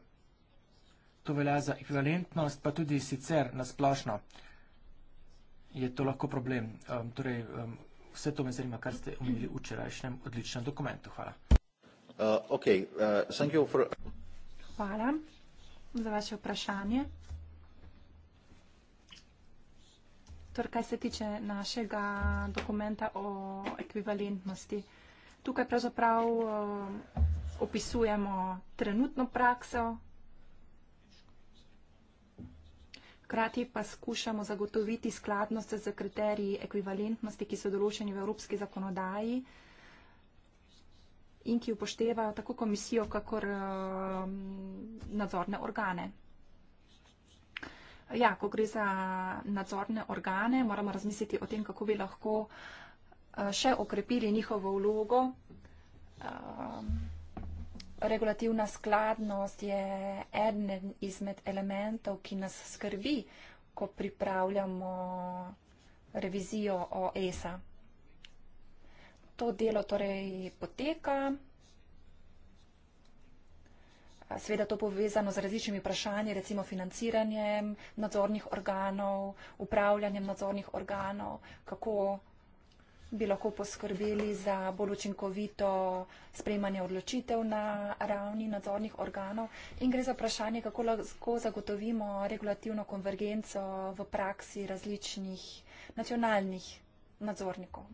To velja za ekvivalentnost, pa tudi sicer nasplošno je to lahko problem. Um, torej, um, vse to me zanima, kar ste omenili v včerajšnjem odličnem dokumentu. Hvala. Uh, okay. uh, thank you for... Hvala za vaše vprašanje. Torej, kaj se tiče našega dokumenta o ekvivalentnosti. Tukaj pravzaprav uh, opisujemo trenutno prakso, Hkrati pa skušamo zagotoviti skladnost z kriteriji ekvivalentnosti, ki so določeni v evropski zakonodaji in ki upoštevajo tako komisijo, kakor um, nadzorne organe. Ja, ko gre za nadzorne organe, moramo razmisliti o tem, kako bi lahko uh, še okrepili njihovo vlogo. Um, regulativna skladnost je eden izmed elementov, ki nas skrbi, ko pripravljamo revizijo o ESA. To delo torej poteka, sveda to povezano z različnimi vprašanji, recimo financiranjem nadzornih organov, upravljanjem nadzornih organov, kako bi lahko poskrbeli za bolj učinkovito sprejmanje odločitev na ravni nadzornih organov in gre za vprašanje, kako lahko zagotovimo regulativno konvergenco v praksi različnih nacionalnih nadzornikov.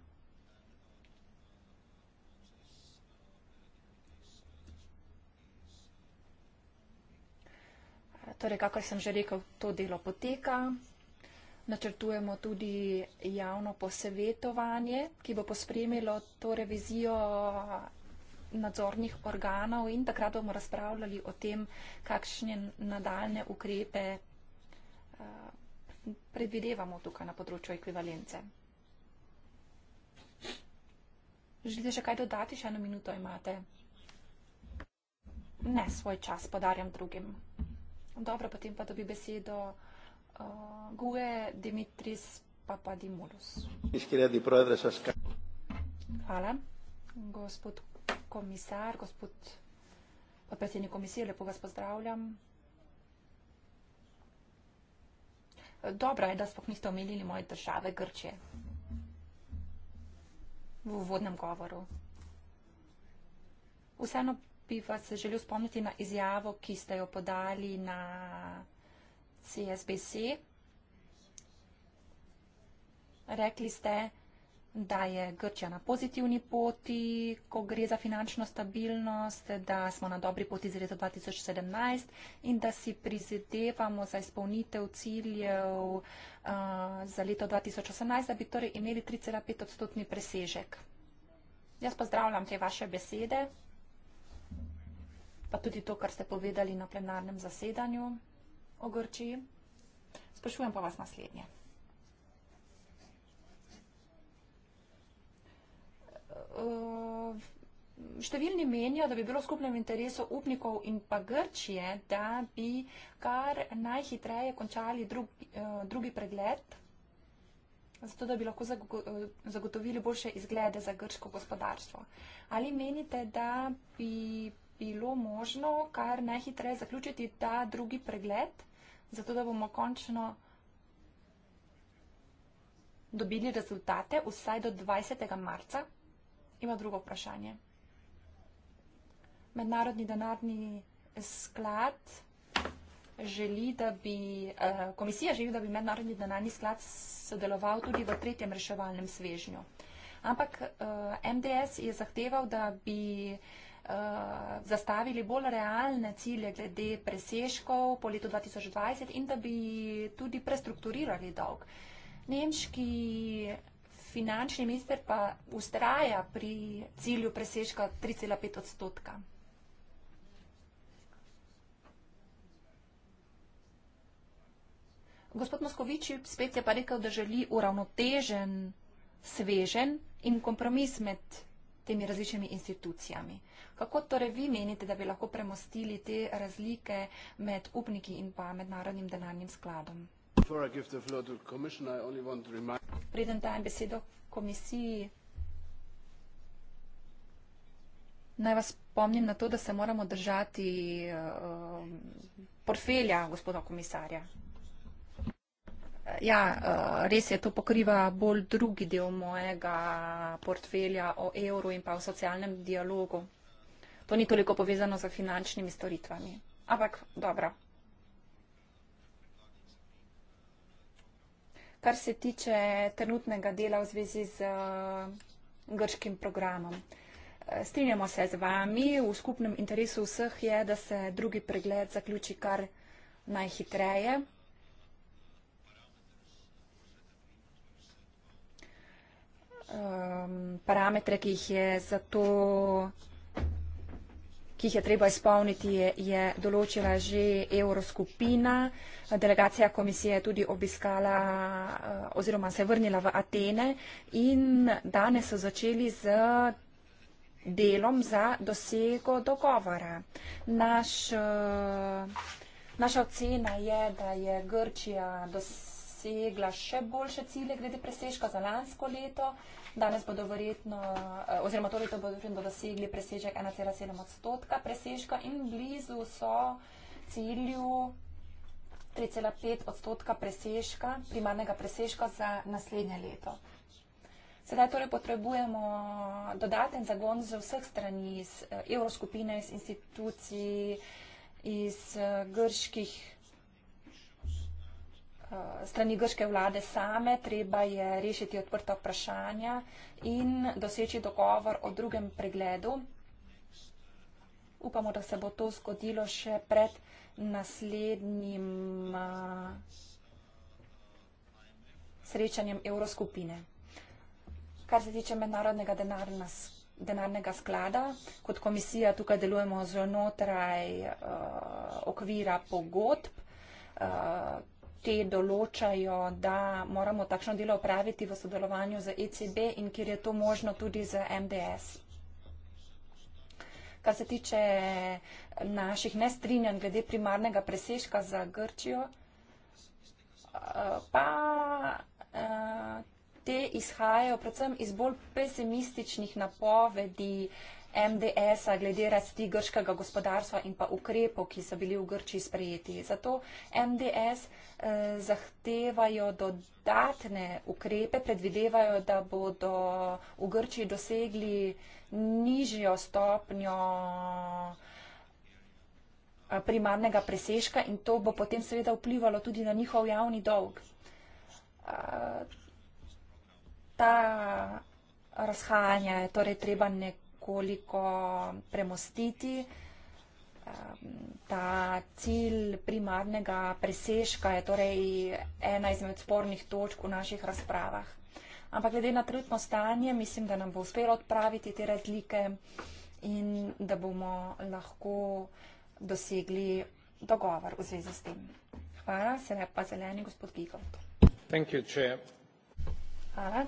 Torej, kakor sem že rekel, to delo poteka načrtujemo tudi javno posvetovanje, ki bo pospremilo to revizijo nadzornih organov in takrat bomo razpravljali o tem, kakšne nadaljne ukrepe eh, predvidevamo tukaj na področju ekvivalence. Želite še kaj dodati? Še eno minuto imate. Ne, svoj čas podarjam drugim. Dobro, potem pa dobi besedo uh, Guge Dimitris Papadimoulos. Hvala, gospod komisar, gospod podpredsednik komisije, lepo vas pozdravljam. Dobro je, da spoh niste omenili moje države Grče v uvodnem govoru. Vseeno bi vas želel spomniti na izjavo, ki ste jo podali na CSBC. Rekli ste, da je Grčija na pozitivni poti, ko gre za finančno stabilnost, da smo na dobri poti za leto 2017 in da si prizadevamo za izpolnitev ciljev uh, za leto 2018, da bi torej imeli 3,5 odstotni presežek. Jaz pozdravljam te vaše besede, pa tudi to, kar ste povedali na plenarnem zasedanju o Grčiji. Sprašujem pa vas naslednje. Eh, številni menijo, da bi bilo skupnem interesu upnikov in pa Grčije, da bi kar najhitreje končali eh, drugi pregled, zato da bi lahko zagotovili boljše izglede za grško gospodarstvo. Ali menite, da bi bilo možno kar najhitreje zaključiti ta drugi pregled? zato da bomo končno dobili rezultate vsaj do 20. marca, ima drugo vprašanje. Mednarodni denarni sklad želi, da bi, eh, komisija želi, da bi Mednarodni denarni sklad sodeloval tudi v tretjem reševalnem svežnju. Ampak eh, MDS je zahteval, da bi Eh, zastavili bolj realne cilje glede presežkov po letu 2020 in da bi tudi prestrukturirali dolg. Nemški finančni minister pa ustraja pri cilju presežka 3,5 odstotka. Gospod Moskovič spet je pa rekel, da želi uravnotežen, svežen in kompromis med temi različnimi institucijami. Kako torej vi menite, da bi lahko premostili te razlike med upniki in pa mednarodnim denarnim skladom? Preden dajem besedo komisiji, naj vas spomnim na to, da se moramo držati uh, portfelja gospoda komisarja. Ja, eh, res je, to pokriva bolj drugi del mojega portfelja o evru in pa o socialnem dialogu. To ni toliko povezano z finančnimi storitvami. Ampak dobro. Kar se tiče trenutnega dela v zvezi z eh, grškim programom. Eh, strinjamo se z vami, v skupnem interesu vseh je, da se drugi pregled zaključi kar najhitreje. um, parametre, ki jih je za to ki jih je treba izpolniti, je, je določila že evroskupina. Delegacija komisije je tudi obiskala uh, oziroma se vrnila v Atene in danes so začeli z delom za dosego dogovora. Naš, uh, naša ocena je, da je Grčija dosegla še boljše cilje glede presežka za lansko leto. Uh, Danes bodo verjetno, eh, oziroma torej to bodo verjetno dosegli presežek 1,7 odstotka presežka in blizu so cilju 3,5 odstotka presežka, primarnega presežka za naslednje leto. Sedaj torej potrebujemo dodaten zagon z vseh strani, iz eh, evroskupine, iz institucij, iz eh, grških Eh, strani grške vlade same, treba je rešiti odprta vprašanja in doseči dogovor o drugem pregledu. Upamo, da se bo to zgodilo še pred naslednjim eh, srečanjem Evroskupine. Kar se tiče mednarodnega denarna, denarnega sklada, kot komisija tukaj delujemo znotraj uh, okvira pogodb. Uh, te določajo, da moramo takšno delo opraviti v sodelovanju z ECB in kjer je to možno tudi z MDS. Kar se tiče naših nestrinjanj glede primarnega presežka za Grčijo, eh, pa eh, te izhajajo predvsem iz bolj pesimističnih napovedi MDS-a glede rasti grškega gospodarstva in pa ukrepov, ki so bili v Grči sprejeti. Zato MDS eh, zahtevajo dodatne ukrepe, predvidevajo, da bodo v Grči dosegli nižjo stopnjo eh, primarnega presežka in to bo potem seveda vplivalo tudi na njihov javni dolg. Eh, ta razhajanja je torej treba nek koliko premostiti ta cilj primarnega presežka je torej ena izmed spornih točk v naših razpravah. Ampak glede na trenutno stanje, mislim, da nam bo uspelo odpraviti te razlike in da bomo lahko dosegli dogovor v zvezi s tem. Hvala, se lepa zeleni gospod Gigalt. Hvala.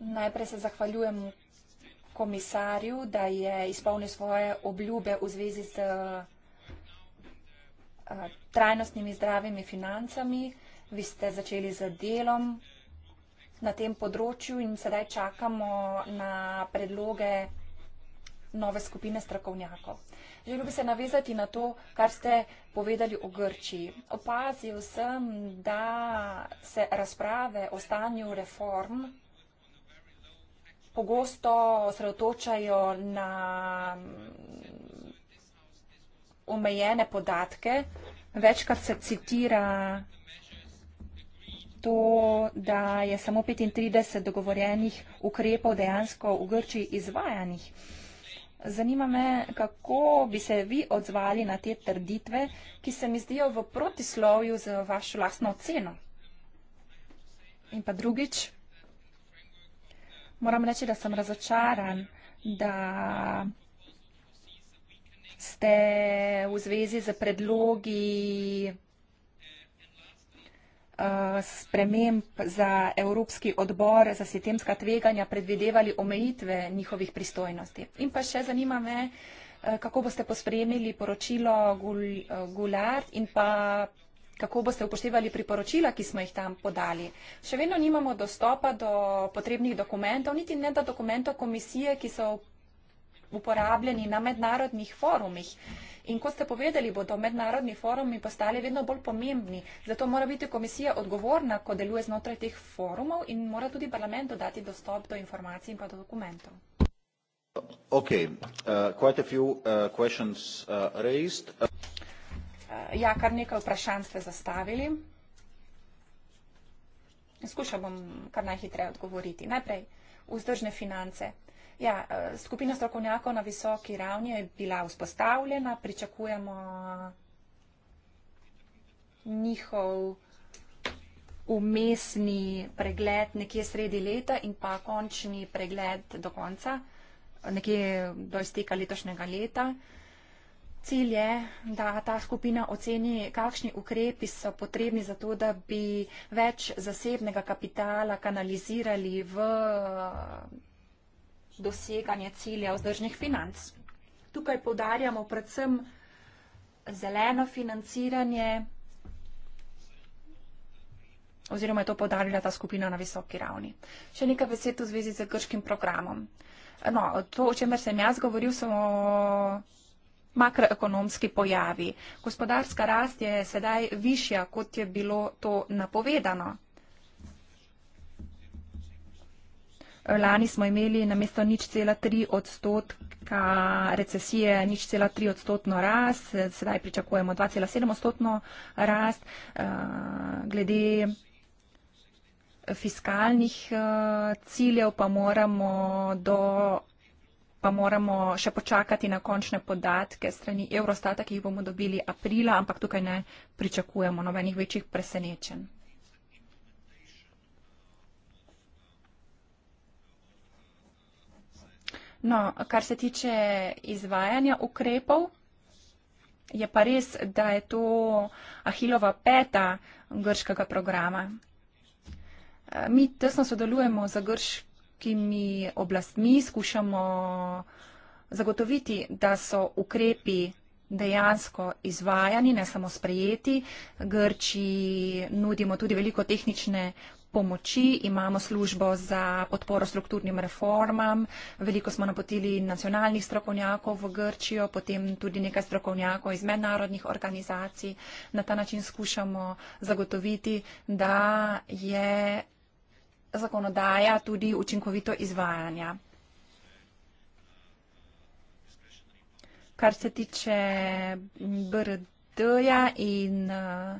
Najprej se zahvaljujem komisarju, da je izpolnil svoje obljube v zvezi z eh, trajnostnimi zdravimi financami. Vi ste začeli z delom na tem področju in sedaj čakamo na predloge nove skupine strokovnjakov. Želim bi se navezati na to, kar ste povedali o Grčiji. Opazil sem, da se razprave o stanju reform vsega, pogosto sredotočajo na mm, omejene podatke. Večkrat se citira to, da je samo 35 dogovorjenih ukrepov dejansko v Grčiji izvajanih. Zanima me, kako bi se vi odzvali na te trditve, ki se mi zdijo v protislovju z vašo lastno oceno. In pa drugič, Moram reči, da sem razočaran, da ste v zvezi z predlogi eh, sprememb za Evropski odbor za sistemska tveganja predvidevali omejitve njihovih pristojnosti. In pa še zanima me, eh, kako boste pospremili poročilo eh, Gulard in pa kako boste upoštevali priporočila, ki smo jih tam podali. Še vedno nimamo dostopa do potrebnih dokumentov, niti ne do dokumentov komisije, ki so uporabljeni na mednarodnih forumih. In kot ste povedali, bodo mednarodni forumi postali vedno bolj pomembni. Zato mora biti komisija odgovorna, ko deluje znotraj teh forumov in mora tudi parlament dodati dostop do informacij in pa do dokumentov. Okay, uh, quite a few uh, questions uh, raised. Uh... Eh, ja, kar nekaj vprašanj ste zastavili. Skušal bom kar najhitreje odgovoriti. Najprej, vzdržne finance. Ja, eh, skupina strokovnjakov na visoki ravni je bila vzpostavljena, pričakujemo njihov umestni pregled nekje sredi leta in pa končni pregled do konca, nekje do izteka letošnjega leta. Cilj je, da ta skupina oceni, kakšni ukrepi so potrebni za to, da bi več zasebnega kapitala kanalizirali v doseganje cilja vzdržnih financ. Tukaj povdarjamo predvsem zeleno financiranje oziroma je to povdarjala ta skupina na visoki ravni. Še nekaj besed v zvezi z grškim programom. No, to, o čemer sem jaz govoril, so makroekonomski pojavi. Gospodarska rast je sedaj višja, kot je bilo to napovedano. Lani smo imeli na mesto nič cela tri odstotka recesije, nič cela tri odstotno rast, sedaj pričakujemo 2,7 odstotno rast. Eh, glede fiskalnih eh, ciljev pa moramo do pa moramo še počakati na končne podatke strani Eurostata, ki jih bomo dobili aprila, ampak tukaj ne pričakujemo nobenih večjih presenečenj. No, kar se tiče izvajanja ukrepov, je pa res, da je to Ahilova peta grškega programa. Mi tesno sodelujemo za grške evropskimi oblastmi skušamo zagotoviti, da so ukrepi dejansko izvajani, ne samo sprejeti. Grči nudimo tudi veliko tehnične pomoči, imamo službo za podporo strukturnim reformam, veliko smo napotili nacionalnih strokovnjakov v Grčijo, potem tudi nekaj strokovnjakov iz mednarodnih organizacij. Na ta način skušamo zagotoviti, da je zakonodaja tudi učinkovito izvajanja. Kar se tiče BRD-ja in eh,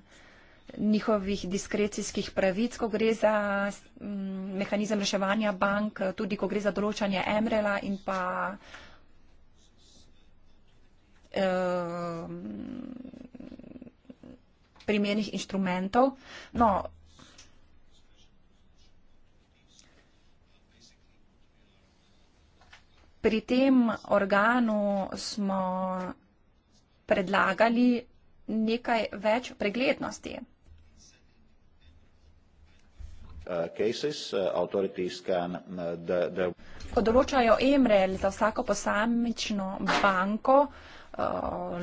njihovih diskrecijskih pravic, ko gre za mm, mehanizem reševanja bank, tudi ko gre za določanje MREL-a in pa eh, primernih inštrumentov. No, Pri tem organu smo predlagali nekaj več preglednosti. Uh, uh, uh, Ko določajo EMREL za vsako posamično banko,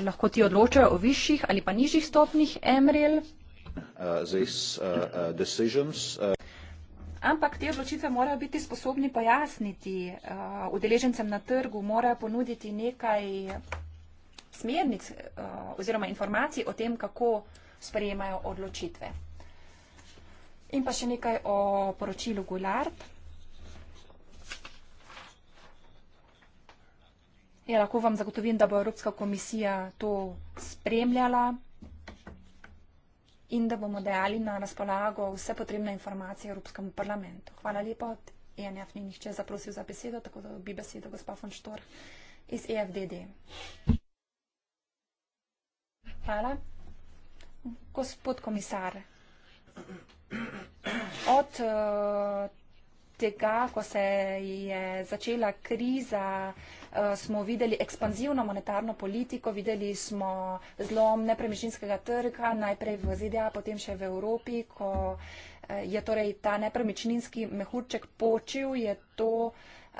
lahko ti odločajo o višjih ali pa nižjih stopnih EMREL. Uh, these uh, uh, decisions uh Ampak te odločitve morajo biti sposobni pojasniti uh, udeležencem na trgu, morajo ponuditi nekaj smernic uh, oziroma informacij o tem, kako sprejemajo odločitve. In pa še nekaj o poročilu Gulard. Ja, lahko vam zagotovim, da bo Evropska komisija to spremljala in da bomo dejali na razpolago vse potrebne informacije Evropskemu parlamentu. Hvala lepa. ENF ni nihče zaprosil za besedo, tako da bi besedo gospa von Štor iz EFDD. Hvala. Gospod komisar, od eh, tega, ko se je začela kriza, Eh, smo videli ekspanzivno monetarno politiko, videli smo zlom nepremičninskega trga, najprej v ZDA, potem še v Evropi, ko eh, je torej ta nepremičninski mehurček počil, je to.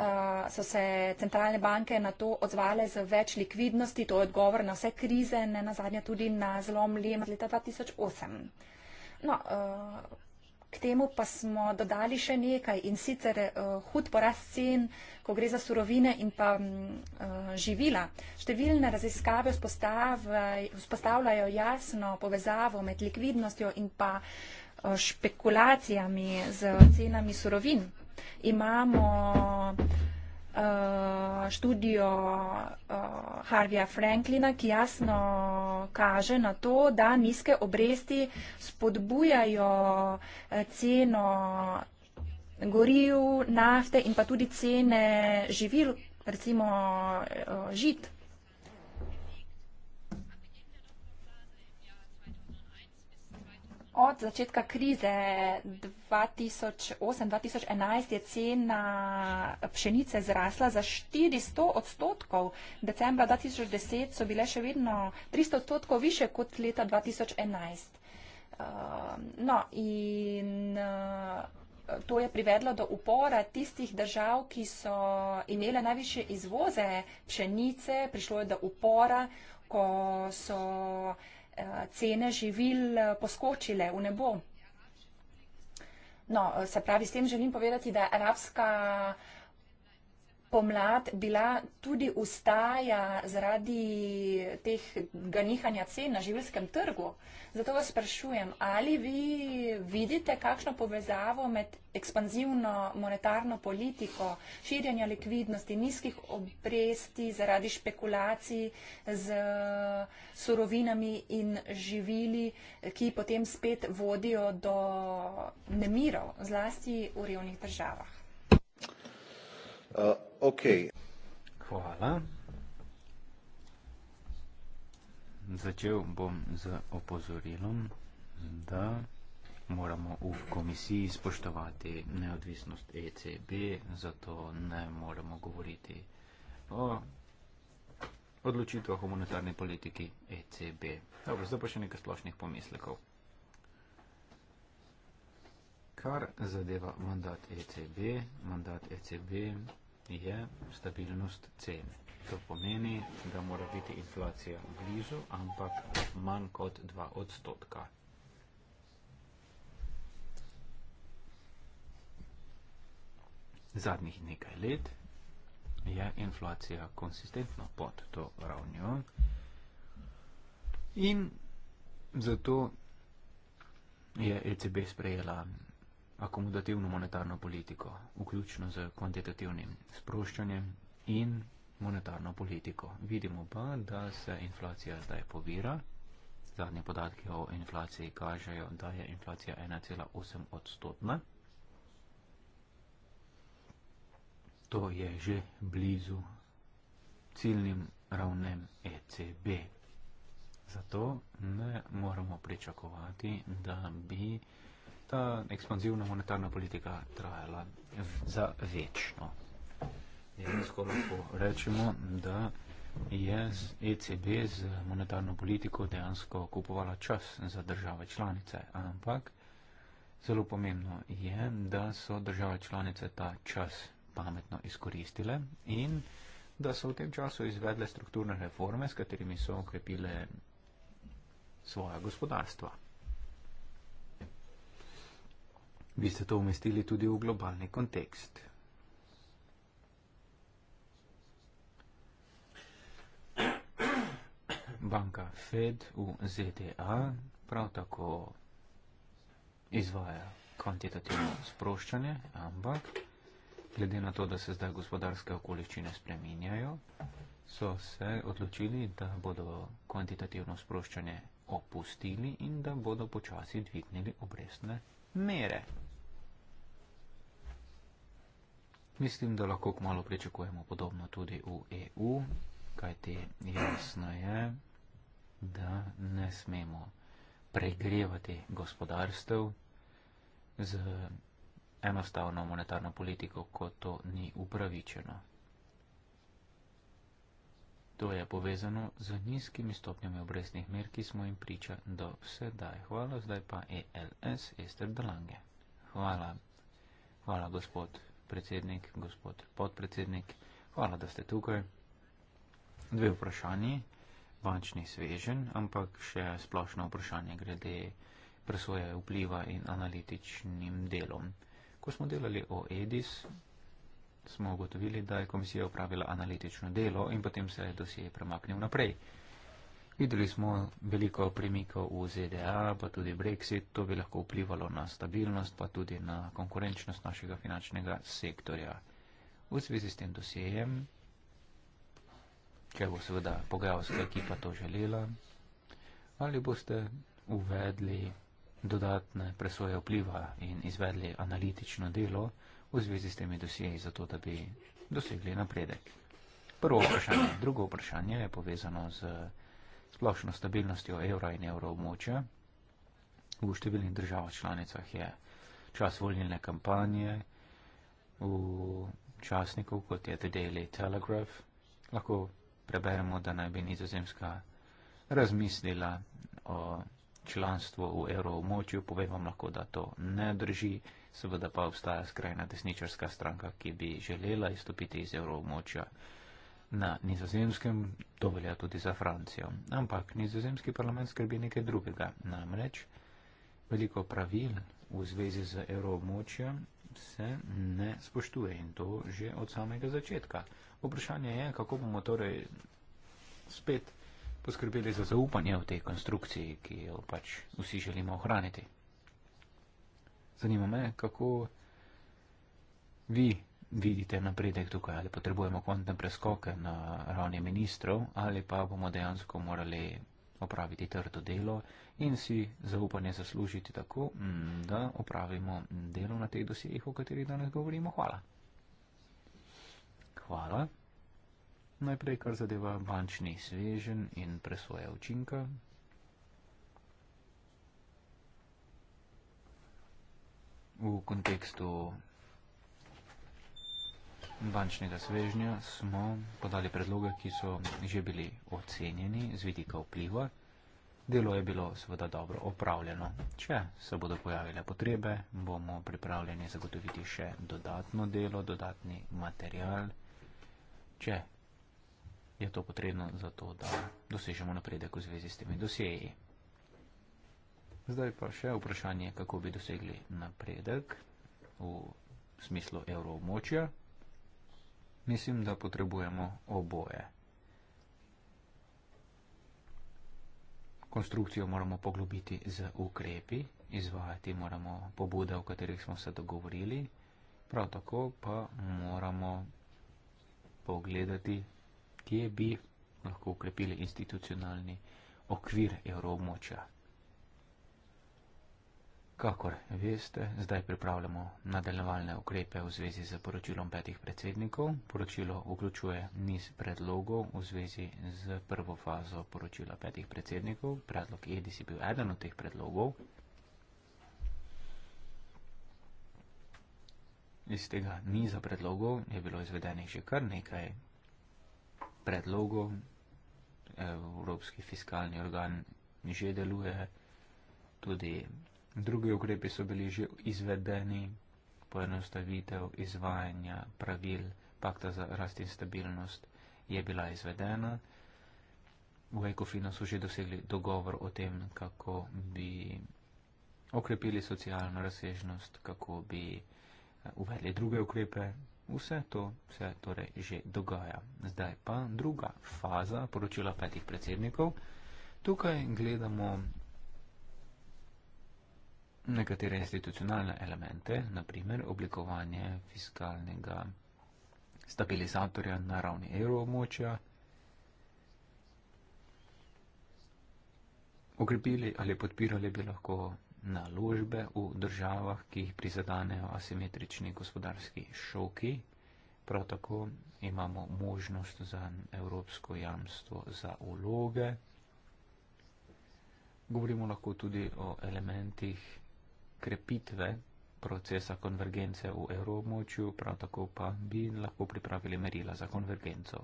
Uh, so se centralne banke na to odzvale z več likvidnosti, to je odgovor na vse krize, ne nazadnje tudi na zlom Lehman leta 2008. No, uh, K temu pa smo dodali še nekaj in sicer uh, hud porast cen, ko gre za surovine in pa um, živila. Številne raziskave vzpostavljajo jasno povezavo med likvidnostjo in pa uh, špekulacijami z cenami surovin. Imamo uh, Eh, študijo uh, Harvija Franklina, ki jasno kaže na to, da nizke obresti spodbujajo eh, ceno goriv, nafte in pa tudi cene živil, recimo uh, žit. Od začetka krize 2008-2011 je cena pšenice zrasla za 400 odstotkov. Decembra 2010 so bile še vedno 300 odstotkov više kot leta 2011. Ehm, no, in eh, to je privedlo do upora tistih držav, ki so imele najviše izvoze pšenice, prišlo je do upora, ko so Eh, cene živil eh, poskočile v nebo. No, eh, se pravi, s tem želim povedati, da je arabska pomlad bila tudi ustaja zaradi teh ganihanja cen na življenskem trgu. Zato vas sprašujem, ali vi vidite kakšno povezavo med ekspanzivno monetarno politiko, širjanja likvidnosti, nizkih obresti zaradi špekulacij z surovinami in živili, ki potem spet vodijo do nemirov, zlasti v revnih državah. Uh. Ok. Hvala. Začel bom z opozorilom, da moramo v komisiji spoštovati neodvisnost ECB, zato ne moramo govoriti o odločitvah o monetarni politiki ECB. Dobro, zdaj pa še nekaj splošnih pomislekov. Kar zadeva mandat ECB, mandat ECB narediti, je stabilnost cene. To pomeni, da mora biti inflacija blizu, ampak manj kot 2 odstotka. Zadnjih nekaj let je inflacija konsistentno pod to ravnjo in zato je ECB sprejela akomodativno monetarno politiko, vključno z kvantitativnim sproščanjem in monetarno politiko. Vidimo pa, da se inflacija zdaj povira. Zadnji podatki o inflaciji kažejo, da je inflacija 1,8 odstotna. To je že blizu ciljnim ravnem ECB. Zato ne moramo pričakovati, da bi inflacija ta ekspanzivna monetarna politika trajala za večno. Dejansko lahko rečemo, da je z ECB z monetarno politiko dejansko kupovala čas za države članice, ampak zelo pomembno je, da so države članice ta čas pametno izkoristile in da so v tem času izvedle strukturne reforme, s katerimi so okrepile svoje gospodarstva bi se to umestili tudi v globalni kontekst. Banka Fed v ZDA prav tako izvaja kvantitativno sproščanje, ampak glede na to, da se zdaj gospodarske okoliščine spreminjajo, so se odločili, da bodo kvantitativno sproščanje opustili in da bodo počasi dvignili obrestne mere. Mislim, da lahko kmalo pričakujemo podobno tudi v EU, kajti jasno je, da ne smemo pregrevati gospodarstev z enostavno monetarno politiko, ko to ni upravičeno. To je povezano z nizkimi stopnjami obrestnih mer, ki smo jim priča do sedaj. Hvala, zdaj pa ELS Ester Delange. Hvala. Hvala, gospod predsednik, gospod podpredsednik. Hvala, da ste tukaj. Dve vprašanji, bančni svežen, ampak še splošno vprašanje glede presoje vpliva in analitičnim delom. Ko smo delali o EDIS, smo ugotovili, da je komisija upravila analitično delo in potem se je dosje premaknil naprej. Videli smo veliko premikov v ZDA, pa tudi Brexit, to bi lahko vplivalo na stabilnost, pa tudi na konkurenčnost našega finančnega sektorja. V zvezi s tem dosjejem, če bo seveda pogajalska ekipa to želela, ali boste uvedli dodatne presoje vpliva in izvedli analitično delo, v zvezi s temi dosjeji, zato da bi dosegli napredek. Prvo vprašanje. Drugo vprašanje je povezano z splošno stabilnostjo evra in evroobmočja. V številnih državah članicah je čas voljene kampanje. V časniku, kot je The Daily Telegraph, lahko preberemo, da naj bi nizozemska razmislila o članstvu v evroobmočju. Povem vam lahko, da to ne drži seveda pa obstaja skrajna desničarska stranka, ki bi želela izstopiti iz evroobmočja na nizozemskem, to velja tudi za Francijo. Ampak nizozemski parlament skrbi nekaj drugega, namreč veliko pravil v zvezi z evroobmočjo se ne spoštuje in to že od samega začetka. Vprašanje je, kako bomo torej spet poskrbeli za zaupanje v tej konstrukciji, ki jo pač vsi želimo ohraniti. Zanima me, kako vi vidite napredek tukaj, ali potrebujemo kontne preskoke na ravni ministrov, ali pa bomo dejansko morali opraviti trdo delo in si zaupanje zaslužiti tako, mm, da opravimo delo na teh dosjejih, o katerih danes govorimo. Hvala. Hvala. Najprej, kar zadeva bančni svežen in presvoja učinka, v kontekstu bančnega svežnja smo podali predloge, ki so že bili ocenjeni z vidika vpliva. Delo je bilo seveda dobro opravljeno. Če se bodo pojavile potrebe, bomo pripravljeni zagotoviti še dodatno delo, dodatni material, če je to potrebno za to, da dosežemo napredek v zvezi s temi dosjeji. Zdaj pa še vprašanje, kako bi dosegli napredek v smislu evroobmočja. Mislim, da potrebujemo oboje. Konstrukcijo moramo poglobiti z ukrepi, izvajati moramo pobude, o katerih smo se dogovorili, prav tako pa moramo pogledati, kje bi lahko ukrepili institucionalni okvir evroobmočja. Kakor veste, zdaj pripravljamo nadaljevalne ukrepe v zvezi z poročilom petih predsednikov. Poročilo vključuje niz predlogov v zvezi z prvo fazo poročila petih predsednikov. Predlog Edis je bil eden od teh predlogov. Iz tega niza predlogov je bilo izvedenih že kar nekaj predlogov. Evropski fiskalni organ že deluje, tudi predlogov. Drugi ukrepi so bili že izvedeni, poenostavitev izvajanja pravil pakta za rast in stabilnost je bila izvedena. V Ekofinu so že dosegli dogovor o tem, kako bi okrepili socialno razsežnost, kako bi eh, uvedli druge ukrepe. Vse to se torej že dogaja. Zdaj pa druga faza poročila petih predsednikov. Tukaj gledamo nekatere institucionalne elemente, naprimer oblikovanje fiskalnega stabilizatorja na ravni evroomočja, okrepili ali podpirali bi lahko naložbe v državah, ki jih prizadanejo asimetrični gospodarski šoki. Prav tako imamo možnost za evropsko jamstvo za vloge. Govorimo lahko tudi o elementih krepitve procesa konvergence v evromočju, prav tako pa bi lahko pripravili merila za konvergenco.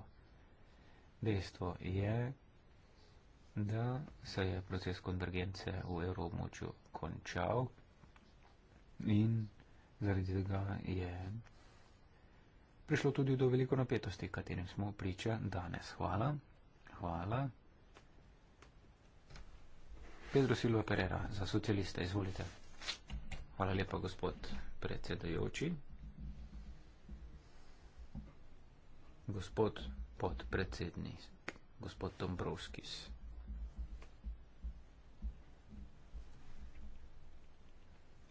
Dejstvo je, da se je proces konvergence v evromočju končal in zaradi tega je prišlo tudi do veliko napetosti, katerim smo priča danes. Hvala. Hvala. Pedro Silva Pereira za socialista, izvolite. Hvala lepa, gospod predsedajoči. Gospod podpredsednik, gospod Dombrovskis.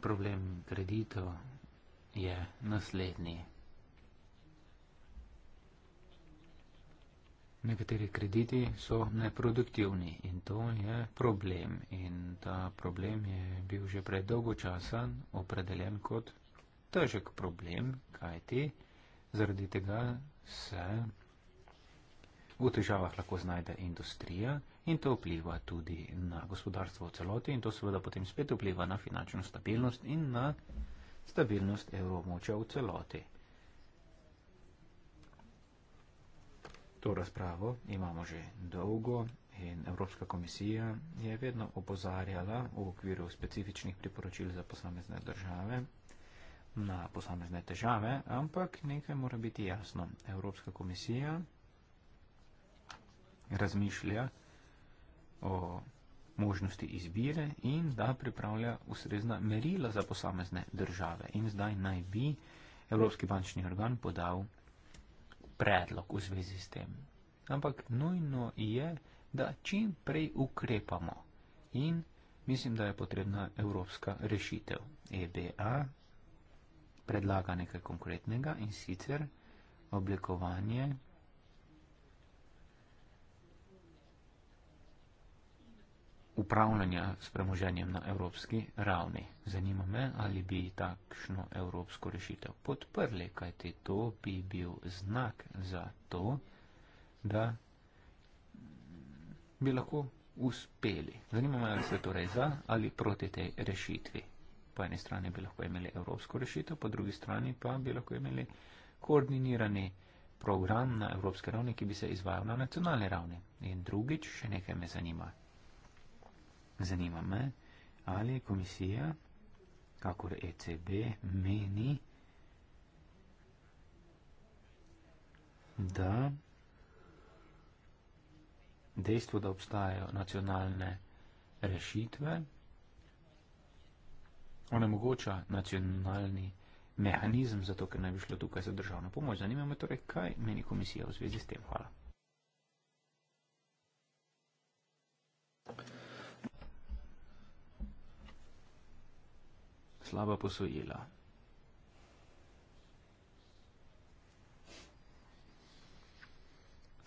Problem kreditov je naslednji. Nekateri krediti so neproduktivni in to je problem. In ta problem je bil že pred dolgo časa opredeljen kot težek problem, kajti zaradi tega se v težavah lahko znajde industrija in to vpliva tudi na gospodarstvo v celoti in to seveda potem spet vpliva na finančno stabilnost in na stabilnost evromoča v celoti. to razpravo imamo že dolgo in Evropska komisija je vedno opozarjala v okviru specifičnih priporočil za posamezne države na posamezne težave, ampak nekaj mora biti jasno. Evropska komisija razmišlja o možnosti izbire in da pripravlja ustrezna merila za posamezne države. In zdaj naj bi Evropski bančni organ podal predlog v zvezi s tem. Ampak nujno je, da čim prej ukrepamo in mislim, da je potrebna evropska rešitev. EBA predlaga nekaj konkretnega in sicer oblikovanje upravljanja s premoženjem na evropski ravni. Zanima me, ali bi takšno evropsko rešitev podprli, kajti to bi bil znak za to, da bi lahko uspeli. Zanima me, ali ste torej za ali proti tej rešitvi. Po eni strani bi lahko imeli evropsko rešitev, po drugi strani pa bi lahko imeli koordinirani program na evropski ravni, ki bi se izvajal na nacionalni ravni. In drugič, še nekaj me zanima. Zanima me, ali je komisija, kakor ECB, meni, da dejstvo, da obstajajo nacionalne rešitve, onemogoča nacionalni mehanizem, zato ker ne bi šlo tukaj za državno pomoč. Zanima me torej, kaj meni komisija v zvezi s tem. Hvala. Thank you. slaba posojila.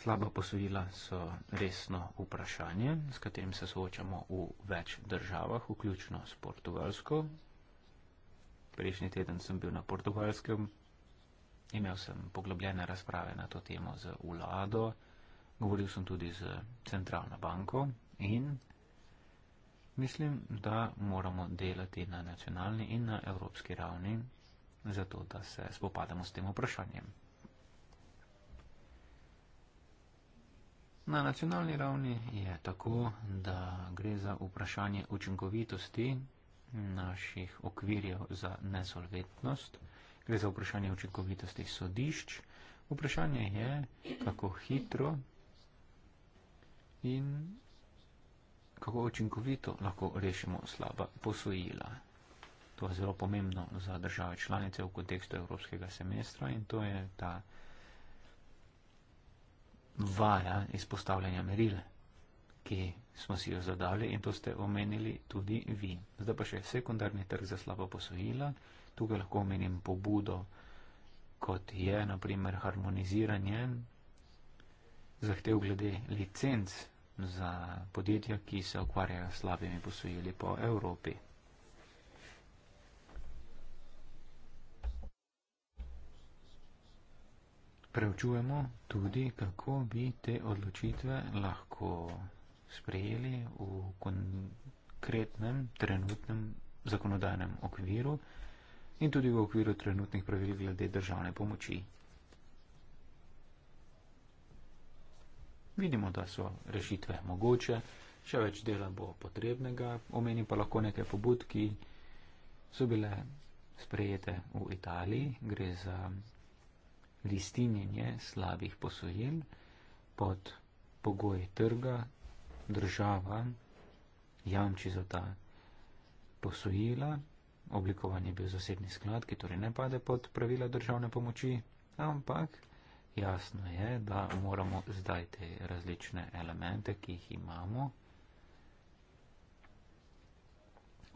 Slaba posojila so resno vprašanje, s katerim se soočamo v več državah, vključno s Portugalsko. Prejšnji teden sem bil na Portugalskem, imel sem poglobljene razprave na to temo z vlado, govoril sem tudi z centralno banko in mislim, da moramo delati na nacionalni in na evropski ravni, zato da se spopadamo s tem vprašanjem. Na nacionalni ravni je tako, da gre za vprašanje učinkovitosti naših okvirjev za nesolventnost, gre za vprašanje učinkovitosti sodišč. Vprašanje je, kako hitro in kako učinkovito lahko rešimo slaba posojila. To je zelo pomembno za države članice v kontekstu evropskega semestra in to je ta vaja izpostavljanja meril, ki smo si jo zadali in to ste omenili tudi vi. Zdaj pa še sekundarni trg za slaba posojila. Tukaj lahko omenim pobudo, kot je naprimer harmoniziranje zahtev glede licenc za podjetja, ki se ukvarjajo s slabimi posojili po Evropi. Preučujemo tudi, kako bi te odločitve lahko sprejeli v konkretnem trenutnem zakonodajnem okviru in tudi v okviru trenutnih pravil glede državne pomoči. Vidimo, da so rešitve mogoče, še več dela bo potrebnega, omenim pa lahko neke pobud, ki so bile sprejete v Italiji. Gre za listinjenje slabih posojil pod pogoji trga, država jamči za ta posojila, oblikovanje je bil zasebni sklad, ki torej ne pade pod pravila državne pomoči, ampak Jasno je, da moramo zdaj te različne elemente, ki jih imamo,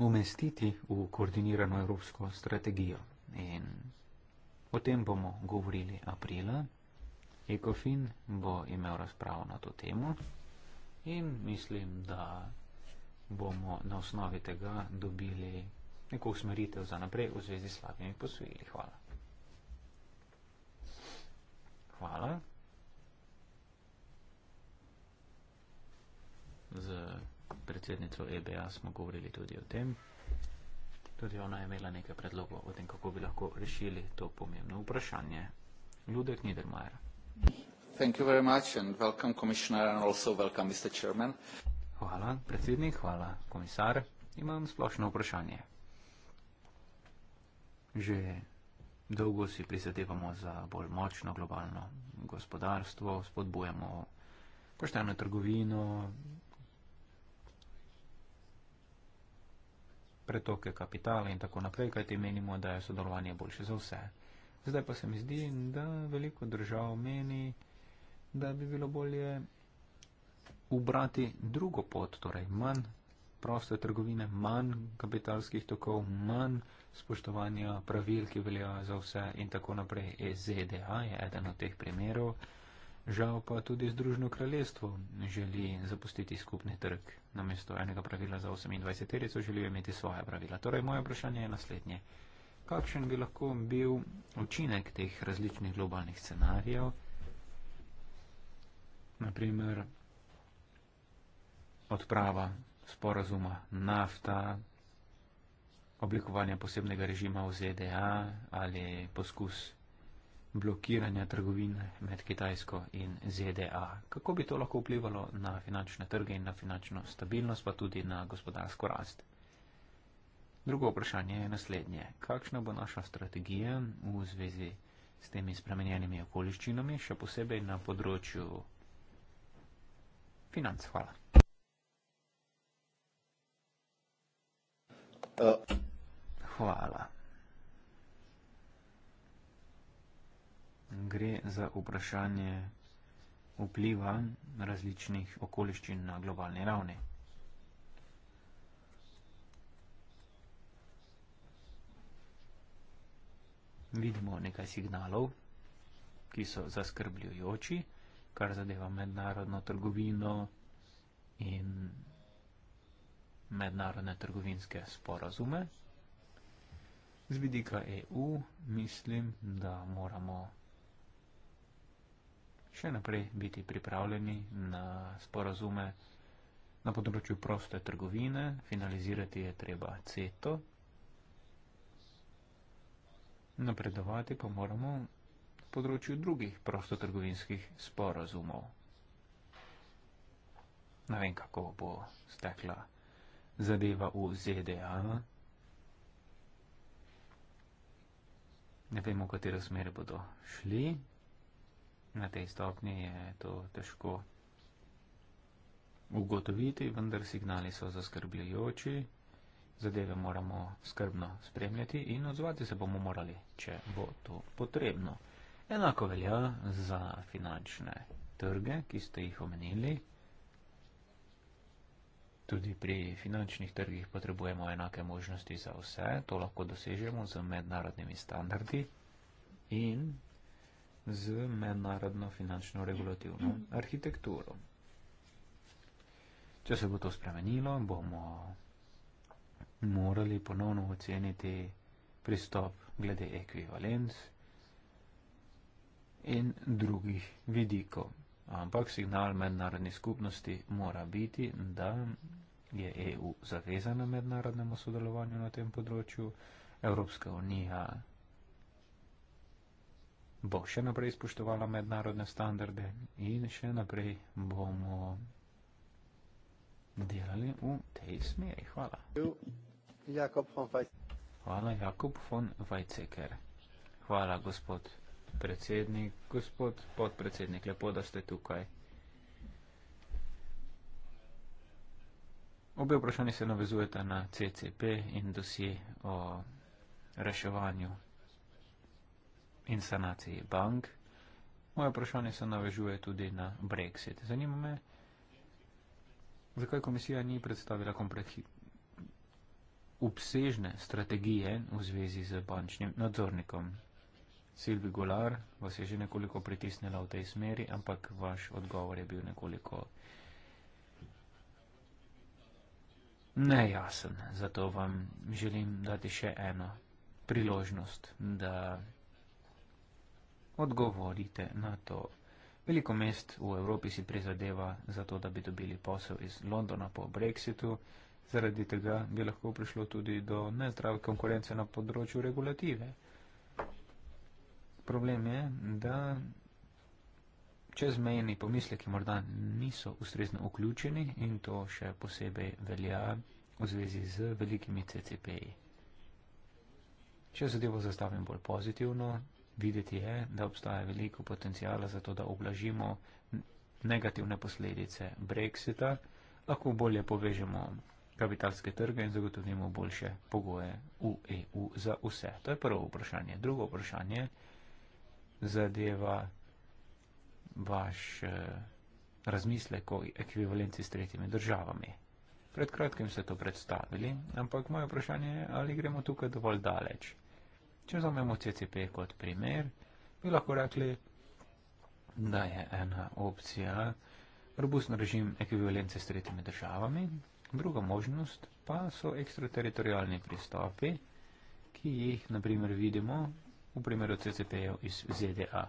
umestiti v koordinirano evropsko strategijo. In o tem bomo govorili aprila. Ekofin bo imel razpravo na to temo in mislim, da bomo na osnovi tega dobili neko usmeritev za naprej v zvezi s slabimi posojili. Hvala. Hvala. Z predsednico EBA smo govorili tudi o tem. Tudi ona je imela nekaj predlogov o tem, kako bi lahko rešili to pomembno vprašanje. Ludek Niedermayer. Thank you very much and welcome commissioner and also welcome Mr. Chairman. Hvala predsednik, hvala komisar. Imam splošno vprašanje. Že Dolgo si prizadevamo za bolj močno globalno gospodarstvo, spodbujamo pošteno trgovino, pretoke kapitala in tako naprej, kajti menimo, da je sodelovanje boljše za vse. Zdaj pa se mi zdi, da veliko držav meni, da bi bilo bolje ubrati drugo pot, torej manj proste trgovine, manj kapitalskih tokov, manj spoštovanja pravil, ki velja za vse in tako naprej. E ZDA je eden od teh primerov. Žal pa tudi Združeno kraljestvo želi zapustiti skupni trg. Namesto enega pravila za 28 terico želijo imeti svoje pravila. Torej, moje vprašanje je naslednje. Kakšen bi lahko bil učinek teh različnih globalnih scenarijev? Naprimer, odprava sporazuma nafta, oblikovanja posebnega režima v ZDA ali poskus blokiranja trgovine med Kitajsko in ZDA. Kako bi to lahko vplivalo na finančne trge in na finančno stabilnost, pa tudi na gospodarsko rast? Drugo vprašanje je naslednje. Kakšna bo naša strategija v zvezi s temi spremenjenimi okoliščinami, še posebej na področju financ? Hvala. Hvala. Gre za vprašanje vpliva različnih okoliščin na globalni ravni. Vidimo nekaj signalov, ki so zaskrbljujoči, kar zadeva mednarodno trgovino in mednarodne trgovinske sporazume. Z vidika EU mislim, da moramo še naprej biti pripravljeni na sporazume na področju proste trgovine, finalizirati je treba CETO, napredovati pa moramo na področju drugih prostotrgovinskih sporazumov. Ne vem, kako bo stekla zadeva v ZDA. Ne vemo, v katero smer bodo šli. Na tej stopnji je to težko ugotoviti, vendar signali so zaskrbljujoči. Zadeve moramo skrbno spremljati in odzvati se bomo morali, če bo to potrebno. Enako velja za finančne trge, ki ste jih omenili. Tudi pri finančnih trgih potrebujemo enake možnosti za vse, to lahko dosežemo z mednarodnimi standardi in z mednarodno finančno regulativno arhitekturo. Če se bo to spremenilo, bomo morali ponovno oceniti pristop glede ekvivalenc in drugih vidikov. Ampak signal mednarodni skupnosti mora biti, da je EU zavezana mednarodnemu sodelovanju na tem področju, Evropska unija bo še naprej spoštovala mednarodne standarde in še naprej bomo delali v tej smeri. Hvala. Hvala, Jakob von Weizsäcker. Hvala, gospod predsednik, gospod podpredsednik, lepo, da ste tukaj. Obe vprašanje se navezujete na CCP in dosje o reševanju in sanaciji bank. Moje vprašanje se navezuje tudi na Brexit. Zanima me, zakaj komisija ni predstavila kompleksit obsežne strategije v zvezi z bančnim nadzornikom. Silvi Golar vas je že nekoliko pritisnila v tej smeri, ampak vaš odgovor je bil nekoliko nejasen. Zato vam želim dati še eno priložnost, da odgovorite na to. Veliko mest v Evropi si prizadeva za to, da bi dobili posel iz Londona po Brexitu. Zaradi tega bi lahko prišlo tudi do nezdrave konkurence na področju regulative problem je, da čezmejni pomisleki morda niso ustrezno vključeni in to še posebej velja v zvezi z velikimi CCP-ji. Če zadevo zastavim bolj pozitivno, videti je, da obstaja veliko potencijala za to, da oblažimo negativne posledice Brexita, lahko bolje povežemo kapitalske trge in zagotovimo boljše pogoje v EU za vse. To je prvo vprašanje. Drugo vprašanje je, zadeva vaš eh, razmislek o ekvivalenci s tretjimi državami. Pred kratkim ste to predstavili, ampak moje vprašanje je, ali gremo tukaj dovolj daleč. Če vzamemo CCP kot primer, bi lahko rekli, da je ena opcija robustn režim ekvivalence s tretjimi državami, druga možnost pa so ekstrateritorijalni pristopi, ki jih, na primer, vidimo v primeru CCP-jev iz ZDA.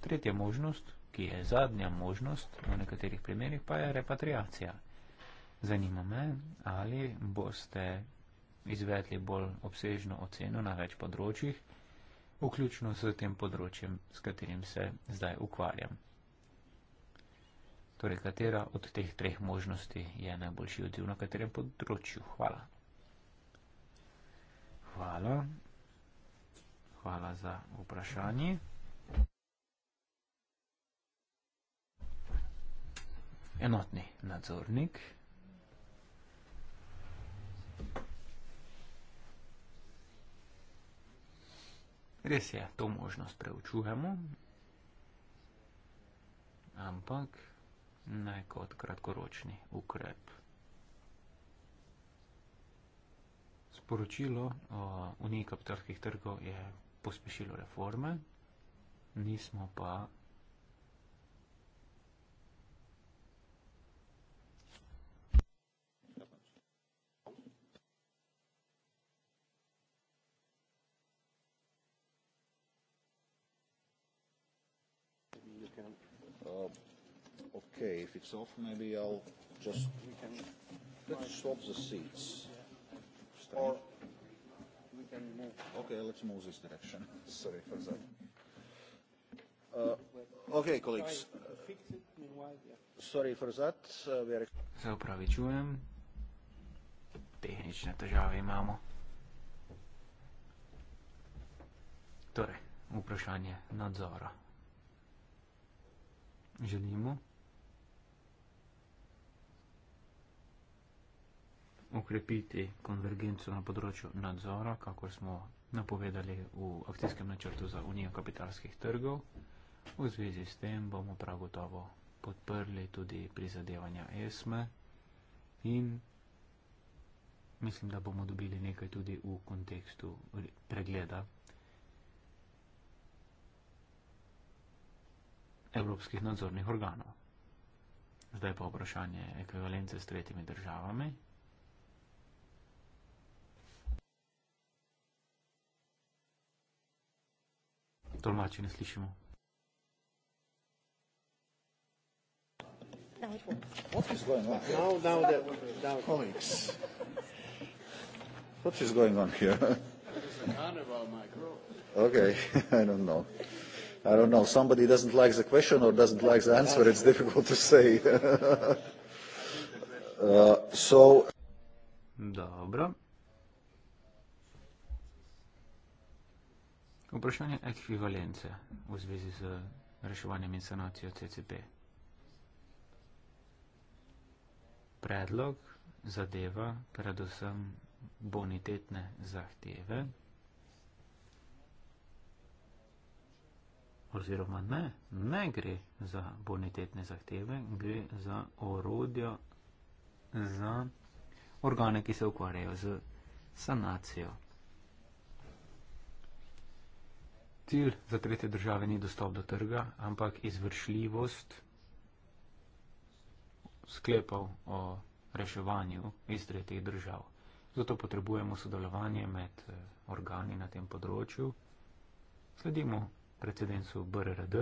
Tretja možnost, ki je zadnja možnost v nekaterih primerjih, pa je repatriacija. Zanima me, ali boste izvedli bolj obsežno oceno na več področjih, vključno s tem področjem, s katerim se zdaj ukvarjam. Torej, katera od teh treh možnosti je najboljši odziv na katerem področju? Hvala. Hvala. Hvala za vprašanje. Enotni nadzornik. Res je, to možnost preučujemo, ampak ne kot kratkoročni ukrep. Sporočilo o unikapitalskih trgov je pospešilo reforme, nismo pa uh, Okay, if it's off, maybe I'll just let's swap the seats. Yeah can move. Okay, let's move this direction. Sorry for that. Uh, okay, colleagues. Sorry for that. Uh, we are... Se opravičujem. Tehnične težave imamo. Torej, vprašanje nadzora. Želimo. okrepiti konvergenco na področju nadzora, kako smo napovedali v akcijskem načrtu za Unijo kapitalskih trgov. V zvezi s tem bomo prav gotovo podprli tudi prizadevanja ESME in mislim, da bomo dobili nekaj tudi v kontekstu pregleda evropskih nadzornih organov. Zdaj pa vprašanje ekvivalence s tretjimi državami. tolmači ne slišimo. What is going on? Now, now the, the comics. What is going on here? okay, I don't know. I don't know. Somebody doesn't like the question or doesn't like the answer. It's difficult to say. uh, so. Dobro. Vprašanje ekvivalence v zvezi z reševanjem in sanacijo CCP. Predlog zadeva predvsem bonitetne zahteve oziroma ne, ne gre za bonitetne zahteve, gre za orodjo za organe, ki se ukvarjajo z sanacijo. cilj za tretje države ni dostop do trga, ampak izvršljivost sklepov o reševanju iz tretjih držav. Zato potrebujemo sodelovanje med eh, organi na tem področju. Sledimo precedencu BRRD,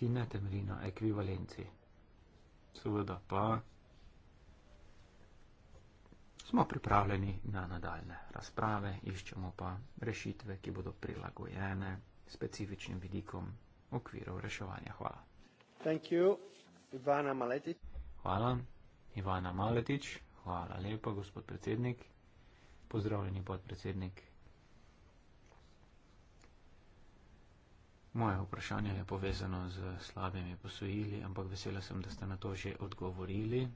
ki ne temelji na ekvivalenci. Seveda pa smo pripravljeni na nadaljne razprave, iščemo pa rešitve, ki bodo prilagojene specifičnim vidikom okvirov reševanja. Hvala. Hvala, Ivana Maletič. Hvala lepa, gospod predsednik. Pozdravljeni, podpredsednik. Moje vprašanje je povezano z slabimi posojili, ampak vesela sem, da ste na to že odgovorili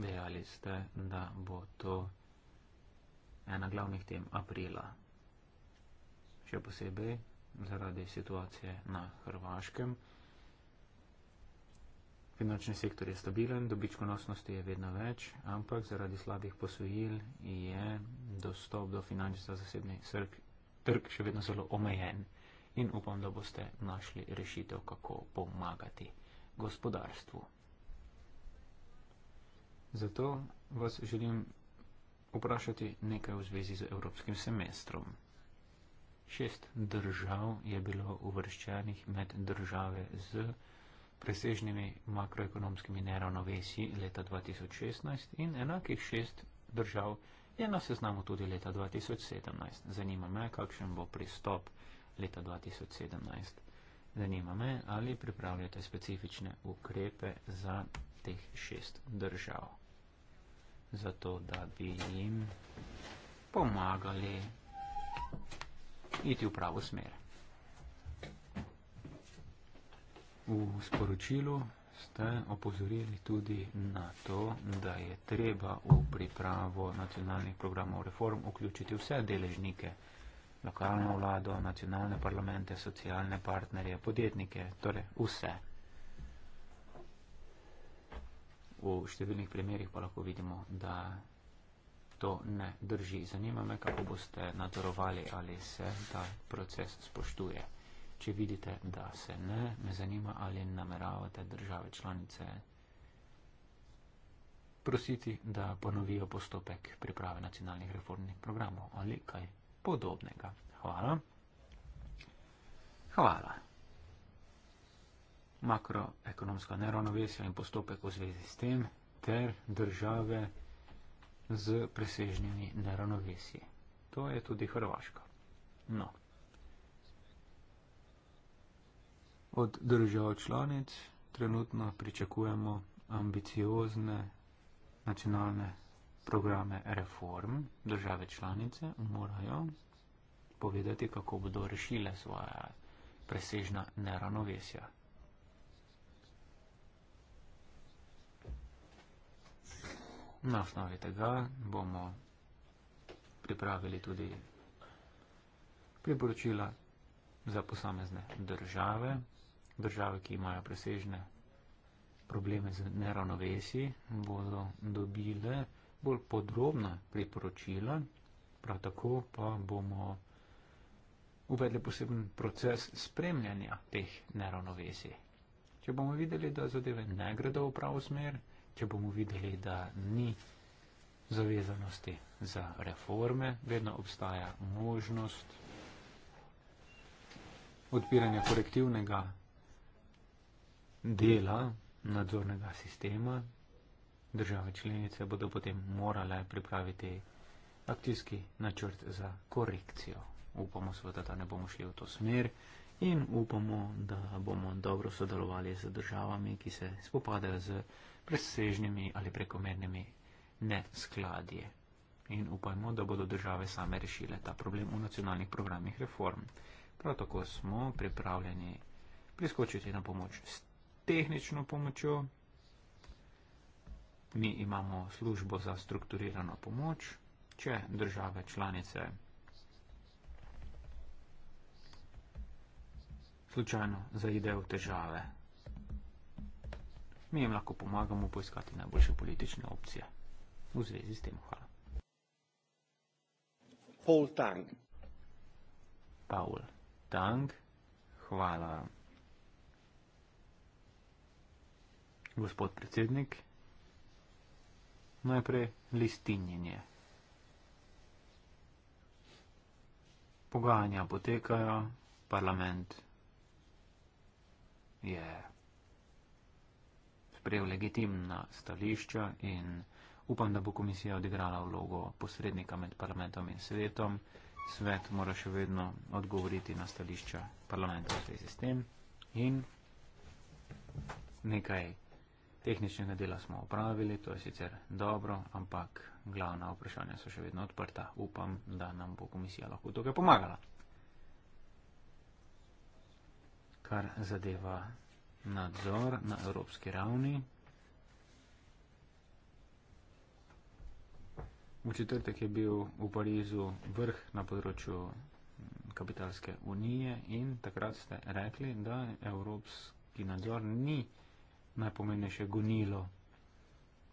dejali ste, da bo to ena glavnih tem aprila. Še posebej zaradi situacije na Hrvaškem. Finančni sektor je stabilen, dobičkonosnosti je vedno več, ampak zaradi slabih posojil je dostop do financ za zasebni trg še vedno zelo omejen. In upam, da boste našli rešitev, kako pomagati gospodarstvu. Zato vas želim vprašati nekaj v zvezi z evropskim semestrom. Šest držav je bilo uvrščenih med države z presežnimi makroekonomskimi neravnovesji leta 2016 in enakih šest držav je na seznamu tudi leta 2017. Zanima me, kakšen bo pristop leta 2017. Zanima me, ali pripravljate specifične ukrepe za teh šest držav zato da bi jim pomagali iti v pravo smer. V sporočilu ste opozorili tudi na to, da je treba v pripravo nacionalnih programov reform vključiti vse deležnike, lokalno vlado, nacionalne parlamente, socialne partnerje, podjetnike, torej vse. v številnih primerjih pa lahko vidimo, da to ne drži. Zanima me, kako boste nadzorovali, ali se ta proces spoštuje. Če vidite, da se ne, me zanima, ali nameravate države članice prositi, da ponovijo postopek priprave nacionalnih reformnih programov ali kaj podobnega. Hvala. Hvala makroekonomska neravnovesja in postopek v zvezi s tem ter države z presežnimi neravnovesji. To je tudi Hrvaška. No. Od držav članic trenutno pričakujemo ambiciozne nacionalne programe reform. Države članice morajo povedati, kako bodo rešile svoje presežna neravnovesja. Na osnovi tega bomo pripravili tudi priporočila za posamezne države, države, ki imajo presežne probleme z neravnovesji, bodo dobile bolj podrobna priporočila, prav tako pa bomo uvedli poseben proces spremljanja teh neravnovesij. Če bomo videli, da zadeve ne gredo v pravo smer, če bomo videli, da ni zavezanosti za reforme, vedno obstaja možnost odpiranja korektivnega dela nadzornega sistema. Države članice bodo potem morale pripraviti akcijski načrt za korekcijo. Upamo seveda, da ne bomo šli v to smer in upamo, da bomo dobro sodelovali z državami, ki se spopadajo z presežnimi ali prekomernimi neskladje. In upajmo, da bodo države same rešile ta problem v nacionalnih programih reform. Prav tako smo pripravljeni priskočiti na pomoč s tehnično pomočjo. Mi imamo službo za strukturirano pomoč, če države članice slučajno zaidejo v težave mi jim lahko pomagamo poiskati najboljše politične opcije. V zvezi s tem, hvala. Paul Tang. Paul Tang, hvala. Gospod predsednik, najprej listinjenje. Pogajanja potekajo, parlament je sprejel legitimna stališča in upam, da bo komisija odigrala vlogo posrednika med parlamentom in svetom. Svet mora še vedno odgovoriti na stališča parlamenta v zvezi s tem. In nekaj tehničnega dela smo opravili, to je sicer dobro, ampak glavna vprašanja so še vedno odprta. Upam, da nam bo komisija lahko tukaj pomagala. Kar zadeva nadzor na evropski ravni. V četrtek je bil v Parizu vrh na področju kapitalske unije in takrat ste rekli, da evropski nadzor ni najpomembnejše gonilo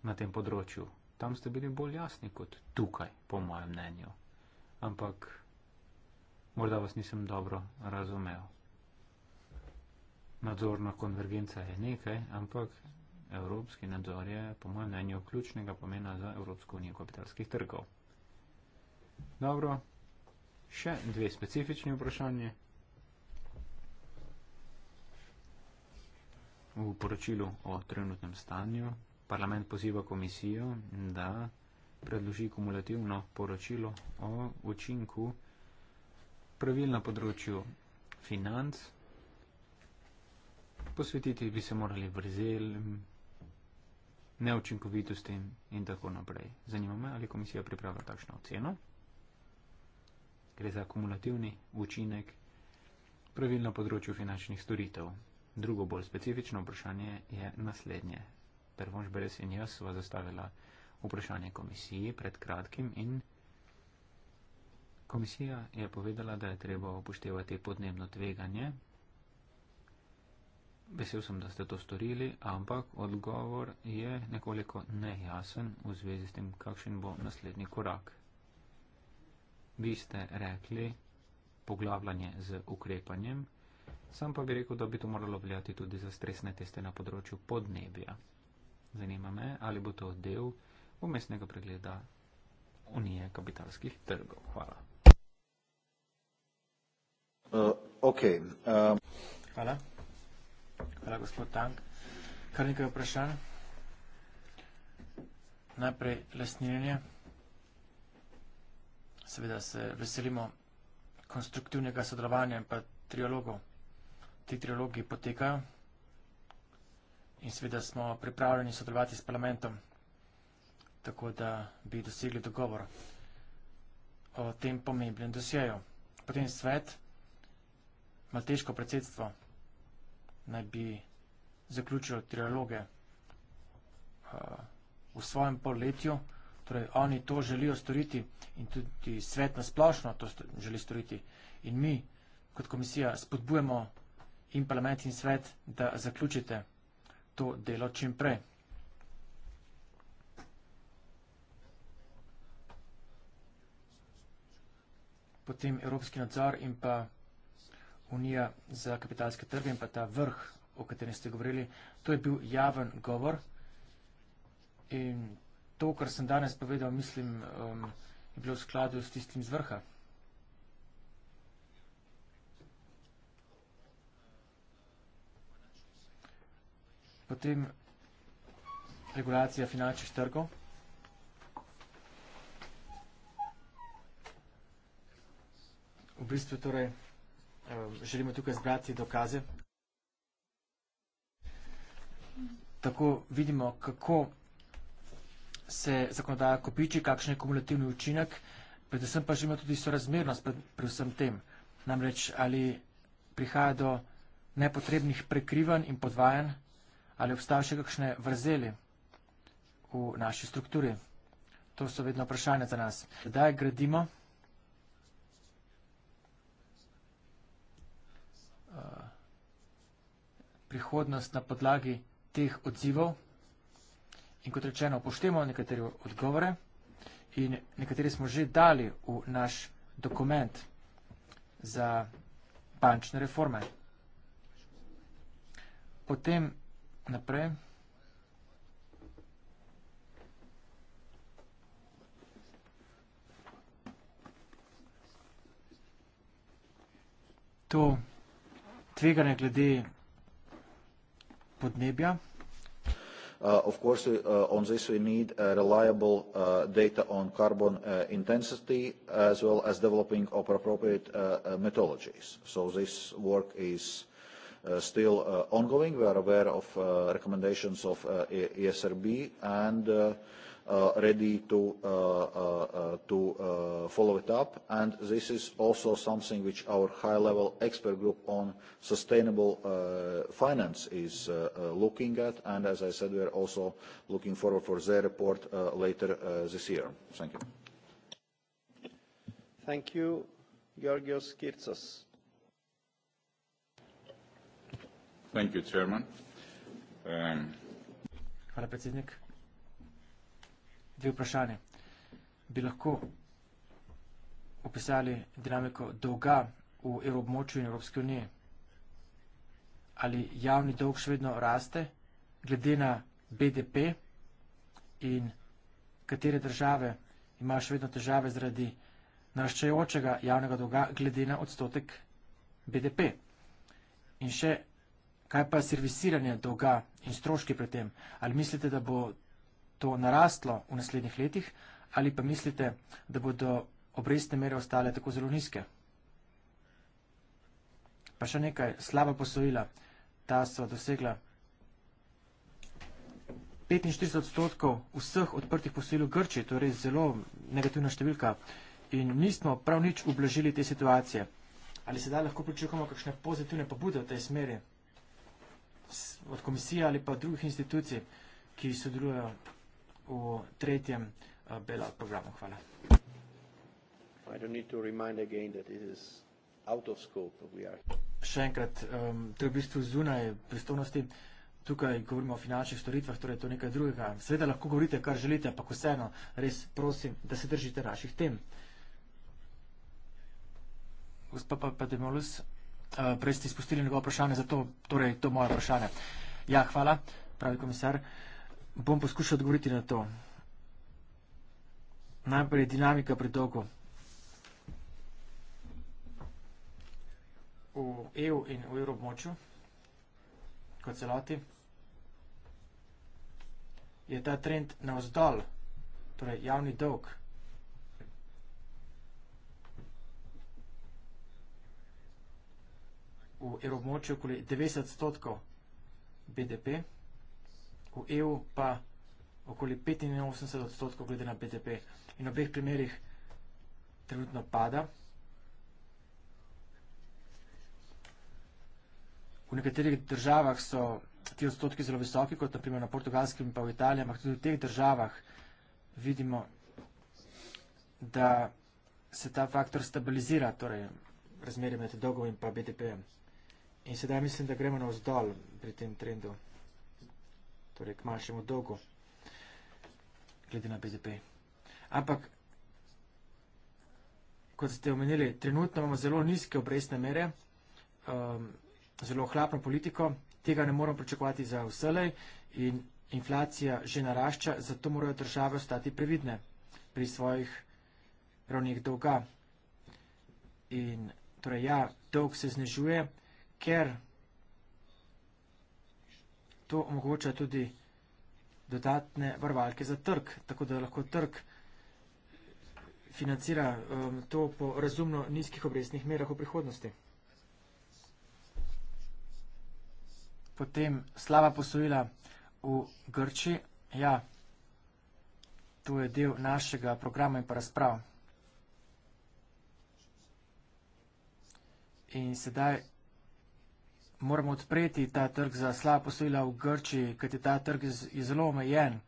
na tem področju. Tam ste bili bolj jasni kot tukaj, po mojem mnenju. Ampak morda vas nisem dobro razumel nadzorna konvergenca je nekaj, ampak evropski nadzor je po mojem mnenju ključnega pomena za Evropsko unijo kapitalskih trgov. Dobro, še dve specifični vprašanje. V poročilu o trenutnem stanju parlament poziva komisijo, da predloži kumulativno poročilo o učinku pravil na področju financ posvetiti bi se morali vrzelim, neučinkovitostim in tako naprej. Zanima me, ali komisija pripravlja takšno oceno. Gre za akumulativni učinek pravil na področju finančnih storitev. Drugo bolj specifično vprašanje je naslednje. Prvonž Beres in jaz sva zastavila vprašanje komisiji pred kratkim in komisija je povedala, da je treba upoštevati podnebno tveganje, Vesel sem, da ste to storili, ampak odgovor je nekoliko nejasen v zvezi s tem, kakšen bo naslednji korak. Vi ste rekli poglavljanje z ukrepanjem, sam pa bi rekel, da bi to moralo veljati tudi za stresne teste na področju podnebja. Zanima me, ali bo to del umestnega pregleda Unije kapitalskih trgov. Hvala. Uh, okay. uh... Hvala pravi gospod Tank. Kar nekaj vprašanj. Najprej lesnjenje. Seveda se veselimo konstruktivnega sodelovanja in pa triologov. Ti triologi potekajo in seveda smo pripravljeni sodelovati s parlamentom, tako da bi dosegli dogovor o tem pomembnem dosjeju. Potem svet, malteško predsedstvo, naj bi zaključilo trialoge uh, v svojem polletju. Torej, oni to želijo storiti in tudi svet nasplošno to st želi storiti. In mi kot komisija spodbujemo in parlament in svet, da zaključite to delo čim prej. Potem evropski nadzor in pa unija za kapitalske trge in pa ta vrh, o katerem ste govorili, to je bil javen govor. In to, kar sem danes povedal, mislim, um, je bilo v skladu s tistim z vrha. Potem regulacija finančnih trgov. V bistvu torej Ehm, želimo tukaj zbrati dokaze. Tako vidimo, kako se zakonodaja kopiči, kakšen je kumulativni učinek, predvsem pa želimo tudi sorazmernost pri, pri vsem tem. Namreč ali prihaja do nepotrebnih prekrivanj in podvajanj, ali obstaja še kakšne vrzeli v naši strukturi. To so vedno vprašanja za nas. Kdaj gradimo? prihodnost na podlagi teh odzivov. In kot rečeno, poštemo nekatere odgovore in nekateri smo že dali v naš dokument za bančne reforme. Potem naprej. To tveganje glede podnebja. Uh, of course, uh, on this we need uh, reliable uh, data on carbon uh, intensity as well as developing appropriate uh, uh, methodologies. So this work is uh, still uh, ongoing. We are aware of uh, recommendations of uh, ESRB e and uh, Uh, ready to uh, uh, follow it up. And this is also something which our high-level expert group on sustainable finance is looking at. And as I said, we are also looking forward for their report later this year. Thank you. Thank you, Georgios Kirtsos. Thank you, Chairman. Um, Hello, Predsednik dve vprašanje. Bi lahko opisali dinamiko dolga v evroobmočju in Evropske unije? Ali javni dolg še vedno raste glede na BDP in katere države imajo še vedno težave zaradi naraščajočega javnega dolga glede na odstotek BDP? In še, kaj pa servisiranje dolga in stroški pri tem? Ali mislite, da bo to narastlo v naslednjih letih, ali pa mislite, da bodo obrestne mere ostale tako zelo nizke? Pa še nekaj, slaba posojila, ta so dosegla 45 odstotkov vseh odprtih posojil v Grči, to je res zelo negativna številka in nismo prav nič ublažili te situacije. Ali sedaj lahko pričakujemo kakšne pozitivne pobude v tej smeri od komisije ali pa drugih institucij, ki sodelujejo v tretjem eh, bailout programu. Hvala. Še enkrat, to je v bistvu zunaj pristojnosti. Tukaj govorimo o finančnih storitvah, torej to je nekaj drugega. Seveda lahko govorite, kar želite, ampak vseeno res prosim, da se držite naših tem. Gospa Pademolus, eh, prej ste izpustili njegovo vprašanje, zato torej to moje vprašanje. Ja, hvala, pravi komisar bom poskušal odgovoriti na to. Najprej je dinamika pritokov. V EU in v Evropmoču, kot celoti, je ta trend na vzdolj, torej javni dolg, v Evropmoču okoli 90 stotkov BDP-a, v EU pa okoli 85 odstotkov glede na BDP. In v obeh primerjih trenutno pada. V nekaterih državah so ti odstotki zelo visoki, kot naprimer na portugalskem in pa v Italiji, ampak tudi v teh državah vidimo, da se ta faktor stabilizira, torej razmerje med dolgom in pa BDP-em. In sedaj mislim, da gremo na vzdolj pri tem trendu torej k manjšemu dolgu, glede na BDP. Ampak, kot ste omenili, trenutno imamo zelo nizke obrestne mere, um, zelo hlapno politiko, tega ne moramo pričakovati za vselej in inflacija že narašča, zato morajo države ostati previdne pri svojih ravnih dolga. In torej ja, dolg se znižuje, ker to omogoča tudi dodatne varvalke za trg, tako da lahko trg financira um, to po razumno nizkih obrestnih merah v prihodnosti. Potem slaba posojila v Grči. Ja, to je del našega programa in pa razprav. In sedaj moramo odpreti ta trg za slaba posojila v Grčiji, ker je ta trg zelo omejen.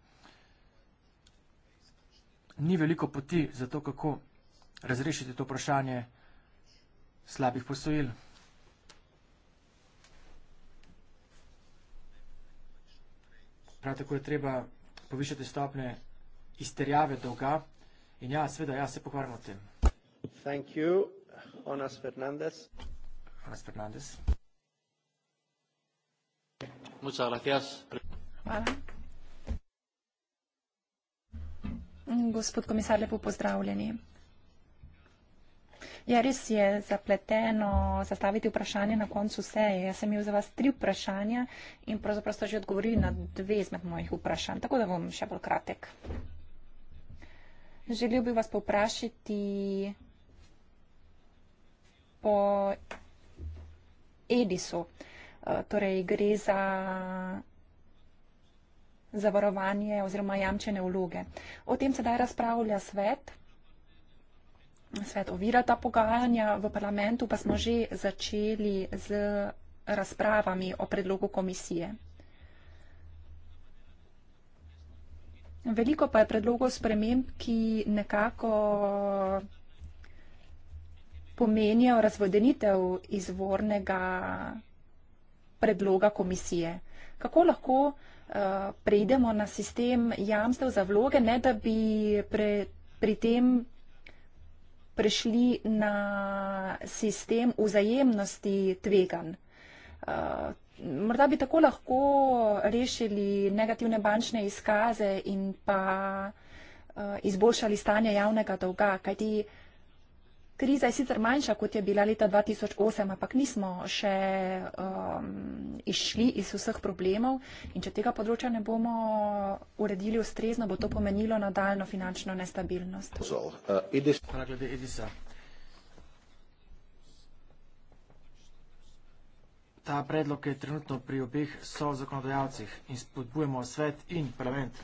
Ni veliko poti za to, kako razrešiti to vprašanje slabih posojil. Prav tako je treba povišati stopne izterjave dolga in ja, sveda, ja, se pokvarjamo o tem. Thank you, Onas Fernandez. Onas Fernandez. Muchas gracias. Hvala. Gospod komisar, lepo pozdravljeni. Ja, res je zapleteno zastaviti vprašanje na koncu seje. Jaz sem imel za vas tri vprašanja in pravzaprav ste že odgovorili na dve izmed mojih vprašanj, tako da bom še bolj kratek. Želel bi vas poprašiti po Edisu. Eh, torej gre za zavarovanje oziroma jamčene vloge. O tem sedaj razpravlja svet. Svet ovira ta pogajanja, v parlamentu pa smo že začeli z razpravami o predlogu komisije. Veliko pa je predlogov sprememb, ki nekako pomenijo razvodenitev izvornega predloga komisije. Kako lahko uh, eh, prejdemo na sistem jamstev za vloge, ne da bi pre, pri tem prešli na sistem vzajemnosti tveganj? Uh, morda bi tako lahko rešili negativne bančne izkaze in pa uh, izboljšali stanje javnega dolga, kajti uh, Kriza je sicer manjša, kot je bila leta 2008, ampak nismo še um, išli iz vseh problemov in če tega področja ne bomo uredili ustrezno, bo to pomenilo nadaljno finančno nestabilnost. Uh, Ta predlog je trenutno pri obeh so zakonodajalcih in spodbujemo svet in parlament.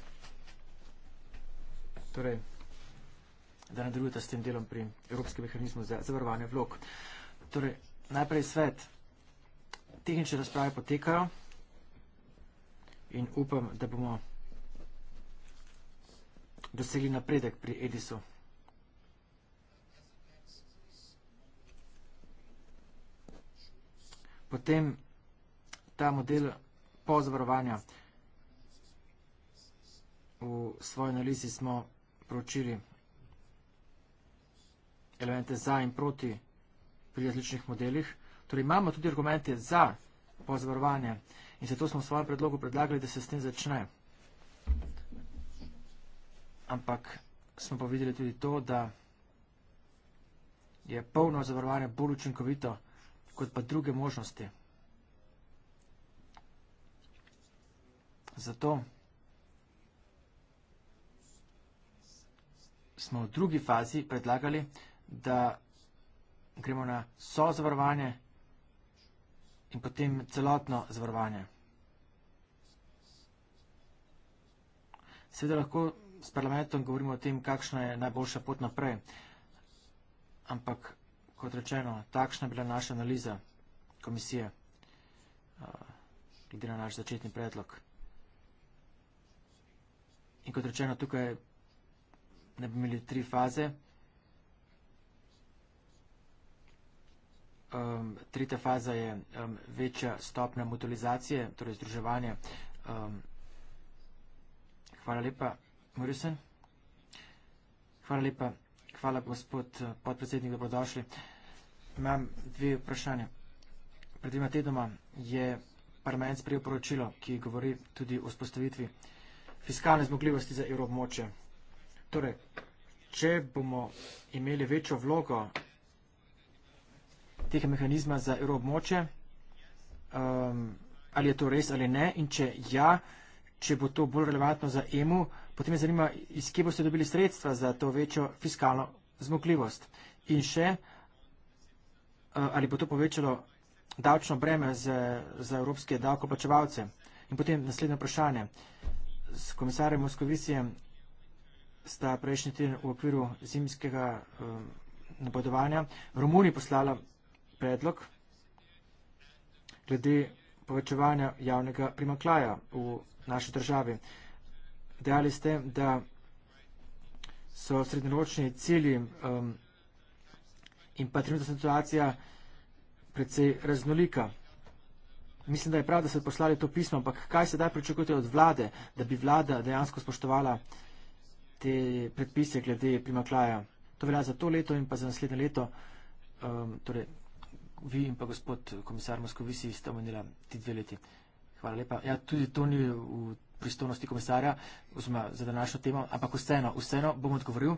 Torej, da nadaljujete s tem delom pri Evropskem mehanizmu za zavarovanje vlog. Torej, najprej svet. Tehnične razprave potekajo in upam, da bomo dosegli napredek pri Edisu. Potem ta model pozavarovanja. V svoji analizi smo pročili elemente za in proti pri različnih modelih. Torej imamo tudi argumente za pozavarovanje in zato smo v svojem predlogu predlagali, da se s tem začne. Ampak smo pa videli tudi to, da je polno zavarovanje bolj učinkovito kot pa druge možnosti. Zato smo v drugi fazi predlagali, da se začne da gremo na sozavarovanje in potem celotno zavarovanje. Seveda lahko s parlamentom govorimo o tem, kakšna je najboljša pot naprej, ampak kot rečeno, takšna je bila naša analiza komisije, eh, glede na naš začetni predlog. In kot rečeno, tukaj ne bi imeli tri faze. um, tretja faza je um, večja stopna mutualizacije, torej združevanje. Um, hvala lepa, Morisen. Hvala lepa, hvala gospod eh, podpredsednik, da bo došli. Imam dve vprašanja. Pred dvima tednoma je parlament sprejel poročilo, ki govori tudi o spostavitvi fiskalne zmogljivosti za evrobmoče. Torej, če bomo imeli večjo vlogo teh mehanizma za evroobmoče, um, ali je to res ali ne in če ja, če bo to bolj relevantno za EMU, potem me zanima, iz kje boste dobili sredstva za to večjo fiskalno zmogljivost. In še, uh, ali bo to povečalo davčno breme za, za evropske davkoplačevalce. In potem naslednje vprašanje. S komisarjem Moskovisijem sta prejšnji teden v okviru zimskega um, napovedovanja Romuniji poslala predlog glede povečevanja javnega primaklaja v naši državi. Dejali ste, da so srednjeročni cilji um, in pa trenutna situacija precej raznolika. Mislim, da je prav, da ste poslali to pismo, ampak kaj se daj pričakujete od vlade, da bi vlada dejansko spoštovala te predpise glede primaklaja? To velja za to leto in pa za naslednje leto, um, torej vi in pa gospod komisar Moskovici sta omenila ti dve leti. Hvala lepa. Ja, tudi to ni v pristojnosti komisarja, oziroma za današnjo temo, ampak vseeno, vseeno bom odgovoril.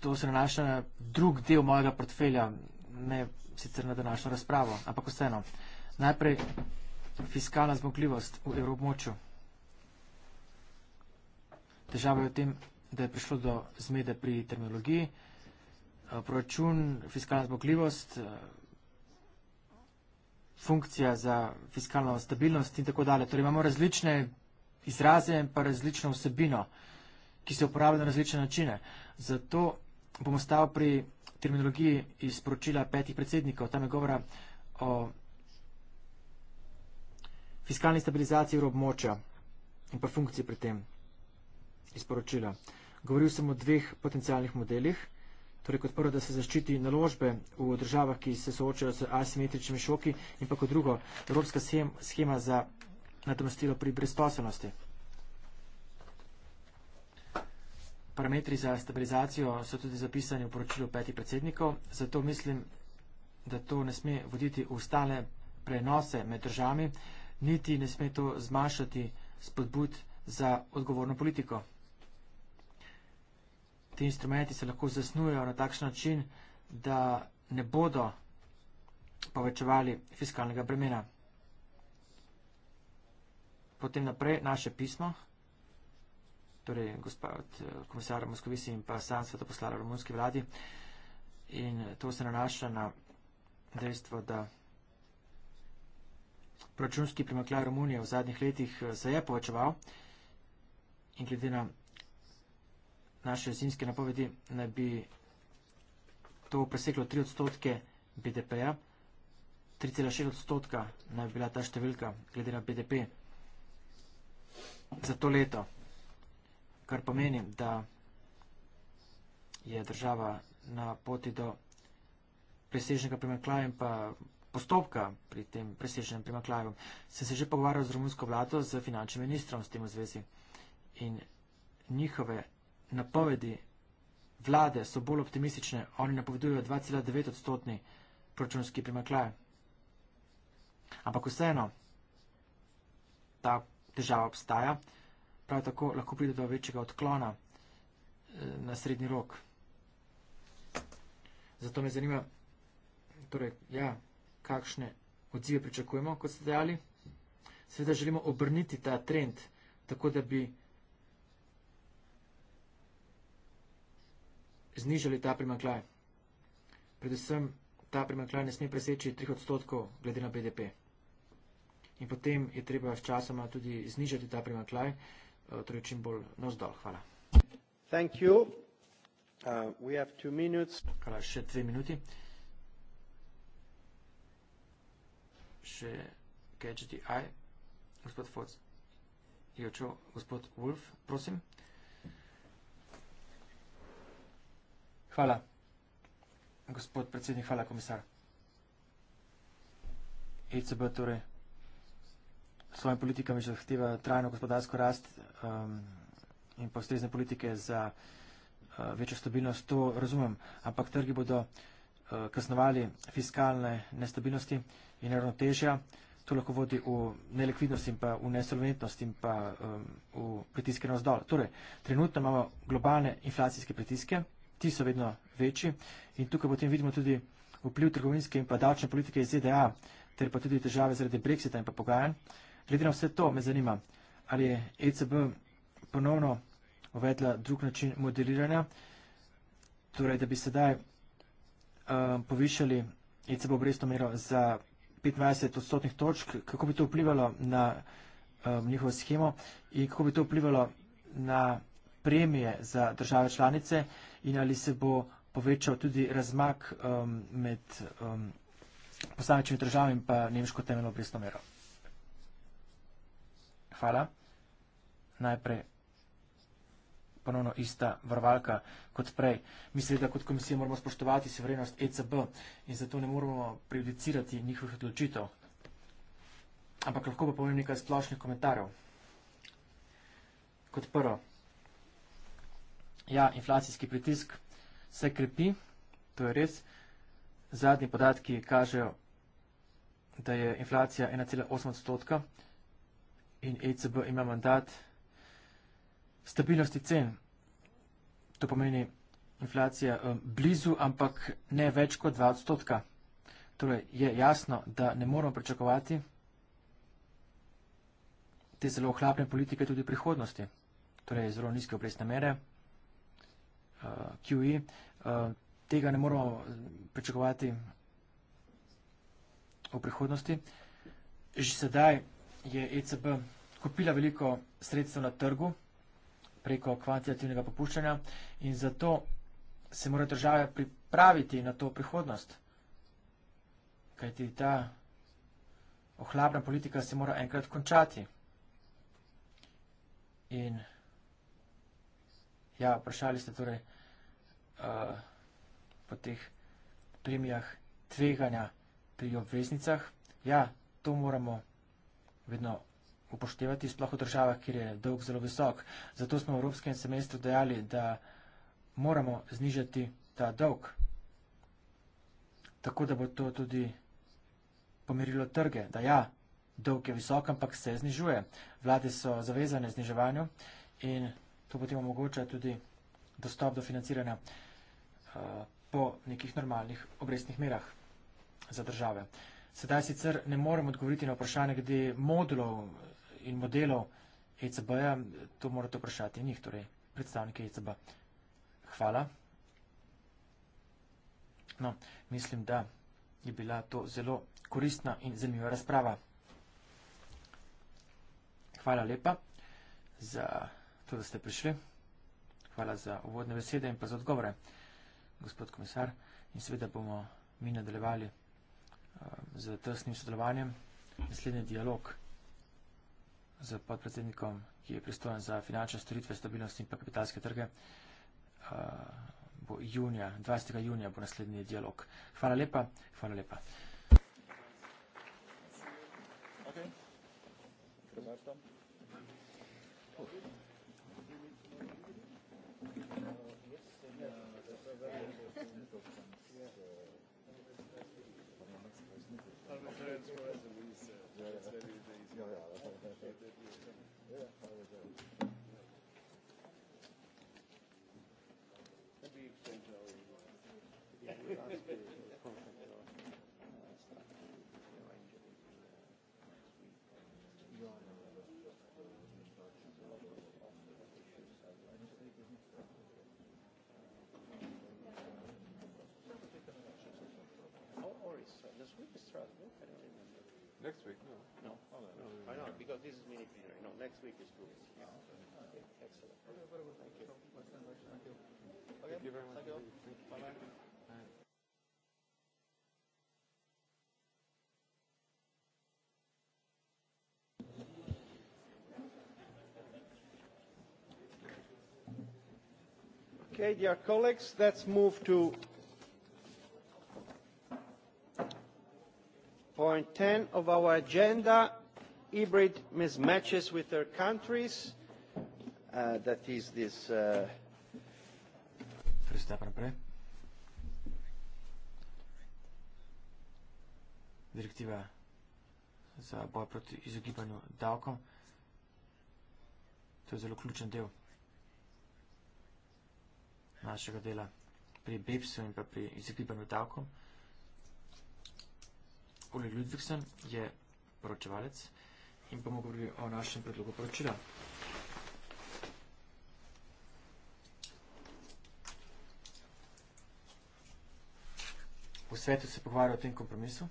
To se nanaša na drug del mojega portfelja, ne sicer na današnjo razpravo, ampak vseeno. Najprej fiskalna zmogljivost v evromočju. Težava je v tem, da je prišlo do zmede pri terminologiji. Eh, proračun, fiskalna zmogljivost, eh, funkcija za fiskalno stabilnost in tako dalje. Torej imamo različne izraze in pa različno vsebino, ki se uporablja na različne načine. Zato bom ostal pri terminologiji iz poročila petih predsednikov. Tam je govora o fiskalni stabilizaciji evroobmočja in pa funkciji pri tem iz poročila. Govoril sem o dveh potencijalnih modelih. Torej kot prvo, da se zaščiti naložbe v državah, ki se soočajo z asimetričnimi šoki in pa kot drugo, evropska schema za nadomestilo pri brezposobnosti. Parametri za stabilizacijo so tudi zapisani v poročilu petih predsednikov, zato mislim, da to ne sme voditi v stale prenose med državami, niti ne sme to zmanjšati spodbud za odgovorno politiko ti instrumenti se lahko zasnujejo na takšen način, da ne bodo povečevali fiskalnega bremena. Potem naprej naše pismo, torej gospod eh, komisar Moskovisi in pa sam sveto poslala romunski vladi in to se nanaša na dejstvo, da proračunski primaklaj Romunije v zadnjih letih eh, se je povečeval in glede na naše zimske napovedi naj bi to preseklo 3 odstotke BDP-ja, 3,6 odstotka naj bi bila ta številka glede na BDP za to leto, kar pomeni, da je država na poti do presežnega primanklaja in pa postopka pri tem presežnem primanklaju. Sem se že pogovarjal z romunsko vlado, z finančnim ministrom s tem v zvezi in njihove napovedi vlade so bolj optimistične. Oni napovedujejo 2,9 odstotni proračunski primakljaj. Ampak vseeno, ta država obstaja. Prav tako lahko pride do večjega odklona eh, na srednji rok. Zato me zanima, torej, ja, kakšne odzive pričakujemo, kot ste dejali. Seveda želimo obrniti ta trend, tako da bi znižali ta primankljaj. Predvsem ta primankljaj ne sme preseči 3 odstotkov glede na BDP. In potem je treba s časoma tudi znižati ta primankljaj, eh, torej čim bolj navzdol. Hvala. Thank you. Uh, we have two minutes. Hvala, še dve minuti. Še gadgeti aj. Gospod Foc. Jočo, gospod Wolf, prosim. Hvala, gospod predsednik, hvala, komisar. ECB torej s svojim politikami zahteva trajno gospodarsko rast um, in pa ustrezne politike za uh, večjo stabilnost. To razumem, ampak trgi bodo uh, kasnovali fiskalne nestabilnosti in ravnotežja. To lahko vodi v nelikvidnost in pa v nesolventnost in pa um, v pritiske na vzdolj. Torej, trenutno imamo globalne inflacijske pritiske ti so vedno večji. In tukaj potem vidimo tudi vpliv trgovinske in pa davčne politike iz ZDA, ter pa tudi težave zaradi brexita in pa pogajanj. Glede na vse to me zanima, ali je ECB ponovno uvedla drug način modeliranja, torej da bi sedaj uh, povišali ECB obrestno mero za 25 odstotnih točk, kako bi to vplivalo na uh, njihovo schemo in kako bi to vplivalo na premije za države članice in ali se bo povečal tudi razmak um, med um, posamečnimi državami pa nemško temeljno obrestno mero. Hvala. Najprej ponovno ista vrvalka kot prej. Mislim, da kot komisija moramo spoštovati severnost ECB in zato ne moramo prejudicirati njihovih odločitev. Ampak lahko pa povem nekaj splošnih komentarjev. Kot prvo, Ja, inflacijski pritisk se krepi, to je res. Zadnji podatki kažejo, da je inflacija 1,8 odstotka in ECB ima mandat stabilnosti cen. To pomeni inflacija eh, blizu, ampak ne več kot 2 odstotka. Torej je jasno, da ne moramo pričakovati te zelo ohlapne politike tudi prihodnosti, torej zelo nizke obrestne mere. QE. Uh, eh, tega ne moramo pričakovati v prihodnosti. Že sedaj je ECB kupila veliko sredstev na trgu preko kvantitativnega popuščanja in zato se mora država pripraviti na to prihodnost. Kajti ta ohlabna politika se mora enkrat končati. In ja, vprašali ste torej, po eh, teh premijah tveganja pri obveznicah. Ja, to moramo vedno upoštevati, sploh v državah, kjer je dolg zelo visok. Zato smo v Evropskem semestru dejali, da moramo znižati ta dolg, tako da bo to tudi pomirilo trge, da ja, dolg je visok, ampak se znižuje. Vlade so zavezane zniževanju in to potem omogoča tudi dostop do financiranja. Uh, Eh, po nekih normalnih obrestnih merah za države. Sedaj sicer ne morem odgovoriti na vprašanje, kde modulov in modelov ECB-ja, to morate vprašati njih, torej predstavnike ECB. Hvala. No, mislim, da je bila to zelo koristna in zanimiva razprava. Hvala lepa za to, da ste prišli. Hvala za uvodne besede in pa za odgovore gospod komisar, in seveda bomo mi nadaljevali z eh, tesnim sodelovanjem naslednji dialog z podpredsednikom, ki je pristojen za finančne storitve, stabilnost in pa kapitalske trge. Eh, bo junija, 20. junija bo naslednji dialog. Hvala lepa, hvala lepa. Okay. Okay. Yeah, yeah, yeah. Next week, no. No. Oh, no, no, no, no, no. Because this is mini plenary. No, next week is Bruce. Yes. Oh, okay. okay, excellent. Okay, very well. Thank you. Thank you. Okay. Thank you very much. Thank you. Bye-bye. Okay, dear colleagues, let's move to point 10 of our agenda, hybrid mismatches with third countries. Uh, that is this. Uh, torej, Direktiva za boj proti izogibanju davkom. To je zelo ključen del našega dela pri BEPS-u in pa pri izogibanju davkom gospodin Ljudviksen je poročevalec in bomo govorili o našem predlogu poročila. V svetu se pogovarjajo o tem kompromisu.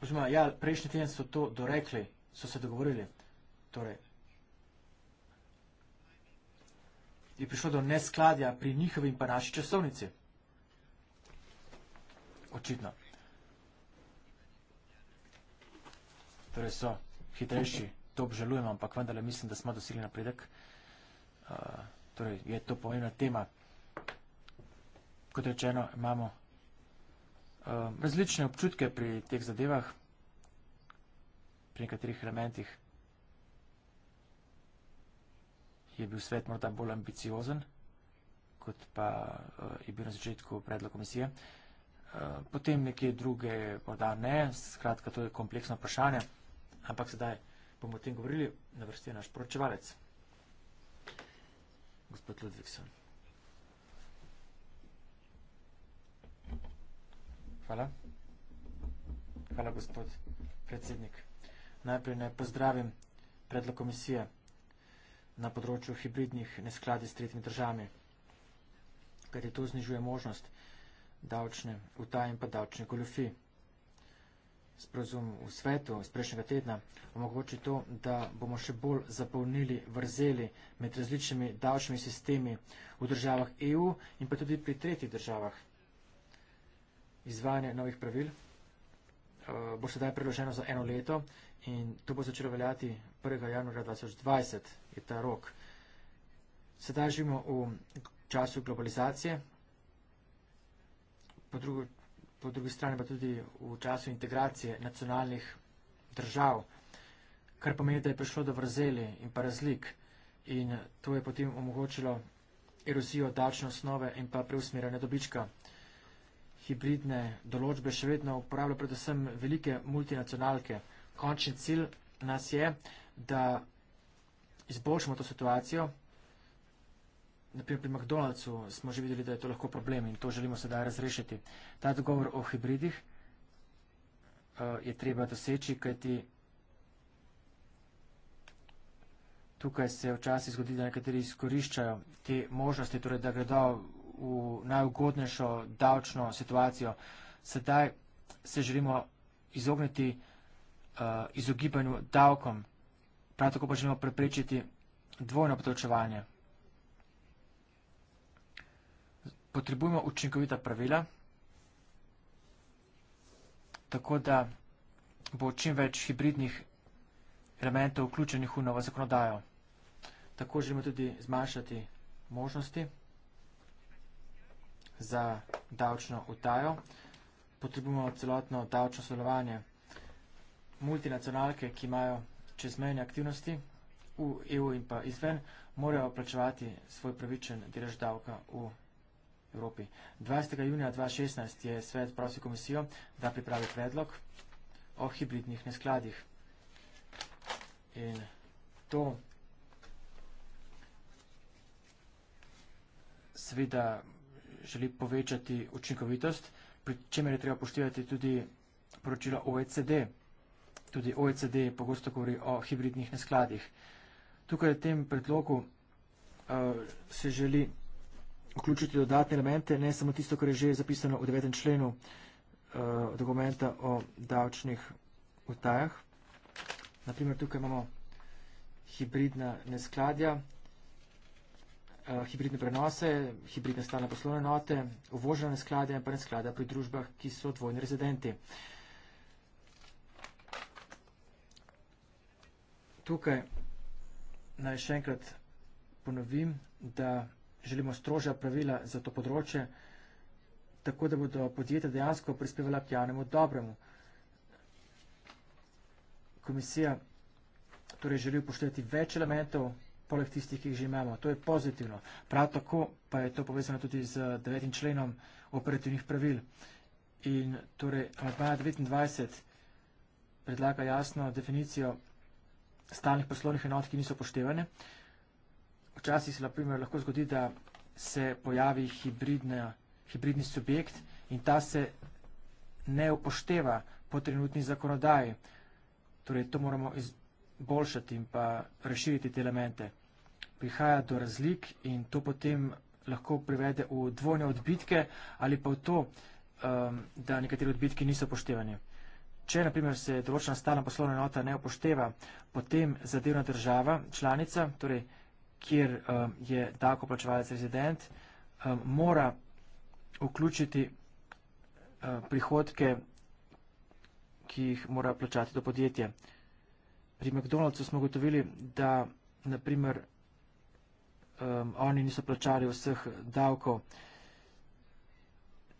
Oziroma, ja, prejšnji teden so to dorekli, so se dogovorili. Torej, je prišlo do neskladja pri njihovi in pa naši časovnici. Očitno. Torej so hitrejši, to obžalujemo, ampak vendarle mislim, da smo dosili napredek. Torej je to pomembna tema. Kot rečeno, imamo različne občutke pri teh zadevah, pri nekaterih elementih. je bil svet morda bolj ambiciozen, kot pa je bil na začetku predlog komisije. Potem nekje druge, morda ne, skratka, to je kompleksno vprašanje. Ampak sedaj bomo o tem govorili, na vrsti je naš poročevalec, gospod Ludvigson. Hvala. Hvala, gospod predsednik. Najprej naj pozdravim predlog komisije na področju hibridnih neskladi s tretjimi državami, kajti to znižuje možnost davčne utaje in pa davčne goljofije sprozum v svetu z prejšnjega tedna omogoči to, da bomo še bolj zapolnili vrzeli med različnimi davčnimi sistemi v državah EU in pa tudi pri tretjih državah. Izvajanje novih pravil eh, bo sedaj preloženo za eno leto in to bo začelo veljati 1. januarja 2020, je ta rok. Sedaj živimo v času globalizacije, po drugo po drugi strani pa tudi v času integracije nacionalnih držav, kar pomeni, da je prišlo do vrzeli in pa razlik in to je potem omogočilo erozijo davčne osnove in pa preusmerjanje dobička. Hibridne določbe še vedno uporabljajo predvsem velike multinacionalke. Končni cilj nas je, da izboljšamo to situacijo, naprimer pri McDonald'su smo že videli, da je to lahko problem in to želimo sedaj razrešiti. Ta dogovor o hibridih uh, je treba doseči, kajti tukaj se včasih zgodi, da nekateri izkoriščajo te možnosti, torej da gredo v najugodnejšo davčno situacijo. Sedaj se želimo izogniti uh, izogibanju davkom, prav tako pa želimo preprečiti dvojno potočevanje. potrebujemo učinkovita pravila, tako da bo čim več hibridnih elementov vključenih v novo zakonodajo. Tako želimo tudi zmanjšati možnosti za davčno utajo. Potrebujemo celotno davčno sodelovanje multinacionalke, ki imajo čezmejne aktivnosti v EU in pa izven, morajo plačevati svoj pravičen delež davka v EU. Evropi. 20. junija 2016 je svet prosil komisijo, da pripravi predlog o hibridnih neskladih. In to seveda želi povečati učinkovitost, pri čemer je treba poštivati tudi poročilo OECD. Tudi OECD pogosto govori o hibridnih neskladih. Tukaj v tem predlogu uh, se želi![ vključiti dodatne elemente, ne samo tisto, kar je že zapisano v 9. členu eh, dokumenta o davčnih vtajah. Naprimer, tukaj imamo hibridna neskladja, eh, hibridne prenose, hibridne stalne poslovne note, uvožene skladje in pa neskladja pri družbah, ki so dvojni rezidenti. Tukaj naj še enkrat ponovim, da želimo strožja pravila za to področje, tako da bodo podjetja dejansko prispevala k javnemu dobremu. Komisija torej želi upoštevati več elementov, poleg tistih, ki jih že imamo. To je pozitivno. Prav tako pa je to povezano tudi z devetim členom operativnih pravil. In torej, amatmaja 29 predlaga jasno definicijo stalnih poslovnih enot, ki niso upoštevane. Včasih se naprimer, lahko zgodi, da se pojavi hibridna, hibridni subjekt in ta se ne upošteva po trenutni zakonodaji. Torej, to moramo izboljšati in pa razširiti te elemente. Prihaja do razlik in to potem lahko privede v dvojne odbitke ali pa v to, um, da nekateri odbitki niso upoštevani. Če naprimer se določena stalna poslovna enota ne upošteva, potem zadevna država, članica, torej kjer um, je davkoplačevalec rezident, um, mora vključiti uh, prihodke, ki jih mora plačati do podjetja. Pri McDonald'su smo gotovili, da naprimer um, oni niso plačali vseh davkov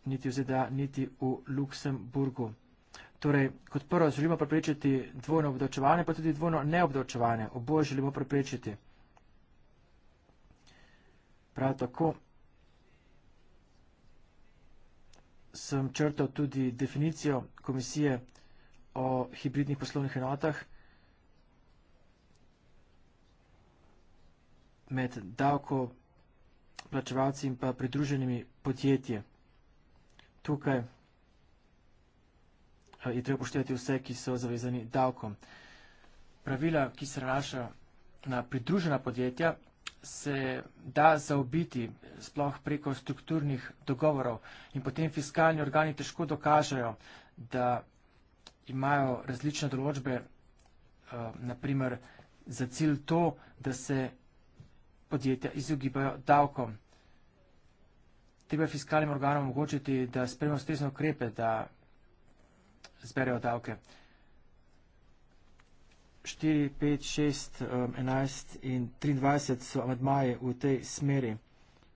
niti v ZDA, niti v Luksemburgu. Torej, kot prvo želimo preprečiti dvojno obdavčevanje, pa tudi dvojno neobdavčevanje. Oboje želimo preprečiti. Prav tako sem črtal tudi definicijo komisije o hibridnih poslovnih enotah med davko plačevalci in pa pridruženimi podjetje. Tukaj eh, je treba poštevati vse, ki so zavezani davkom. Pravila, ki se nalašajo na pridružena podjetja, se da zaobiti sploh preko strukturnih dogovorov in potem fiskalni organi težko dokažejo, da imajo različne določbe, eh, naprimer za cilj to, da se podjetja izogibajo davkom. Treba fiskalnim organom omogočiti, da spremljajo stresne okrepe, da zberejo davke. 4, 5, 6, 11 in 23 so amadmaje v tej smeri,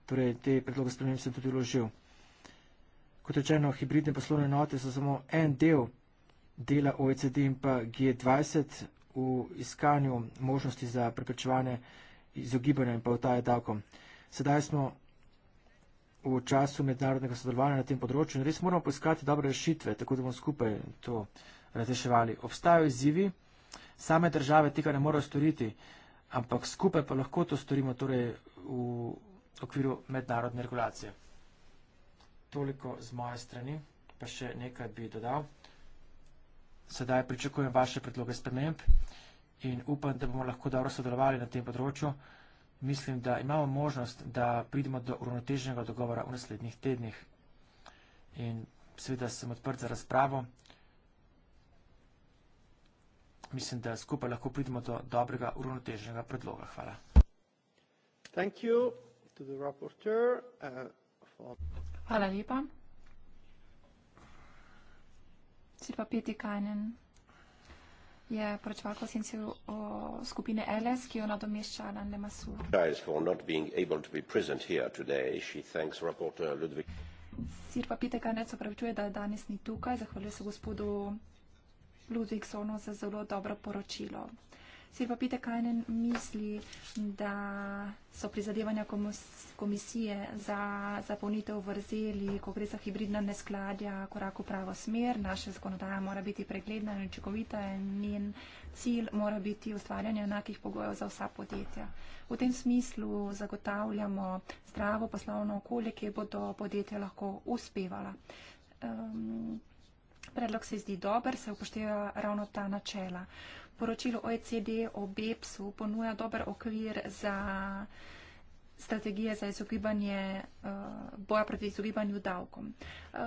torej te predloge spremenim sem tudi vložil. Kot rečeno, hibridne poslovne note so samo en del dela OECD in pa G20 v iskanju možnosti za preprečevanje izogibanja in pa vtaje davkom. Sedaj smo v času mednarodnega sodelovanja na tem področju in res moramo poiskati dobre rešitve, tako da bomo skupaj to razreševali. Obstajajo izzivi same države tega ne morejo storiti, ampak skupaj pa lahko to storimo torej v okviru mednarodne regulacije. Toliko z moje strani, pa še nekaj bi dodal. Sedaj pričakujem vaše predloge sprememb in upam, da bomo lahko dobro sodelovali na tem področju. Mislim, da imamo možnost, da pridemo do uravnoteženega dogovora v naslednjih tednih. In seveda sem odprt za razpravo mislim, da skupaj lahko pridemo do dobrega uravnoteženega predloga. Hvala. Thank you to the rapporteur, uh, for... Hvala lepa. Si pa Peti Kajnen je pročval kosenci skupine LS, ki jo nadomešča Alan Lemasur. Sir pa Pite Kanec opravičuje, da danes ni tukaj, zahvaljuje se gospodu Ludvigsonu za zelo dobro poročilo. Si pa pite, kaj ne misli, da so prizadevanja komisije za zapolnitev vrzeli, ko gre za hibridna neskladja, korak v pravo smer. Naša zakonodaja mora biti pregledna in učinkovita in njen cilj mora biti ustvarjanje enakih pogojev za vsa podjetja. V tem smislu zagotavljamo zdravo poslovno okolje, kjer bodo podjetja lahko uspevala. Um, Predlog se zdi dober, se upošteva ravno ta načela. Poročilo OECD o BEPS-u ponuja dober okvir za strategije za izogibanje, uh, boja proti izogibanju davkom. Uh,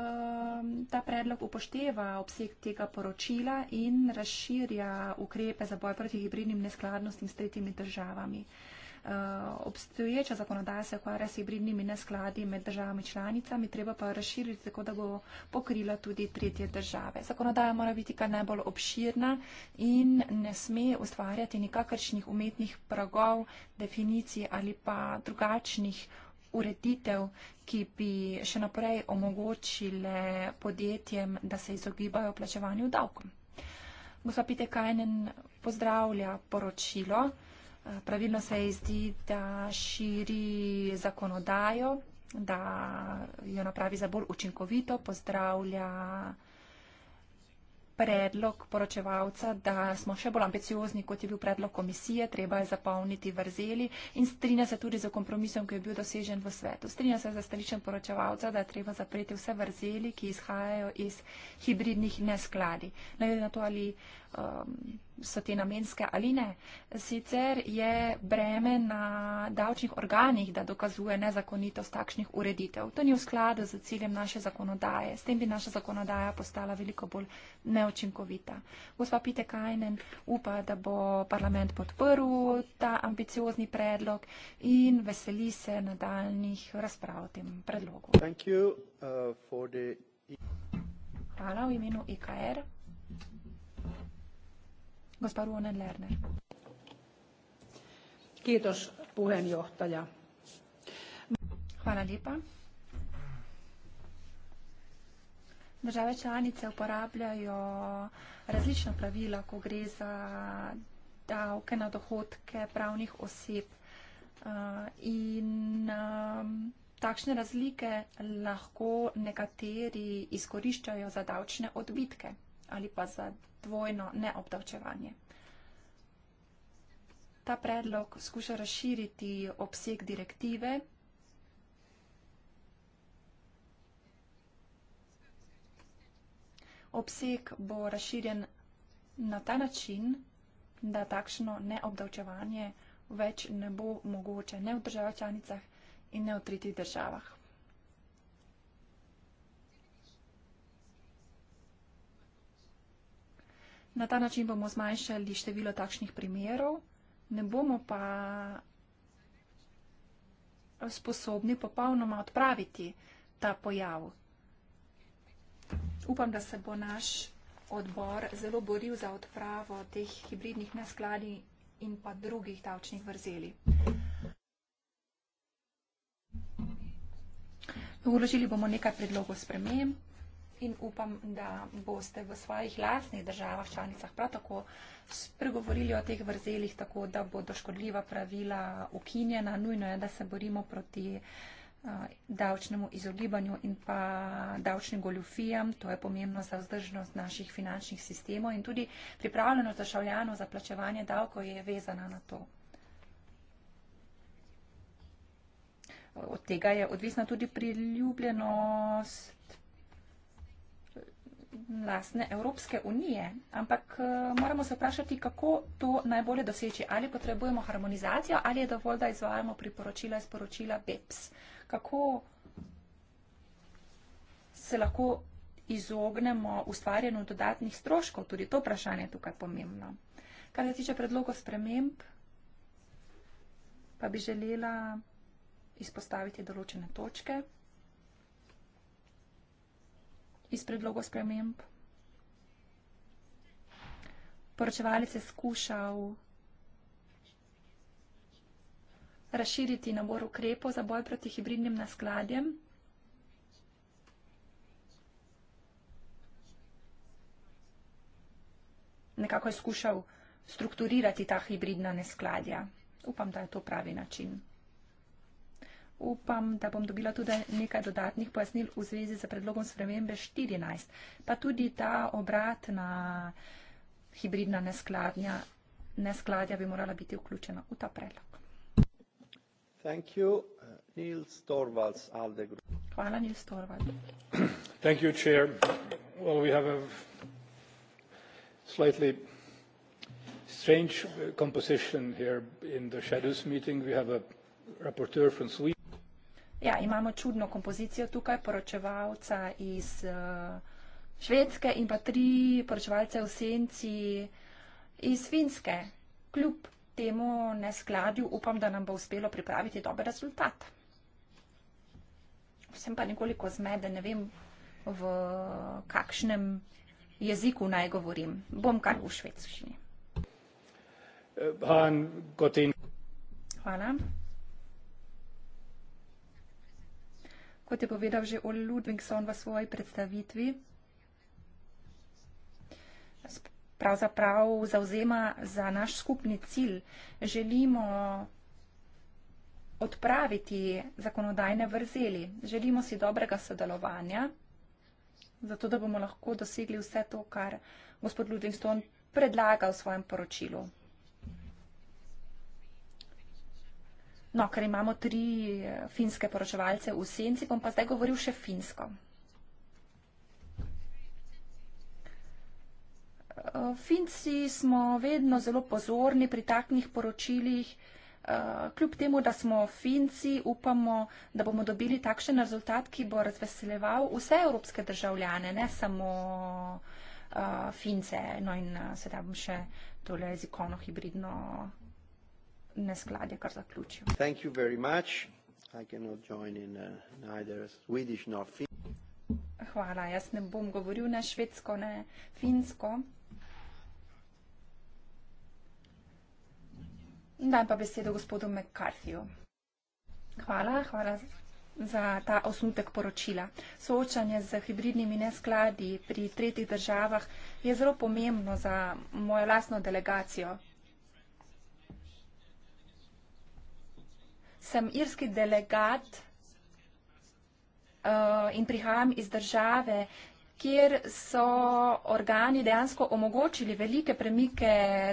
ta predlog upošteva obseg tega poročila in razširja ukrepe za boj proti hibridnim neskladnostim s tretjimi državami. Uh, Eh, obstoječa zakonodaja se ukvarja s hibridnimi neskladi med državami članicami, treba pa razširiti tako, da bo pokrila tudi tretje države. Zakonodaja mora biti kar najbolj obširna in ne sme ustvarjati nikakršnih umetnih pragov, definicij ali pa drugačnih ureditev, ki bi še naprej omogočile podjetjem, da se izogibajo plačevanju davkom. Gospa Pitekajnen pozdravlja poročilo pravilno se je zdi, da širi zakonodajo, da jo napravi za bolj učinkovito, pozdravlja predlog poročevalca, da smo še bolj ambiciozni, kot je bil predlog komisije, treba je zapolniti vrzeli in strinja se tudi za kompromisom, ki je bil dosežen v svetu. Strinja se za stališčem poročevalca, da je treba zapreti vse vrzeli, ki izhajajo iz hibridnih neskladi. Najde na to ali uh, um, so te namenske ali ne. Sicer je breme na davčnih organih, da dokazuje nezakonitost takšnih ureditev. To ni v skladu z ciljem naše zakonodaje. S tem bi naša zakonodaja postala veliko bolj neočinkovita. Gospa Pite Kajnen upa, da bo parlament podprl ta ambiciozni predlog in veseli se nadaljnih razprav o tem predlogu. Uh, Hvala v imenu IKR. E Gospa Ruonen Lerner. Kiitos puheenjohtaja. Hvala lepa. Države članice uporabljajo različna pravila, ko gre za davke na dohodke pravnih oseb. Eh, in eh, takšne razlike lahko nekateri izkoriščajo za davčne odbitke ali pa za dvojno neobdavčevanje. Ta predlog skuša razširiti obseg direktive Obseg bo razširjen na ta način, da takšno neobdavčevanje več ne bo mogoče ne v državah članicah in ne v tretjih državah. Na ta način bomo zmanjšali število takšnih primerov, ne bomo pa sposobni popolnoma odpraviti ta pojav. Upam, da se bo naš odbor zelo boril za odpravo teh hibridnih neskladij in pa drugih davčnih vrzeli. Uložili bomo nekaj predlogov sprememb in upam, da boste v svojih lastnih državah članicah prav tako spregovorili o teh vrzelih, tako da bodo škodljiva pravila ukinjena. Nujno je, da se borimo proti eh, davčnemu izogibanju in pa davčnim goljufijam. To je pomembno za vzdržnost naših finančnih sistemov in tudi pripravljenost državljanov za plačevanje davkov je vezana na to. Od tega je odvisna tudi priljubljenost lastne Evropske unije. Ampak eh, moramo se vprašati, kako to najbolje doseči. Ali potrebujemo harmonizacijo, ali je dovolj, da izvajamo priporočila iz poročila BEPS. Kako se lahko izognemo ustvarjanju dodatnih stroškov? Tudi to vprašanje je tukaj pomembno. Kar se tiče predlogov sprememb, pa bi želela izpostaviti določene točke iz predloga sprememb. Poročevalec je skušal razširiti nabor ukrepov za boj proti hibridnim naskladjem. Nekako je skušal strukturirati ta hibridna neskladja. Upam, da je to pravi način upam, da bom dobila tudi nekaj dodatnih pojasnil v zvezi z predlogom spremembe 14, pa tudi ta obratna hibridna neskladnja, neskladja bi morala biti vključena v ta predlog. Thank you. Uh, Nils Torvalds, ALDE Group. Hvala, Nils Torvalds. Thank you, Chair. Well, we have a slightly strange composition here in the Shadows meeting. We have a rapporteur from Sweden. Ja, imamo čudno kompozicijo tukaj, poročevalca iz uh, Švedske in pa tri poročevalce v senci iz Finske. Kljub temu neskladju upam, da nam bo uspelo pripraviti dober rezultat. Vsem pa nekoliko zmede, ne vem, v kakšnem jeziku naj govorim. Bom kar v švedskini. Eh, Hvala. kot je povedal že Ole Ludvigson v svoji predstavitvi, pravzaprav zauzema za naš skupni cilj. Želimo odpraviti zakonodajne vrzeli. Želimo si dobrega sodelovanja, zato da bomo lahko dosegli vse to, kar gospod Ludvigston predlaga v svojem poročilu. No, ker imamo tri eh, finske poročevalce v senci, bom pa zdaj govoril še finsko. Eh, Finci smo vedno zelo pozorni pri takšnih poročilih. Eh, kljub temu, da smo Finci, upamo, da bomo dobili takšen rezultat, ki bo razveseljeval vse evropske državljane, ne samo uh, Fince. No in uh, sedaj bom še tole jezikovno hibridno neskladje kar zaključil. Thank you very much. I cannot join in uh, neither Swedish nor Finnish. Hvala, jaz ne bom govoril na švedsko, ne finsko. Dan pa besedo gospodu McCarthyju. Hvala, hvala za ta osnutek poročila. Soočanje z hibridnimi neskladi pri tretjih državah je zelo pomembno za mojo lastno delegacijo, sem irski delegat eh, in prihajam iz države, kjer so organi dejansko omogočili velike premike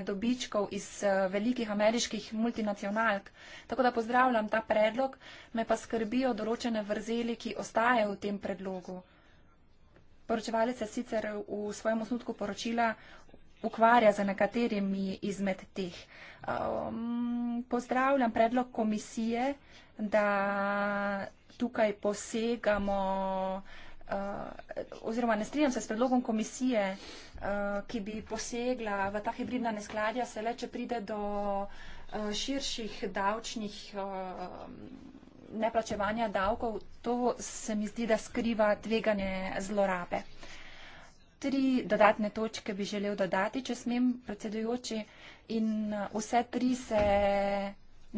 dobičkov iz eh, velikih ameriških multinacionalk. Tako da pozdravljam ta predlog, me pa skrbijo določene vrzeli, ki ostajajo v tem predlogu. Poročevalec je sicer v svojem osnutku poročila ukvarja z nekaterimi izmed teh. Um, pozdravljam predlog komisije, da tukaj posegamo. Uh, oziroma, ne strinjam se s predlogom komisije, uh, ki bi posegla v ta hibridna neskladja, se le, če pride do uh, širših davčnih uh, neplačevanja davkov, to se mi zdi, da skriva tveganje zlorabe. Uh, tri dodatne točke bi želel dodati, če smem, predsedujoči, in eh, vse tri se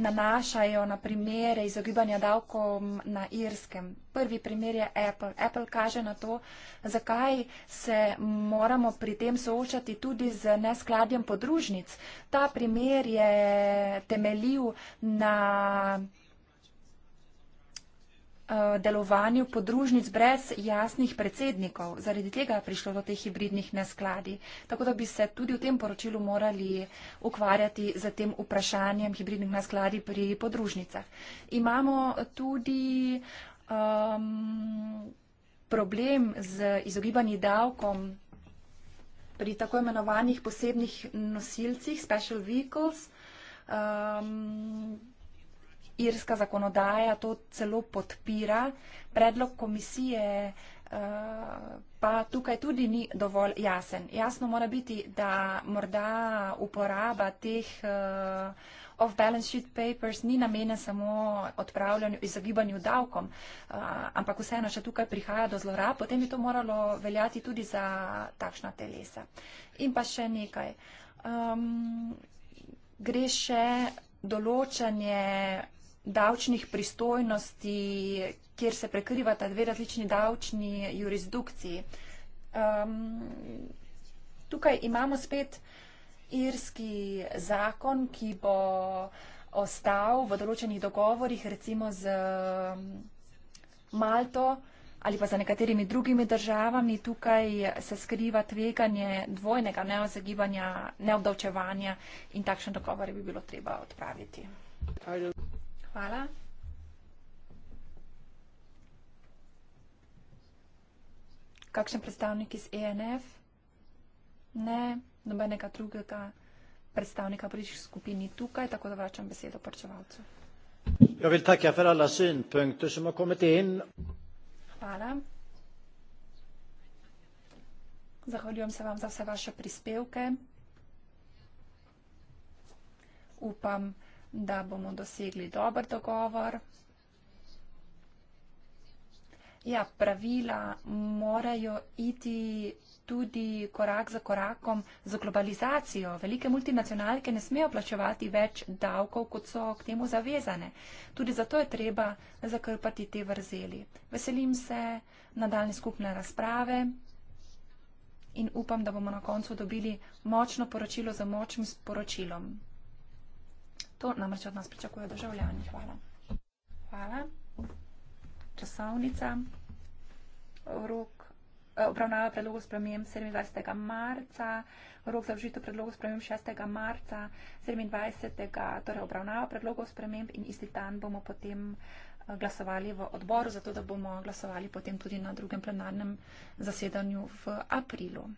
nanašajo na primere izogibanja davkom na Irskem. Prvi primer je Apple. Apple kaže na to, zakaj se moramo pri tem soočati tudi z neskladjem podružnic. Ta primer je temeljiv na Eh, delovanju podružnic brez jasnih predsednikov. Zaradi tega je prišlo do teh hibridnih neskladij. Tako da bi se tudi v tem poročilu morali ukvarjati z tem vprašanjem hibridnih neskladij pri podružnicah. Imamo tudi um, problem z izogibanji davkom pri tako imenovanih posebnih nosilcih, special vehicles. Um, irska zakonodaja to celo podpira. Predlog komisije uh, pa tukaj tudi ni dovolj jasen. Jasno mora biti, da morda uporaba teh uh, Off-balance sheet papers ni namenjen samo odpravljanju, izogibanju davkom, uh, ampak vseeno še tukaj prihaja do zlorab, potem bi to moralo veljati tudi za takšna telesa. In pa še nekaj. Um, gre še določanje davčnih pristojnosti, kjer se prekrivata dve različni davčni jurisdikciji. Um, tukaj imamo spet irski zakon, ki bo ostal v določenih dogovorih, recimo z ehm, Malto ali pa za nekaterimi drugimi državami. Tukaj se skriva tveganje dvojnega neozagibanja, neobdavčevanja in takšen dogovor bi bilo treba odpraviti. Hvala. Kakšen predstavnik iz ENF? Ne, nobenega drugega predstavnika političnih skupin ni tukaj, tako da vračam besedo poročevalcu. Jaz bi takja ferala sin, punktu, smo komiti in. Hvala. Zahvaljujem se vam za vse vaše prispevke. Upam, da da bomo dosegli dober dogovor. Ja, pravila morajo iti tudi korak za korakom z globalizacijo. Velike multinacionalke ne smejo plačevati več davkov, kot so k temu zavezane. Tudi zato je treba zakrpati te vrzeli. Veselim se nadaljne skupne razprave in upam, da bomo na koncu dobili močno poročilo za močnim sporočilom. To namreč od nas pričakujejo državljani. Hvala. Hvala. Časovnica. Rok eh, obravnava predlogov spremem 27. marca, rok za vžito predlogov spremem 6. marca 27. Torej obravnava predlogov spremem in isti dan bomo potem eh, glasovali v odboru, zato da bomo glasovali potem tudi na drugem plenarnem zasedanju v aprilu.